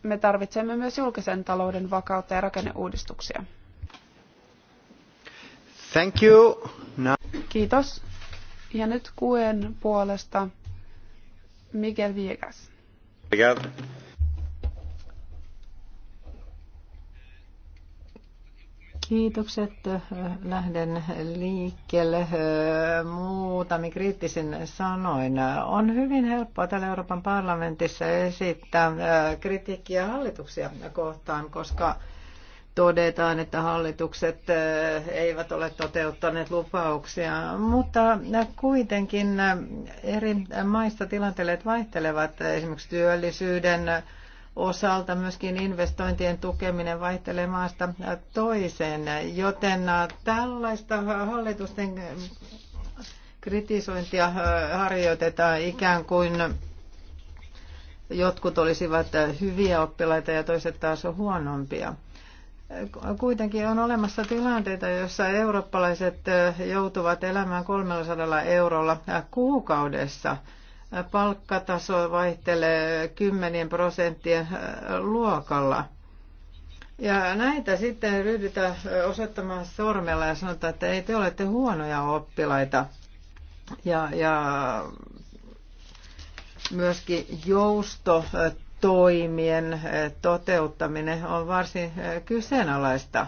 Me tarvitsemme myös julkisen talouden vakautta ja rakenneuudistuksia. Thank you. No. Kiitos. Ja nyt kuen puolesta Miguel Viegas. Kiitokset. Lähden liikkeelle muutamia kriittisin sanoin. On hyvin helppoa täällä Euroopan parlamentissa esittää kritiikkiä hallituksia kohtaan, koska todetaan, että hallitukset eh, eivät ole toteuttaneet lupauksia, mutta kuitenkin eh, eri maista tilanteet vaihtelevat esimerkiksi työllisyyden osalta myöskin investointien tukeminen vaihtelee maasta toiseen, joten eh, tällaista hallitusten kritisointia harjoitetaan ikään kuin jotkut olisivat hyviä oppilaita ja toiset taas huonompia. Kuitenkin on olemassa tilanteita, joissa eurooppalaiset joutuvat elämään 300 eurolla kuukaudessa. Palkkataso vaihtelee kymmenien prosenttien luokalla. Ja näitä sitten ryhdytään osoittamaan sormella ja sanotaan, että ei te olette huonoja oppilaita. Ja, ja myöskin jousto toimien eh, toteuttaminen on varsin eh, kyseenalaista.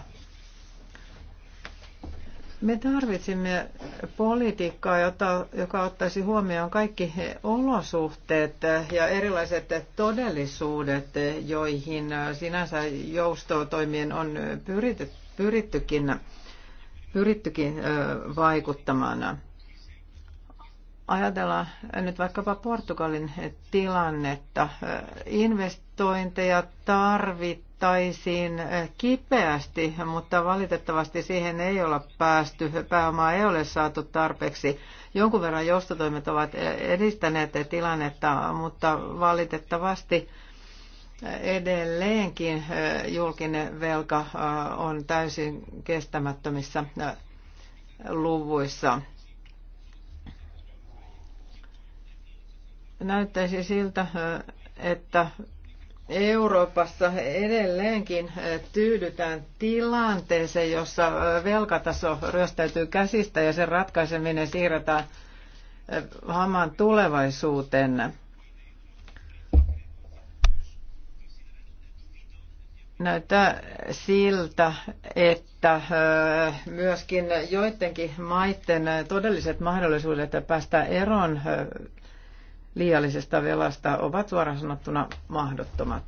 Me tarvitsimme politiikkaa, jota, joka ottaisi huomioon kaikki olosuhteet eh, ja erilaiset todellisuudet, joihin sinänsä joustotoimien on pyritty, pyrittykin, pyrittykin vaikuttamaan ajatellaan nyt vaikkapa Portugalin tilannetta. Investointeja tarvittaisiin kipeästi, mutta valitettavasti siihen ei olla päästy. Pääomaa ei ole saatu tarpeeksi. Jonkun verran joustotoimet ovat edistäneet tilannetta, mutta valitettavasti edelleenkin julkinen velka on täysin kestämättömissä luvuissa. Näyttäisi siltä, että Euroopassa edelleenkin tyydytään tilanteeseen, jossa velkataso ryöstäytyy käsistä ja sen ratkaiseminen siirretään hamaan tulevaisuuteen. näyttää siltä, että myöskin joidenkin maiden todelliset mahdollisuudet päästä eroon liiallisesta velasta ovat suoraan sanottuna mahdottomat.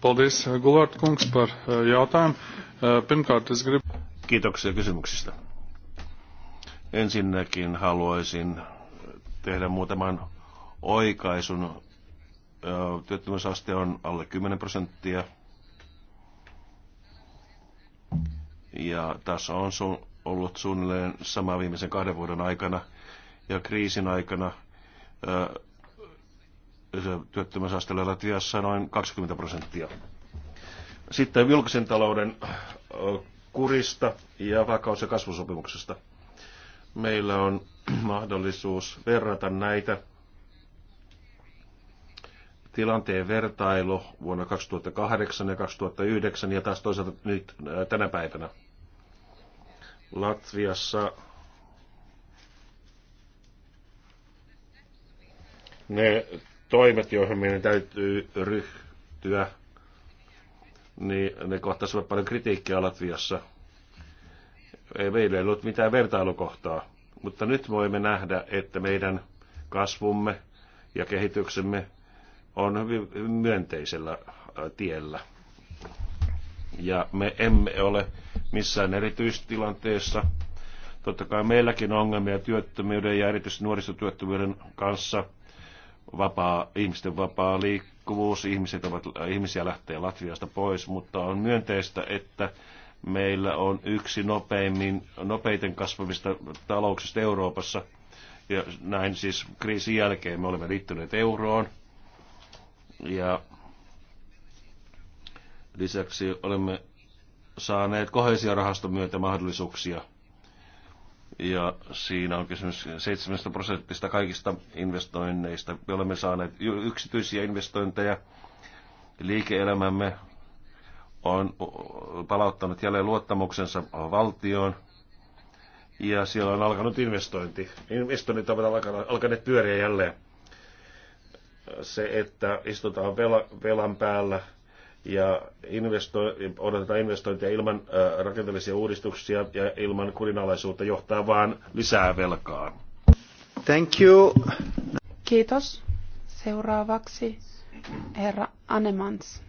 Paldies, eh, Gulart Kungs, par eh, jautājumu. Eh, es Kiitoksia kysymyksistä. Ensinnäkin haluaisin tehdä muutaman oikaisun. Työttömyysaste on alle 10 prosenttia. Ja tässä on sun ollut suunnilleen sama viimeisen kahden vuoden aikana ja kriisin aikana työttömyysaste Latviassa noin 20 prosenttia. Sitten julkisen talouden kurista ja vakaus- ja kasvusopimuksesta. Meillä on mahdollisuus verrata näitä. Tilanteen vertailu vuonna 2008 ja 2009 ja taas toisaalta nyt tänä päivänä. Latviassa ne toimet, joihin meidän täytyy ryhtyä, niin ne kohtasivat paljon kritiikkiä Latviassa. Ei meillä ei ollut mitään vertailukohtaa, mutta nyt voimme nähdä, että meidän kasvumme ja kehityksemme on hyvin myönteisellä tiellä ja me emme ole missään erityistilanteessa. Totta kai meilläkin on ongelmia työttömyyden ja erityisesti nuorisotyöttömyyden kanssa. Vapaa, ihmisten vapaa liikkuvuus, ihmiset ovat, ihmisiä lähtee Latviasta pois, mutta on myönteistä, että meillä on yksi nopeimmin, nopeiten kasvavista talouksista Euroopassa. Ja näin siis kriisin jälkeen me olemme liittyneet euroon. Ja Lisäksi olemme saaneet kohesiorahaston myötä mahdollisuuksia. Ja siinä on kysymys 7 prosentista kaikista investoinneista. Me olemme saaneet yksityisiä investointeja. Liike-elämämme on palauttanut jälleen luottamuksensa valtioon. Ja siellä on alkanut investointi. Investoinnit ovat alkaneet pyöriä jälleen. Se, että istutaan velan päällä – ja investo- odotetaan investointeja ilman äh, rakenteellisia uudistuksia ja ilman kurinalaisuutta johtaa vain lisää velkaa. Thank you. Kiitos. Seuraavaksi herra Anemans.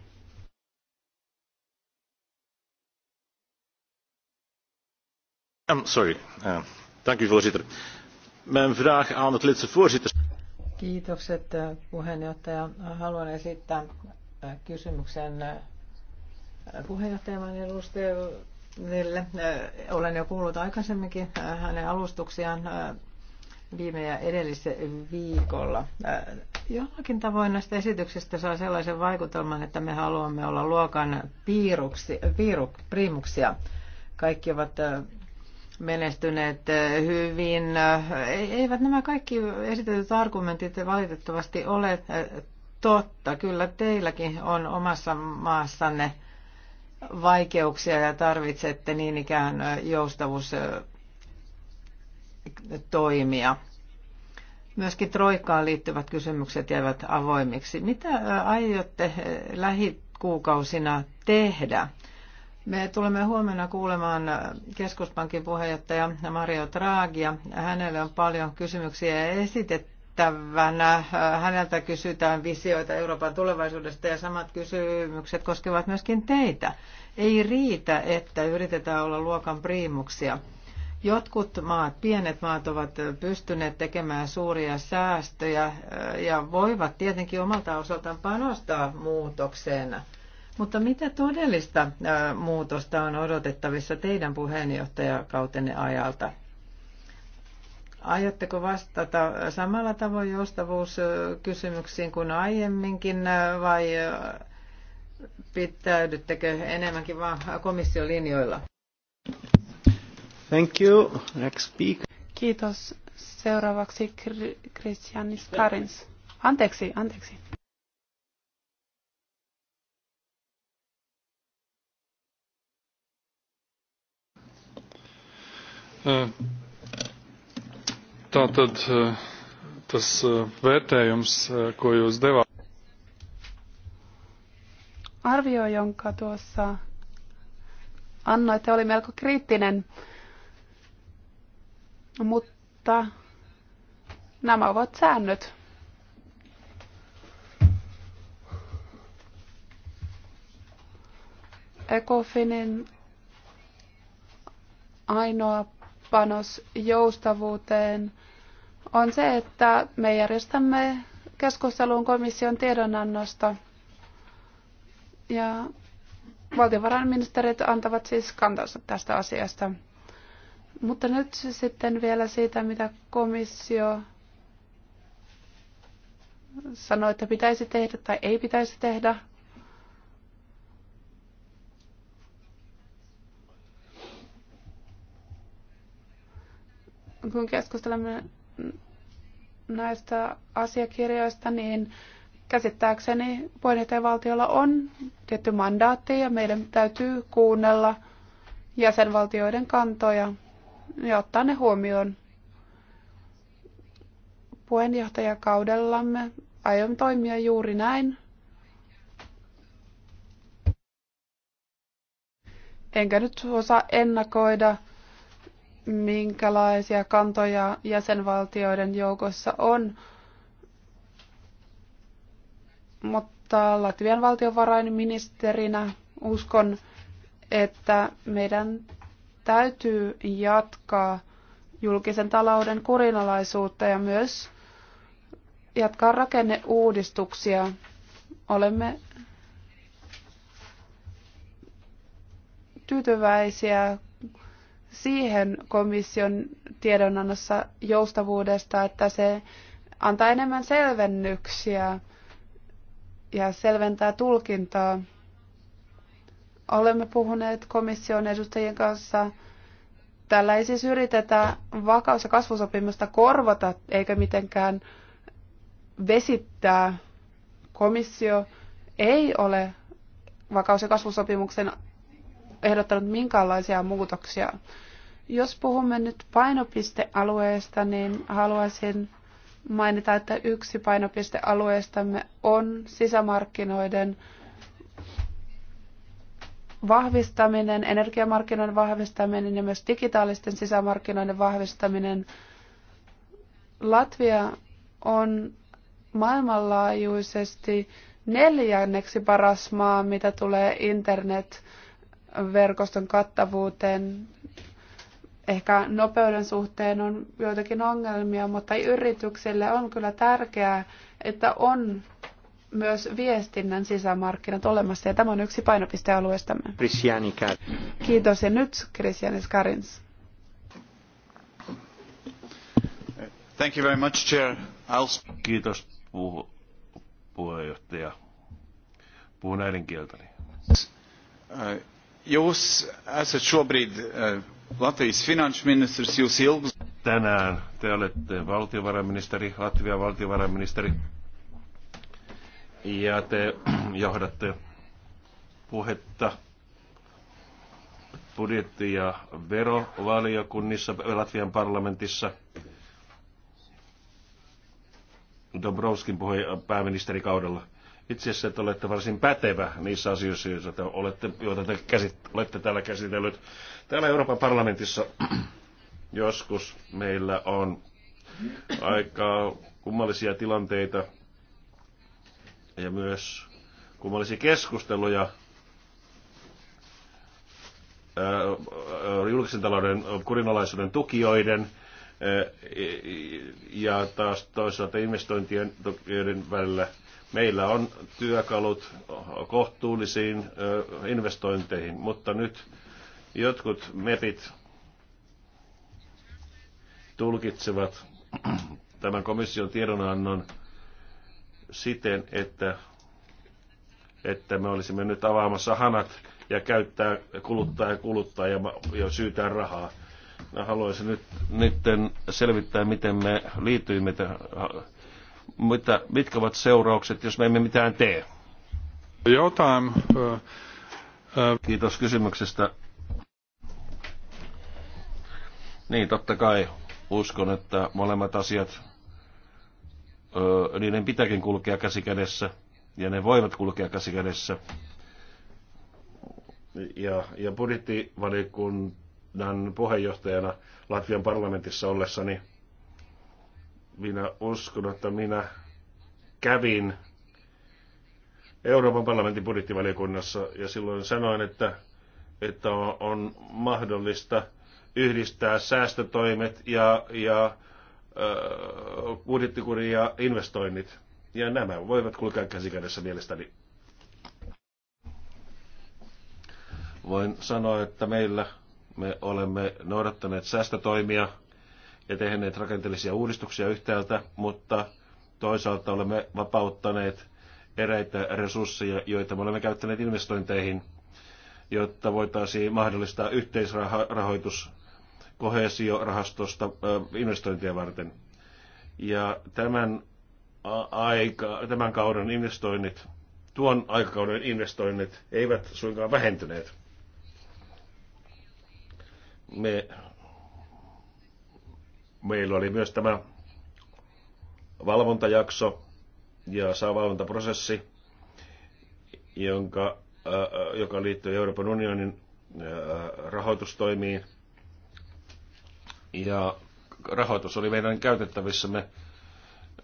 Um, sorry. Uh, thank you, voorzitter. Mijn vraag aan het lidse voorzitter. Kiitokset eh, puheenjohtaja. Haluan esittää Äh, kysymyksen äh, puheenjohtajamaan edustajille. Äh, olen jo kuullut aikaisemminkin hänen alustuksiaan viime ja edellisen viikolla. Jollakin tavoin näistä esityksistä saa sellaisen vaikutelman, että me haluamme olla luokan piiruksi, piiruk, priimuksia. Kaikki ovat menestyneet hyvin. Eivät nämä kaikki esitetyt argumentit valitettavasti ole totta. Kyllä teilläkin on omassa maassanne vaikeuksia ja tarvitsette niin ikään toimia. Myöskin Troikaan liittyvät kysymykset jäävät avoimiksi. Mitä aiotte lähikuukausina tehdä? Me tulemme huomenna kuulemaan keskuspankin puheenjohtaja Mario Draghia. Hänelle on paljon kysymyksiä esitetty tehtävänä. Äh, häneltä kysytään visioita Euroopan tulevaisuudesta ja samat kysymykset koskevat myöskin teitä. Ei riitä, että yritetään olla luokan priimuksia. Jotkut maat, pienet maat ovat pystyneet tekemään suuria säästöjä äh, ja voivat tietenkin omalta osaltaan panostaa muutokseen. Mutta mitä todellista äh, muutosta on odotettavissa teidän puheenjohtajakautenne ajalta? Aiotteko vastata samalla tavoin joustavuuskysymyksiin kuin aiemminkin vai pitäydyttekö enemmänkin vaan komission linjoilla? Thank you. Next speaker. Kiitos. Seuraavaksi Christian Karins. Anteeksi, anteeksi. Uh. Tātad eh, tas eh, vērtējums, eh, ko jūs devāt. Arvio, jonka tuossa annoitte, oli melko kriittinen, mutta nämä ovat säännöt. Ecofinin ainoa panos joustavuuteen on se, että me järjestämme keskustelun komission tiedonannosta. Ja valtiovarainministerit antavat siis kantansa tästä asiasta. Mutta nyt sitten vielä siitä, mitä komissio sanoi, että pitäisi tehdä tai ei pitäisi tehdä. kun keskustelemme näistä asiakirjoista, niin käsittääkseni valtiolla on tietty mandaatti ja meidän täytyy kuunnella jäsenvaltioiden kantoja ja ottaa ne huomioon. Puheenjohtajakaudellamme aion toimia juuri näin. Enkä nyt osaa ennakoida minkälaisia kantoja jäsenvaltioiden joukossa on. Mutta Latvian valtiovarainministerinä uskon, että meidän täytyy jatkaa julkisen talouden kurinalaisuutta ja myös jatkaa rakenneuudistuksia. Olemme tyytyväisiä siihen komission tiedonannossa joustavuudesta, että se antaa enemmän selvennyksiä ja selventää tulkintaa. Olemme puhuneet komission edustajien kanssa. Tällä ei siis yritetä vakaus- ja kasvusopimusta korvata eikä mitenkään vesittää. Komissio ei ole vakaus- ja kasvusopimuksen ehdottanut minkäänlaisia muutoksia. Jos puhumme nyt painopistealueesta, niin haluaisin mainita, että yksi painopistealueestamme on sisämarkkinoiden vahvistaminen, energiamarkkinoiden vahvistaminen ja myös digitaalisten sisämarkkinoiden vahvistaminen. Latvia on maailmanlaajuisesti neljänneksi paras maa, mitä tulee internet verkoston kattavuuteen. Ehkä nopeuden suhteen on joitakin ongelmia, mutta yrityksille on kyllä tärkeää, että on myös viestinnän sisämarkkinat olemassa, ja tämä on yksi painopistealueestamme. Kiitos, ja nyt Christianis Karins. Thank you very much, Chair. I'll... Kiitos, puh- puheenjohtaja. Puhun äidinkieltäni. Uh, Jūs esat šobrīd eh, Latvijas ministrs, jūs ilgus... Tänään te olette valtiovarainministeri, Latvian valtiovarainministeri, ja te johdatte puhetta budjetti- ja verovaliokunnissa Latvian parlamentissa. Dobrovskin puhui pääministerikaudella itse asiassa että olette varsin pätevä niissä asioissa, joita te olette, joita te käsit, olette täällä käsitellyt. Täällä Euroopan parlamentissa joskus meillä on aika kummallisia tilanteita ja myös kummallisia keskusteluja äh, julkisen talouden kurinalaisuuden tukijoiden äh, ja taas toisaalta investointien tukijoiden välillä – Meillä on työkalut kohtuullisiin investointeihin, mutta nyt jotkut MEPit tulkitsevat tämän komission tiedonannon siten, että, että me olisimme nyt avaamassa hanat ja käyttää, kuluttaa ja kuluttaa ja, ja syytää rahaa. Mä haluaisin nyt, nyt selvittää, miten me liityimme tähän mitä, mitkä ovat seuraukset, jos me emme mitään tee? Jotain. Kiitos kysymyksestä. Niin, totta kai uskon, että molemmat asiat, niiden pitääkin kulkea käsikädessä ja ne voivat kulkea käsikädessä. Ja, ja budjettivaliokunnan puheenjohtajana Latvian parlamentissa ollessani minä uskon, että minä kävin Euroopan parlamentin budjettivaliokunnassa ja silloin sanoin, että, että on mahdollista yhdistää säästötoimet ja, ja budjettikuri ja investoinnit. Ja nämä voivat kulkea käsikädessä mielestäni. Voin sanoa, että meillä me olemme noudattaneet säästötoimia – ja tehneet rakenteellisia uudistuksia yhtäältä, mutta toisaalta olemme vapauttaneet eräitä resursseja, joita me olemme käyttäneet investointeihin, jotta voitaisiin mahdollistaa yhteisrahoitus kohesiorahastosta investointia varten. Ja tämän, aika, tämän kauden investoinnit, tuon aikakauden investoinnit eivät suinkaan vähentyneet. Me Meillä oli myös tämä valvontajakso ja saa valvontaprosessi, jonka, äh, joka liittyy Euroopan unionin äh, rahoitustoimiin. Ja rahoitus oli meidän käytettävissämme.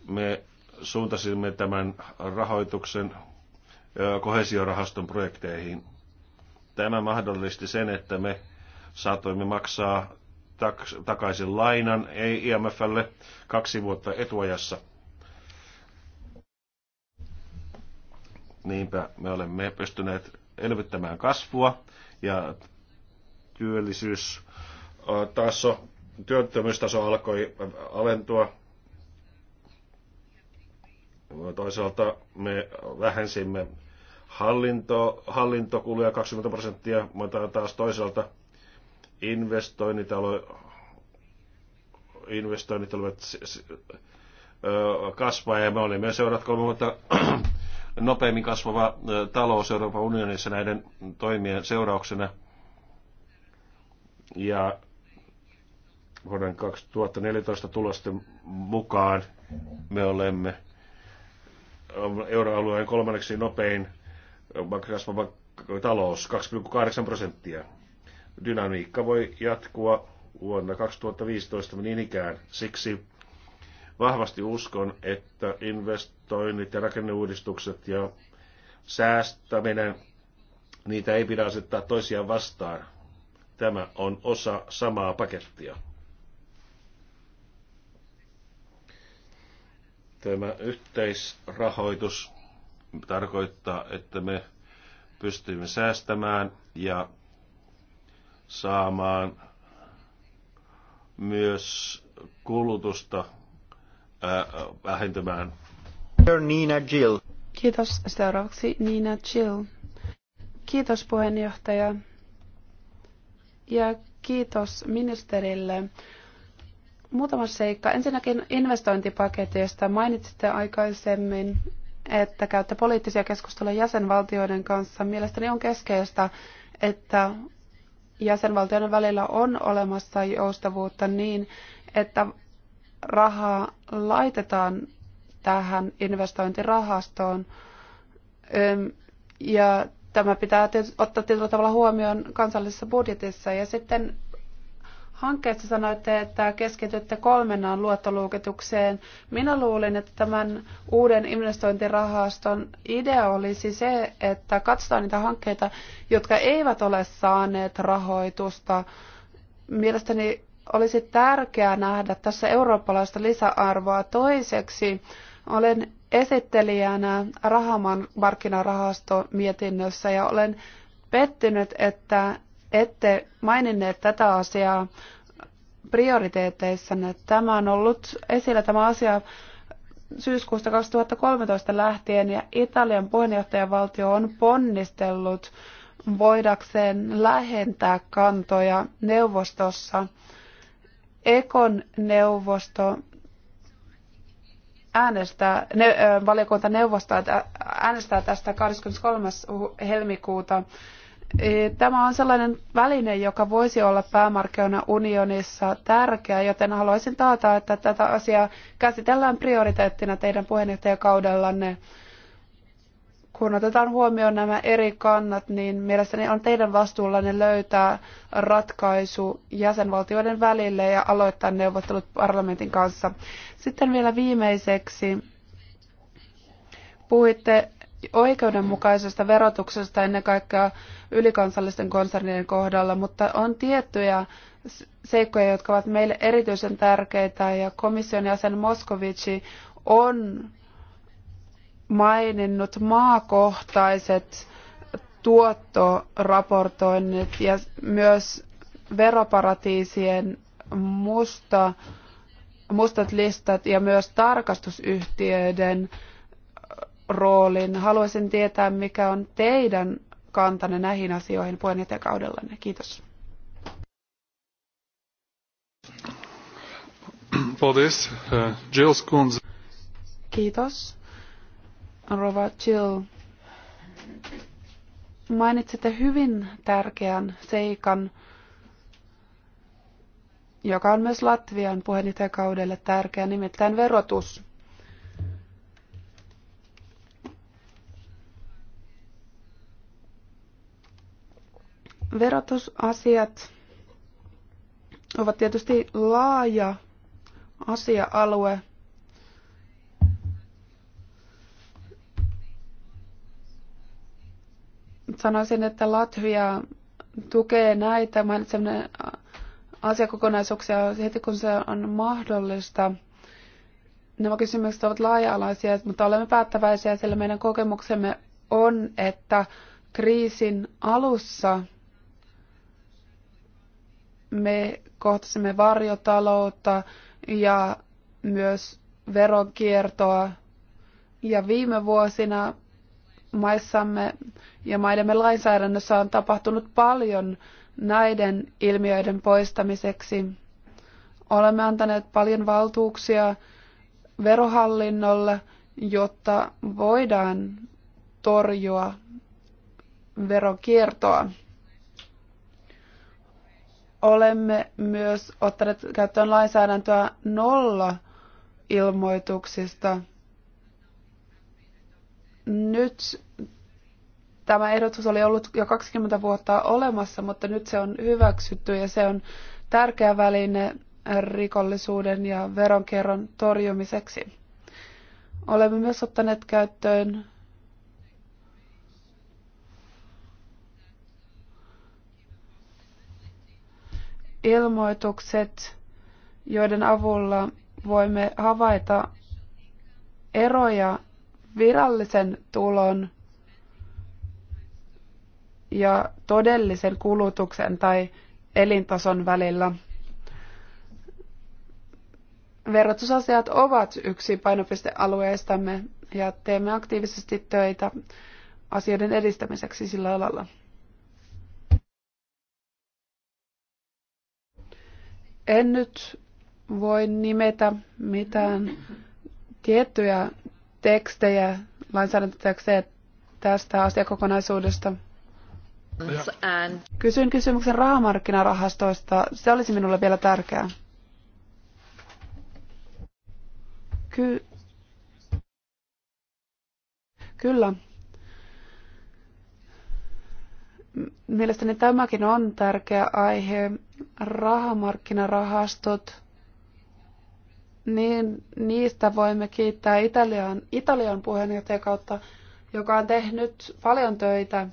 Me suuntasimme tämän rahoituksen äh, kohesiorahaston projekteihin. Tämä mahdollisti sen, että me saatoimme maksaa takaisin lainan ei IMFlle kaksi vuotta etuajassa. Niinpä me olemme pystyneet elvyttämään kasvua ja työllisyystaso, työttömyystaso alkoi alentua. Toisaalta me vähensimme hallinto, hallintokuluja 20 prosenttia, mutta taas toisaalta investoinnit, alo, investoinnit olivat kasvaa ja me olimme seuraat kolme vuotta nopeimmin kasvava talous Euroopan unionissa näiden toimien seurauksena. Ja vuoden 2014 tulosten mukaan me olemme euroalueen kolmanneksi nopein kasvava talous, 2,8 prosenttia dynamiikka voi jatkua vuonna 2015 niin ikään. Siksi vahvasti uskon, että investoinnit ja rakenneuudistukset ja säästäminen, niitä ei pidä asettaa toisiaan vastaan. Tämä on osa samaa pakettia. Tämä yhteisrahoitus tarkoittaa, että me pystymme säästämään ja saamaan myös kulutusta ää, vähentymään. Nina Jill. Kiitos. Seuraavaksi Nina Jill. Kiitos puheenjohtaja ja kiitos ministerille. Muutama seikka. Ensinnäkin investointipaketista mainitsitte aikaisemmin, että käytte poliittisia keskusteluja jäsenvaltioiden kanssa. Mielestäni on keskeistä, että jäsenvaltioiden välillä on olemassa joustavuutta niin, että rahaa laitetaan tähän investointirahastoon. Ja tämä pitää ottaa tietyllä tavalla huomioon kansallisessa budjetissa. Ja sitten hankkeesta sanoitte, että keskitytte kolmenaan luottoluokitukseen. Minä luulin, että tämän uuden investointirahaston idea olisi se, että katsotaan niitä hankkeita, jotka eivät ole saaneet rahoitusta. Mielestäni olisi tärkeää nähdä tässä eurooppalaista lisäarvoa. Toiseksi olen esittelijänä rahamarkkinarahasto mietinnössä ja olen pettynyt, että ette maininneet tätä asiaa prioriteetteissanne. Tämä on ollut esillä tämä asia syyskuusta 2013 lähtien ja Italian puheenjohtajavaltio on ponnistellut voidakseen lähentää kantoja neuvostossa. Ekon neuvosto äänestää, ne, valiokunta neuvostoa äänestää tästä 23. helmikuuta E, tämä on sellainen väline, joka voisi olla päämarkkinaunionissa tärkeä, joten haluaisin taata, että tätä asiaa käsitellään prioriteettina teidän puheenjohtajakaudellanne. Kun otetaan huomioon nämä eri kannat, niin mielestäni on teidän vastuullanne löytää ratkaisu jäsenvaltioiden välille ja aloittaa neuvottelut parlamentin kanssa. Sitten vielä viimeiseksi puhuitte oikeudenmukaisesta verotuksesta ennen kaikkea ylikansallisten konsernien kohdalla, mutta on tiettyjä seikkoja, jotka ovat meille erityisen tärkeitä ja komission jäsen Moskovici on maininnut maakohtaiset tuottoraportoinnit ja myös veroparatiisien musta, mustat listat ja myös tarkastusyhtiöiden äh, roolin. Haluaisin tietää, mikä on teidän kantanne näihin asioihin puheenjohtajakaudellanne. Kiitos. Eh, Kiitos. Rova Jill. Mainitsitte hyvin tärkeän seikan, joka on myös Latvian puheenjohtajakaudelle tärkeä, nimittäin verotus. Verotusasiat ovat tietysti laaja asia-alue. Sanoisin, että Latvia tukee näitä asiakokonaisuuksia heti kun se on mahdollista. Nämä kysymykset ovat laaja-alaisia, mutta olemme päättäväisiä, sillä meidän kokemuksemme on, että kriisin alussa – me kohtasimme varjotaloutta ja myös veronkiertoa. Ja viime vuosina maissamme ja maidemme lainsäädännössä on tapahtunut paljon näiden ilmiöiden poistamiseksi. Olemme antaneet paljon valtuuksia verohallinnolle, jotta voidaan torjua verokiertoa. Olemme myös ottaneet käyttöön lainsäädäntöä nolla ilmoituksista. Nyt tämä ehdotus oli ollut jo 20 vuotta olemassa, mutta nyt se on hyväksytty ja se on tärkeä väline rikollisuuden ja veronkierron torjumiseksi. Olemme myös ottaneet käyttöön ilmoitukset, joiden avulla voimme havaita eroja virallisen tulon ja todellisen kulutuksen tai elintason välillä. Verotusasiat ovat yksi painopistealueistamme ja teemme aktiivisesti töitä asioiden edistämiseksi sillä alalla. En nyt voi nimetä mitään tiettyjä tekstejä, lainsäädäntötekstejä tästä asiakokonaisuudesta. Kysyn kysymyksen rahamarkkinarahastoista. Se olisi minulle vielä tärkeää. Ky- Kyllä. Mielestäni tämäkin on tärkeä aihe. Rahamarkkinarahastot, niin niistä voimme kiittää Italian, Italian kautta, joka on tehnyt paljon töitä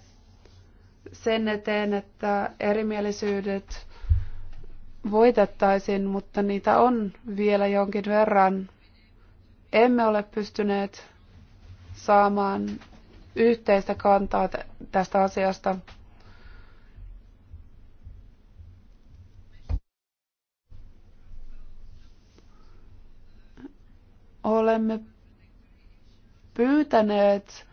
sen eteen, että erimielisyydet voitettaisiin, mutta niitä on vielä jonkin verran. Emme ole pystyneet saamaan yhteistä kantaa tästä asiasta. olemme pyytäneet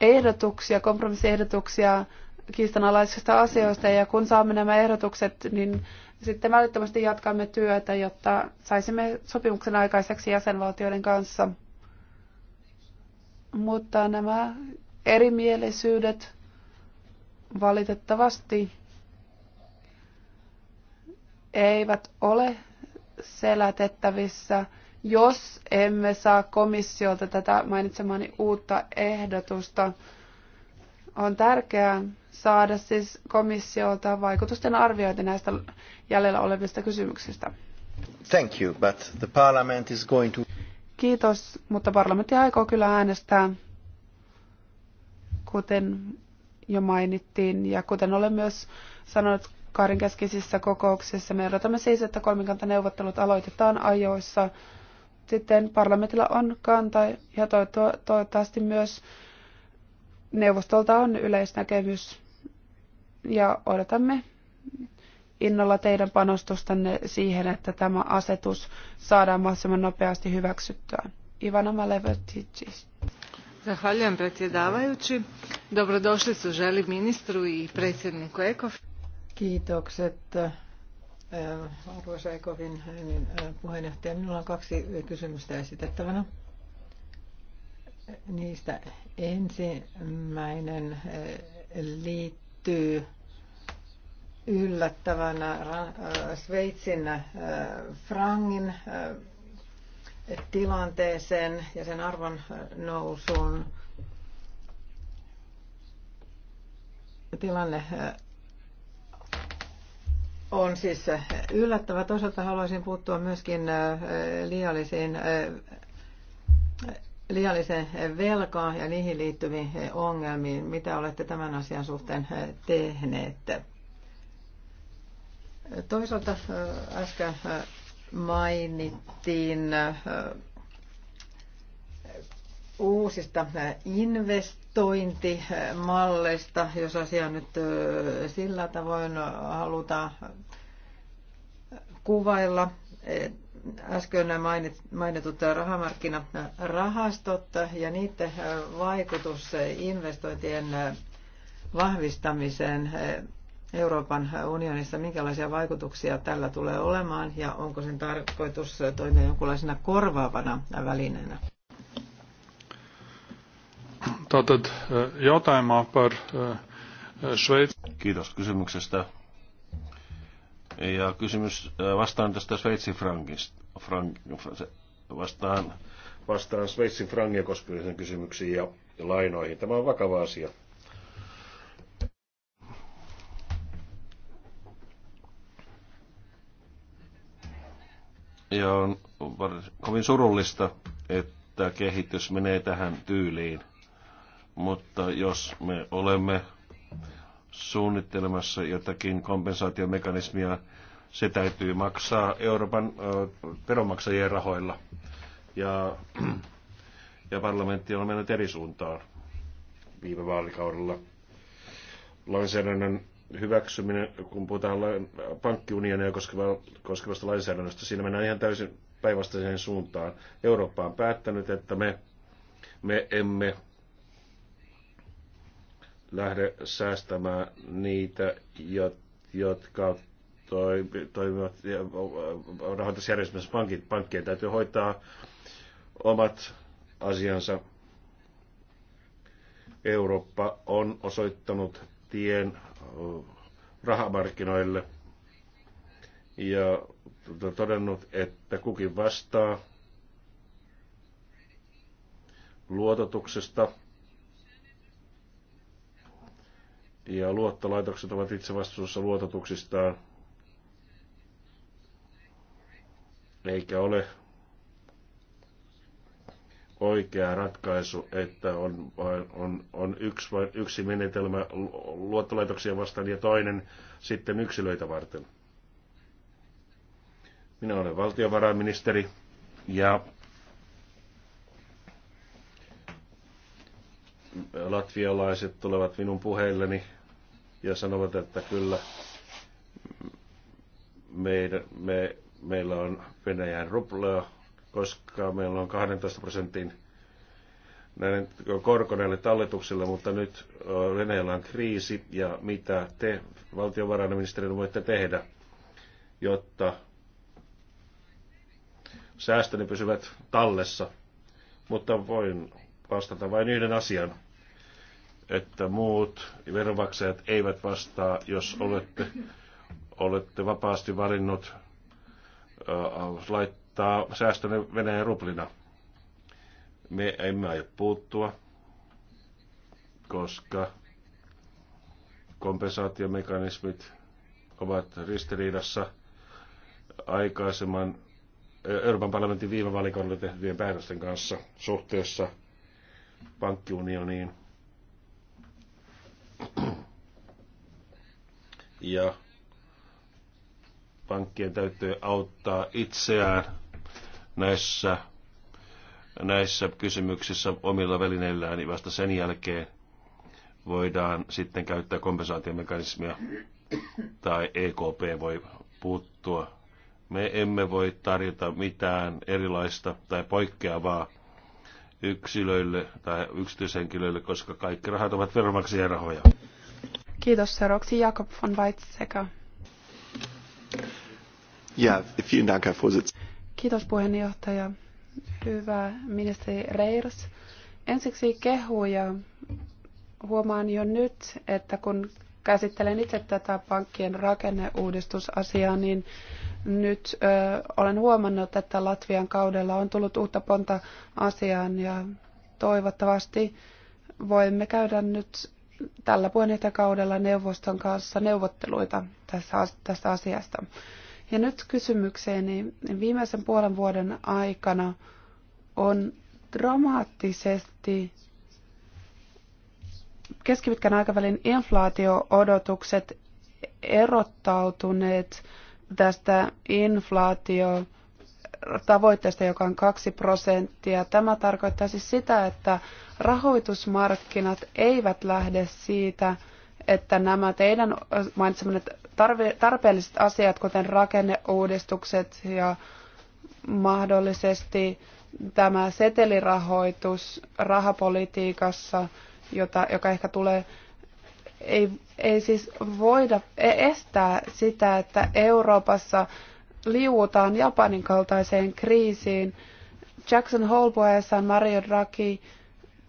ehdotuksia, kompromissiehdotuksia kiistanalaisista asioista ja kun saamme nämä ehdotukset, niin sitten välittömästi jatkamme työtä, jotta saisimme sopimuksen aikaiseksi jäsenvaltioiden kanssa. Mutta nämä erimielisyydet valitettavasti eivät ole selätettävissä, jos emme saa komissiolta tätä mainitsemani uutta ehdotusta. On tärkeää saada siis komissiolta vaikutusten arviointi näistä jäljellä olevista kysymyksistä. Thank you, but the parliament is going to... Kiitos, mutta parlamentti aikoo kyllä äänestää, kuten jo mainittiin ja kuten olen myös sanonut kahdenkeskisissä kokouksissa. Me odotamme siis, että kolmikantaneuvottelut aloitetaan ajoissa. Sitten parlamentilla on kanta ja toivottavasti myös neuvostolta on yleisnäkemys. Ja odotamme innolla teidän panostustanne siihen, että tämä asetus saadaan mahdollisimman nopeasti hyväksyttyä. Ivana Maleveticis. Zahvaljujem predsjedavajući. Dobrodošlicu želi ministru i predsjedniku ECOF. Kiitokset äh, arvoisa Ekovin äh, puheenjohtaja. Minulla on kaksi kysymystä esitettävänä. Niistä ensimmäinen äh, liittyy yllättävänä Sveitsin frangin tilanteeseen ja sen arvon nousuun. Tilanne on siis äh, yllättävä. Toisaalta haluaisin puuttua myöskin äh, liiallisiin äh, liialliseen velkaan ja niihin liittyviin ongelmiin. Mitä olette tämän asian suhteen tehneet? Toisaalta äsken mainittiin uusista investointimalleista, jos asia nyt sillä tavoin halutaan kuvailla eh, äsken mainitut rahamarkkinarahastot ja niiden eh, vaikutus investointien eh, vahvistamiseen Euroopan unionissa, minkälaisia vaikutuksia tällä tulee olemaan ja onko sen tarkoitus toimia jonkinlaisena korvaavana välineenä? Tätä jotain par Šveici. Kiitos kysymyksestä. Ja kysymys, äh, vastaan tästä Sveitsin frankista. Frank, vastaan, vastaan Sveitsin frankia koskevien kysymyksiin ja, ja lainoihin. Tämä on vakava asia. Ja on kovin surullista, että kehitys menee tähän tyyliin. Mutta jos me olemme suunnittelemassa jotakin kompensaatiomekanismia. Se täytyy maksaa Euroopan veronmaksajien rahoilla. Ja, ja parlamentti on mennyt eri suuntaan viime vaalikaudella. Lainsäädännön hyväksyminen, kun puhutaan pankkiunionia koskevasta lainsäädännöstä, siinä mennään ihan täysin päinvastaiseen suuntaan. Eurooppa on päättänyt, että me, me emme lähde säästämään niitä, jotka toimivat rahoitusjärjestelmässä pankit, pankkien täytyy hoitaa omat asiansa. Eurooppa on osoittanut tien rahamarkkinoille ja todennut, että kukin vastaa luototuksesta – ja luottolaitokset ovat itse vastuussa luototuksistaan, eikä ole oikea ratkaisu, että on, on, on yksi, vain yksi menetelmä luottolaitoksia vastaan ja toinen sitten yksilöitä varten. Minä olen valtiovarainministeri ja latvialaiset tulevat minun puheilleni ja sanovat, että kyllä meidän, me, meillä on Venäjän ruplaa, koska meillä on 12 prosentin näiden korko näille talletuksille, mutta nyt Venäjällä on kriisi ja mitä te valtiovarainministeriön voitte tehdä, jotta säästöni pysyvät tallessa. Mutta voin vastata vain yhden asian että muut veronmaksajat eivät vastaa, jos olette, olette vapaasti valinnut äh, laittaa säästöne Venäjän ruplina. Me emme aio puuttua, koska kompensaatiomekanismit ovat ristiriidassa aikaisemman Euroopan parlamentin viime vaalikaudella tehtyjen päätösten kanssa suhteessa pankkiunioniin. ja pankkien täytyy auttaa itseään näissä, näissä kysymyksissä omilla välineillään, niin vasta sen jälkeen voidaan sitten käyttää kompensaatiomekanismia tai EKP voi puuttua. Me emme voi tarjota mitään erilaista tai poikkeavaa yksilöille tai yksityishenkilöille, koska kaikki rahat ovat veronmaksajien rahoja. Kiitos seuraavaksi Jakob von Weizsäcker. Ja, vielen Dank, Herr Vorsitzender. Kiitos puheenjohtaja. Hyvä ministeri Reirs. Ensiksi kehuja. Huomaan jo nyt, että kun käsittelen itse tätä pankkien rakenneuudistusasiaa, niin nyt ö, olen huomannut, että Latvian kaudella on tullut uutta ponta asiaan ja toivottavasti voimme käydä nyt tällä puheenjohtajakaudella neuvoston kanssa neuvotteluita tässä, tästä asiasta. Ja nyt kysymykseen, niin viimeisen puolen vuoden aikana on dramaattisesti keskipitkän aikavälin inflaatio-odotukset erottautuneet tästä inflaatio tavoitteesta, joka on 2 prosenttia. Tämä tarkoittaa siis sitä, että rahoitusmarkkinat eivät lähde siitä, että nämä teidän mainitsemanne tarpeelliset asiat, kuten rakenneuudistukset ja mahdollisesti tämä setelirahoitus rahapolitiikassa, jota, joka ehkä tulee, ei, ei siis voida e-, estää sitä, että Euroopassa liuutaan Japanin kaltaiseen kriisiin. Jackson Hole puheessaan Mario Draghi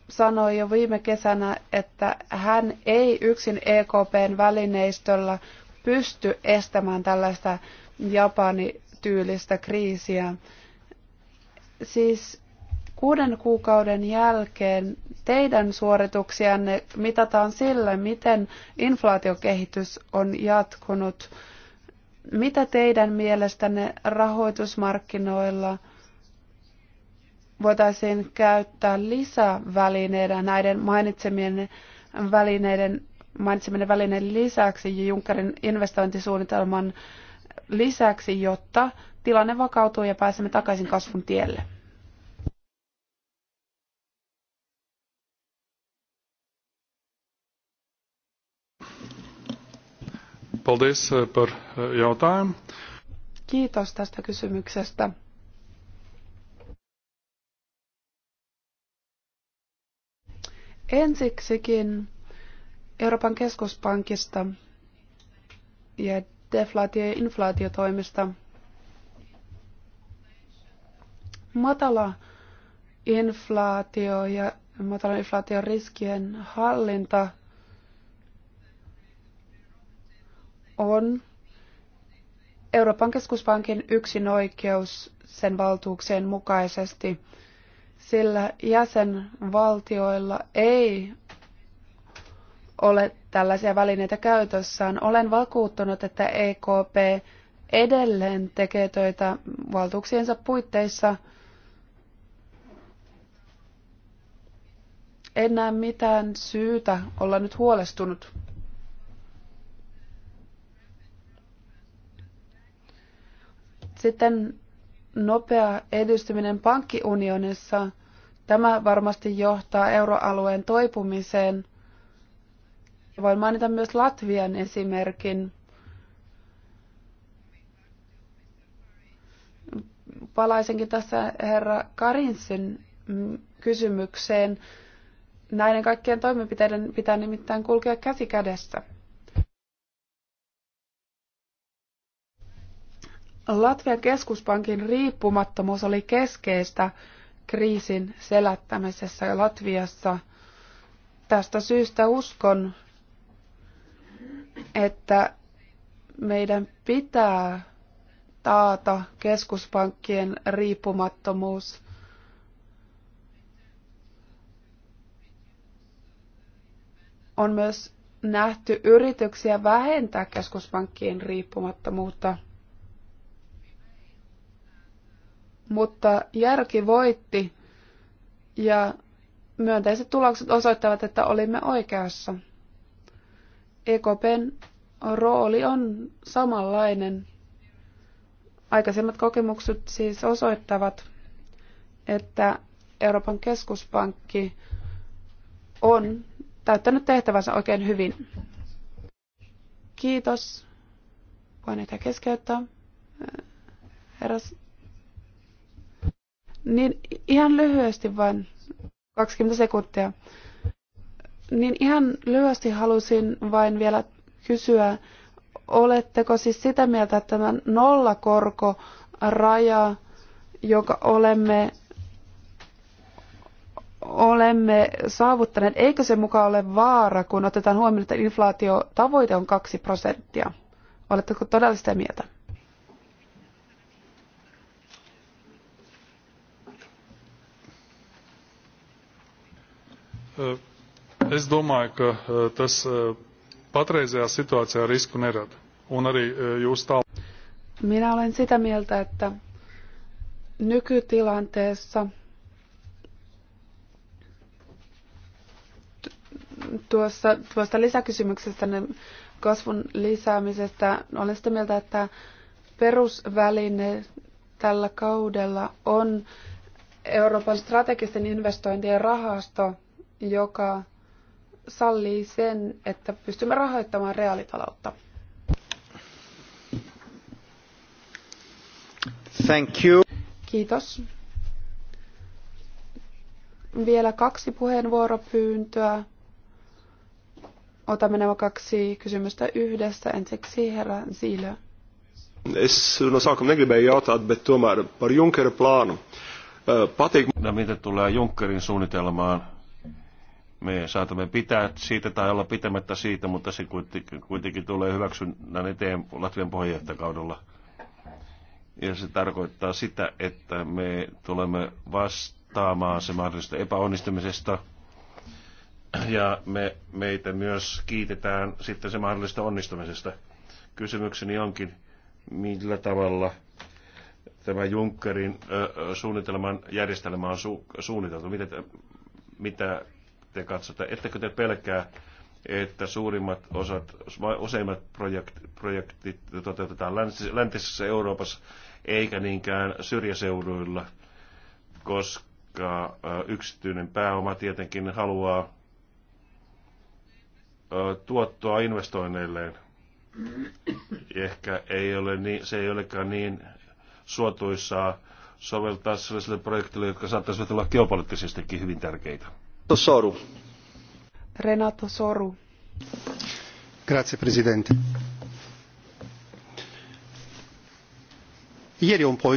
sanoi jo viime kesänä, että hän ei yksin EKPn välineistöllä pysty estämään tällaista Japani-tyylistä kriisiä. Siis kuuden kuukauden jälkeen teidän suorituksianne mitataan sillä, miten inflaatiokehitys on jatkunut. Mitä teidän mielestänne rahoitusmarkkinoilla voitaisiin käyttää lisävälineiden näiden mainitsemien välineiden, mainitsemien välineiden lisäksi ja Junckerin investointisuunnitelman lisäksi, jotta tilanne vakautuu ja pääsemme takaisin kasvun tielle? Paldies eh, par eh, jautājumu. Kiitos tästä kysymyksestä. Ensiksikin Euroopan keskuspankista ja deflaatio- ja inflaatiotoimista. Matala inflaatio ja matalan inflaation riskien hallinta – on Euroopan keskuspankin yksinoikeus sen valtuuksien mukaisesti, sillä jäsenvaltioilla ei ole tällaisia välineitä käytössään. Olen vakuuttunut, että EKP edelleen tekee töitä valtuuksiensa puitteissa. En näe mitään syytä olla nyt huolestunut. Sitten nopea edistyminen pankkiunionissa. Tämä varmasti johtaa euroalueen toipumiseen. Voin mainita myös Latvian esimerkin. Palaisinkin tässä herra Karinsin kysymykseen. Näiden kaikkien toimenpiteiden pitää nimittäin kulkea käsi kädessä. Latvian keskuspankin riippumattomuus oli keskeistä kriisin selättämisessä ja Latviassa. Tästä syystä uskon, että meidän pitää taata keskuspankkien riippumattomuus. On myös nähty yrityksiä vähentää keskuspankkien riippumattomuutta. mutta järki voitti ja myönteiset tulokset osoittavat, että olimme oikeassa. EKPn rooli on samanlainen. Aikaisemmat kokemukset siis osoittavat, että Euroopan keskuspankki on täyttänyt tehtävänsä oikein hyvin. Kiitos. Voin näitä keskeyttää. Herras niin ihan lyhyesti vain, 20 sekuntia. Niin ihan lyhyesti halusin vain vielä kysyä, oletteko siis sitä mieltä, että tämä nollakorkoraja, joka olemme olemme saavuttaneet, eikö se mukaan ole vaara, kun otetaan huomioon, että inflaatiotavoite on 2 prosenttia? Oletteko todella sitä mieltä? Eh, es domāju, ka eh, tas eh, patreizajā situācijā risku nerada. Un arī jūs tālāk. Minä olen sitä mieltä, että nykytilanteessa tuossa, tuosta lisäkysymyksestä niin kasvun lisäämisestä olen sitä mieltä, että perusväline tällä kaudella on Euroopan strategisten investointien rahasto – joka sallii sen, että pystymme rahoittamaan reaalitaloutta. Thank you. Kiitos. Vielä kaksi puheenvuoropyyntöä. Otamme nämä kaksi kysymystä yhdessä. Ensiksi herra Ziilö. Es no sākam negribēju jautāt, bet tomēr par Junkera plānu. Patīk... No, mitä tulee Junkerin suunnitelmaan, me saatamme pitää siitä tai olla pitämättä siitä, mutta se kuitenkin tulee hyväksynnän eteen Latvian puheenjohtajakaudella. Ja se tarkoittaa sitä, että me tulemme vastaamaan se mahdollisesta epäonnistumisesta. Ja me, meitä myös kiitetään sitten se mahdollisesta onnistumisesta. Kysymykseni onkin, millä tavalla tämä Junckerin ö, suunnitelman järjestelmä on su, suunniteltu? Mitä, mitä projekteja katsota. Ettekö te pelkää, että suurimmat osat, useimmat projekt, projektit toteutetaan läntisessä Euroopassa eikä niinkään syrjäseuduilla, koska yksityinen pääoma tietenkin haluaa tuottoa investoinneilleen. Ehkä ei ole niin, se ei olekaan niin suotuisaa soveltaa sellaisille projekteille, jotka saattaisivat olla geopoliittisestikin hyvin tärkeitä. Soru. Renato Soru. Grazie Presidente. Ieri on po'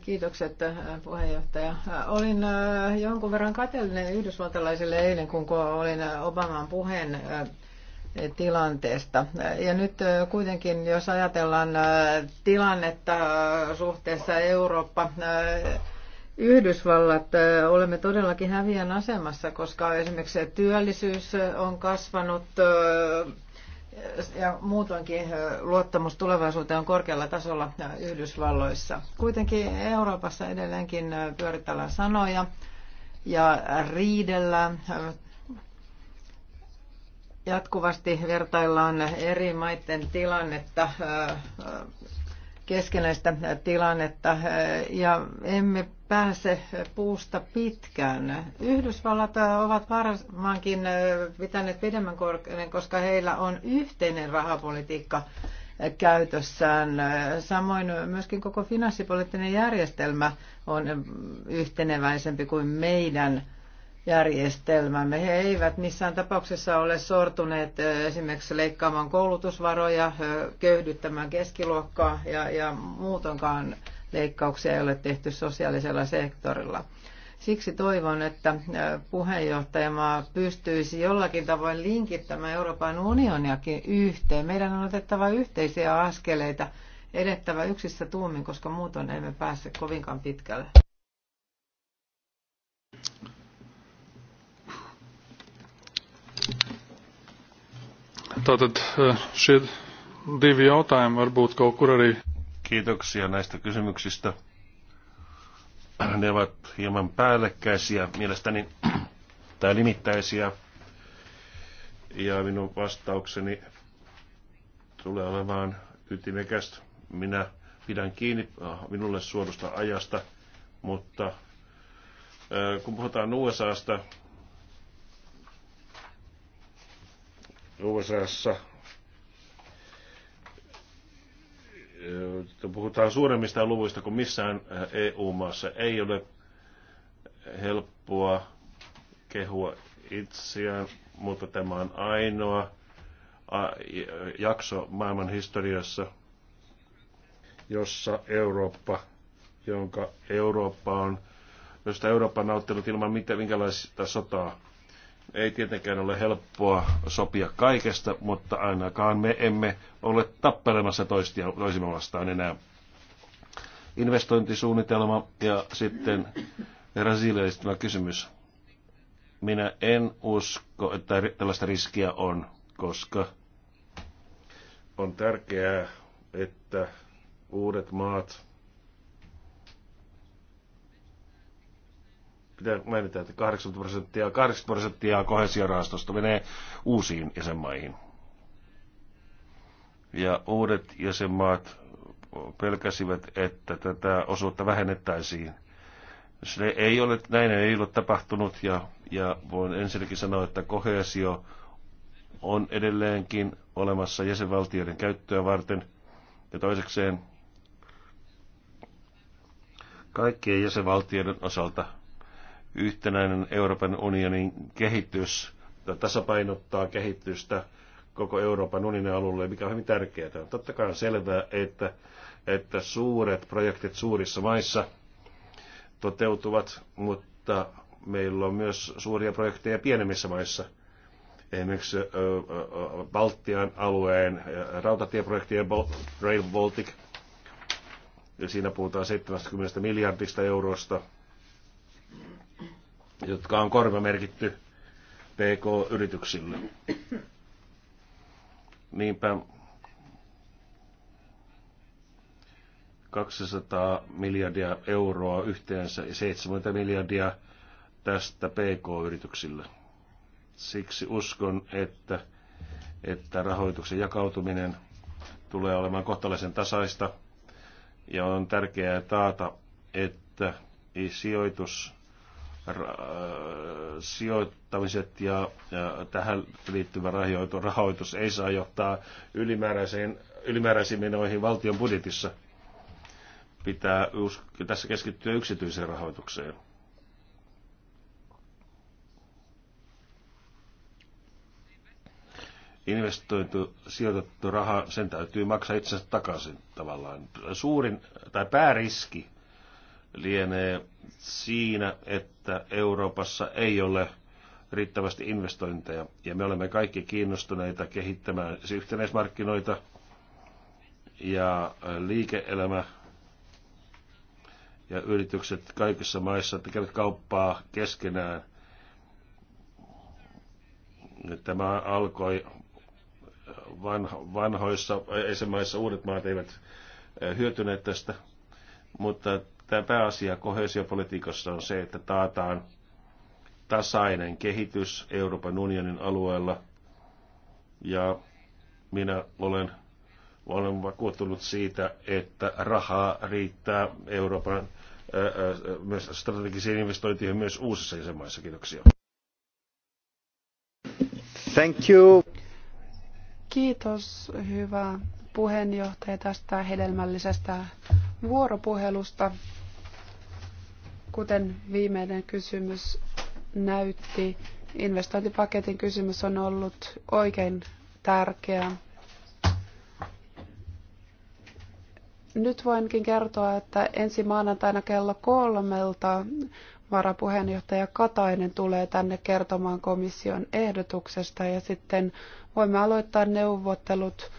Kiitokset eh, puheenjohtaja. Olin eh, jonkun verran kateellinen yhdysvaltalaisille eilen, kun olin eh, Obaman puheen tilanteesta. Ja nyt kuitenkin, jos ajatellaan tilannetta suhteessa Eurooppa Yhdysvallat, olemme todellakin häviän asemassa, koska esimerkiksi työllisyys on kasvanut ja muutoinkin luottamus tulevaisuuteen on korkealla tasolla Yhdysvalloissa. Kuitenkin Euroopassa edelleenkin pyöritellään sanoja ja riidellään. Jatkuvasti vertaillaan eri maiden tilannetta keskinäistä tilannetta ja emme pääse puusta pitkään. Yhdysvallat ovat varmaankin pitäneet pidemmän korkeuden, koska heillä on yhteinen rahapolitiikka käytössään. Samoin myöskin koko finanssipoliittinen järjestelmä on yhteneväisempi kuin meidän järjestelmämme. He eivät missään tapauksessa ole sortuneet esimerkiksi leikkaamaan koulutusvaroja, köyhdyttämään keskiluokkaa ja, ja muutenkaan leikkauksia ei ole tehty sosiaalisella sektorilla. Siksi toivon, että puheenjohtajamaa pystyisi jollakin tavoin linkittämään Euroopan unioniakin yhteen. Meidän on otettava yhteisiä askeleita, edettävä yksissä tuumin, koska muuten emme pääse kovinkaan pitkälle. Tātad eh, šie divi jautājumi varbūt kaut kur arī. Kiitoksia näistä kysymyksistä. Ne ovat hieman päällekkäisiä mielestäni tai limittäisiä. Ja minun vastaukseni tulee olemaan ytimekäs. Minä pidän kiinni äh, minulle suodusta ajasta, mutta äh, kun puhutaan USAsta, USAssa puhutaan suuremmista luvuista kuin missään EU-maassa. Ei ole helppoa kehua itseään, mutta tämä on ainoa jakso maailman historiassa, jossa Eurooppa, jonka Eurooppa on, josta Eurooppa on nauttinut ilman minkälaista sotaa. Ei tietenkään ole helppoa sopia kaikesta, mutta ainakaan me emme ole tappelemassa toistia, toisimme vastaan enää. Investointisuunnitelma ja sitten rasiilialistuma kysymys. Minä en usko, että tällaista riskiä on, koska on tärkeää, että uudet maat pitää mainita, että 80 prosenttia, 80 prosenttia kohesiorahastosta menee uusiin jäsenmaihin. Ja uudet jäsenmaat pelkäsivät, että tätä osuutta vähennettäisiin. Se ei ole, näin ei ole tapahtunut ja, ja voin ensinnäkin sanoa, että kohesio on edelleenkin olemassa jäsenvaltioiden käyttöä varten. Ja toisekseen kaikkien jäsenvaltioiden osalta yhtenäinen Euroopan unionin kehitys tasapainottaa kehitystä koko Euroopan unionin alueelle, mikä on hyvin tärkeää. Totta kai on selvää, että, että suuret projektit suurissa maissa toteutuvat, mutta meillä on myös suuria projekteja pienemmissä maissa. Esimerkiksi Baltian alueen rautatieprojektien Rail Baltic, siinä puhutaan 70 miljardista eurosta – jotka on korvamerkitty PK-yrityksille. Niinpä 200 miljardia euroa yhteensä ja 70 miljardia tästä PK-yrityksille. Siksi uskon, että, että rahoituksen jakautuminen tulee olemaan kohtalaisen tasaista ja on tärkeää taata, että sijoitus Äh, sijoittamiset ja, ja tähän liittyvä rahoitus ei saa johtaa ylimääräisiin, ylimääräisiin menoihin valtion budjetissa. Pitää tässä keskittyä yksityiseen rahoitukseen. investoitu, sijoitettu raha, sen täytyy maksaa itsensä takaisin tavallaan. Suurin tai pääriski lienee siinä, että Euroopassa ei ole riittävästi investointeja. Ja me olemme kaikki kiinnostuneita kehittämään yhtenäismarkkinoita ja liike-elämä ja yritykset kaikissa maissa tekevät kauppaa keskenään. Tämä alkoi vanhoissa esimaissa, uudet maat eivät hyötyneet tästä, mutta tämä pääasia kohesiopolitiikassa on se, että taataan tasainen kehitys Euroopan unionin alueella. Ja minä olen, olen vakuuttunut siitä, että rahaa riittää Euroopan myös strategisiin investointiin myös uusissa jäsenmaissa. Kiitoksia. Thank you. Kiitos, hyvä puheenjohtaja, tästä hedelmällisestä vuoropuhelusta. Kuten viimeinen kysymys näytti, investointipaketin kysymys on ollut oikein tärkeä. Nyt voinkin kertoa, että ensi maanantaina kello kolmelta varapuheenjohtaja Katainen tulee tänne kertomaan komission ehdotuksesta ja sitten voimme aloittaa neuvottelut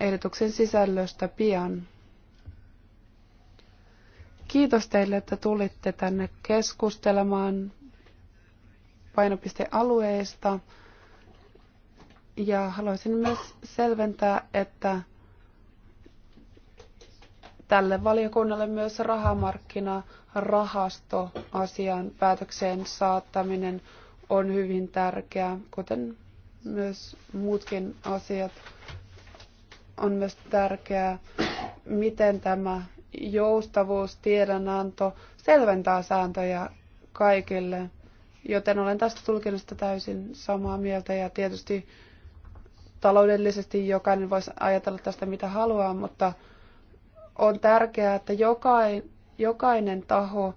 ehdotuksen sisällöstä pian. Kiitos teille, että tulitte tänne keskustelemaan painopistealueista. Ja haluaisin myös selventää, että tälle valiokunnalle myös rahamarkkinarahasto asian päätökseen saattaminen on hyvin tärkeää, kuten myös muutkin asiat on myös tärkeää, miten tämä joustavuus, tiedonanto selventää sääntöjä kaikille, joten olen tästä tulkinnasta täysin samaa mieltä ja tietysti taloudellisesti jokainen voisi ajatella tästä mitä haluaa, mutta on tärkeää, että jokainen, jokainen taho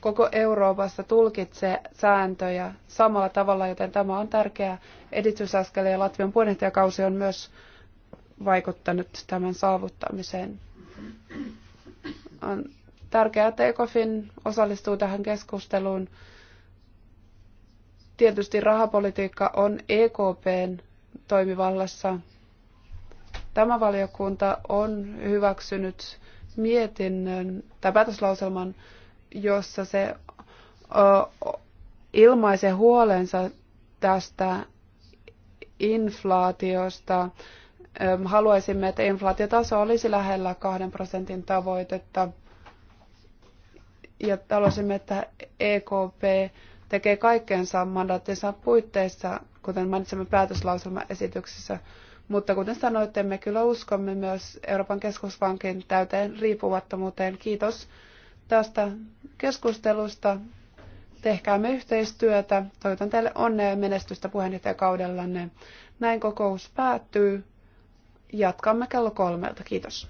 koko Euroopassa tulkitsee sääntöjä samalla tavalla, joten tämä on tärkeä edistysaskel ja Latvian puheenjohtajakausi on myös vaikuttanut tämän saavuttamiseen. On tärkeää, että ECOFIN osallistuu tähän keskusteluun. Tietysti rahapolitiikka on EKPn toimivallassa. Tämä valiokunta on hyväksynyt mietinnön tai päätöslauselman, jossa se ilmaisee huolensa tästä inflaatiosta haluaisimme, että inflaatiotaso olisi lähellä kahden prosentin tavoitetta. Ja haluaisimme, että EKP tekee kaikkeensa mandaattinsa puitteissa, kuten mainitsemme päätöslauselmaesityksessä. Mutta kuten sanoitte, me kyllä uskomme myös Euroopan keskuspankin täyteen riippumattomuuteen. Kiitos tästä keskustelusta. Tehkäämme yhteistyötä. Toivotan teille onnea ja menestystä puheenjohtajakaudellanne. Näin kokous päättyy. Jatkamme kello kolmelta. Kiitos.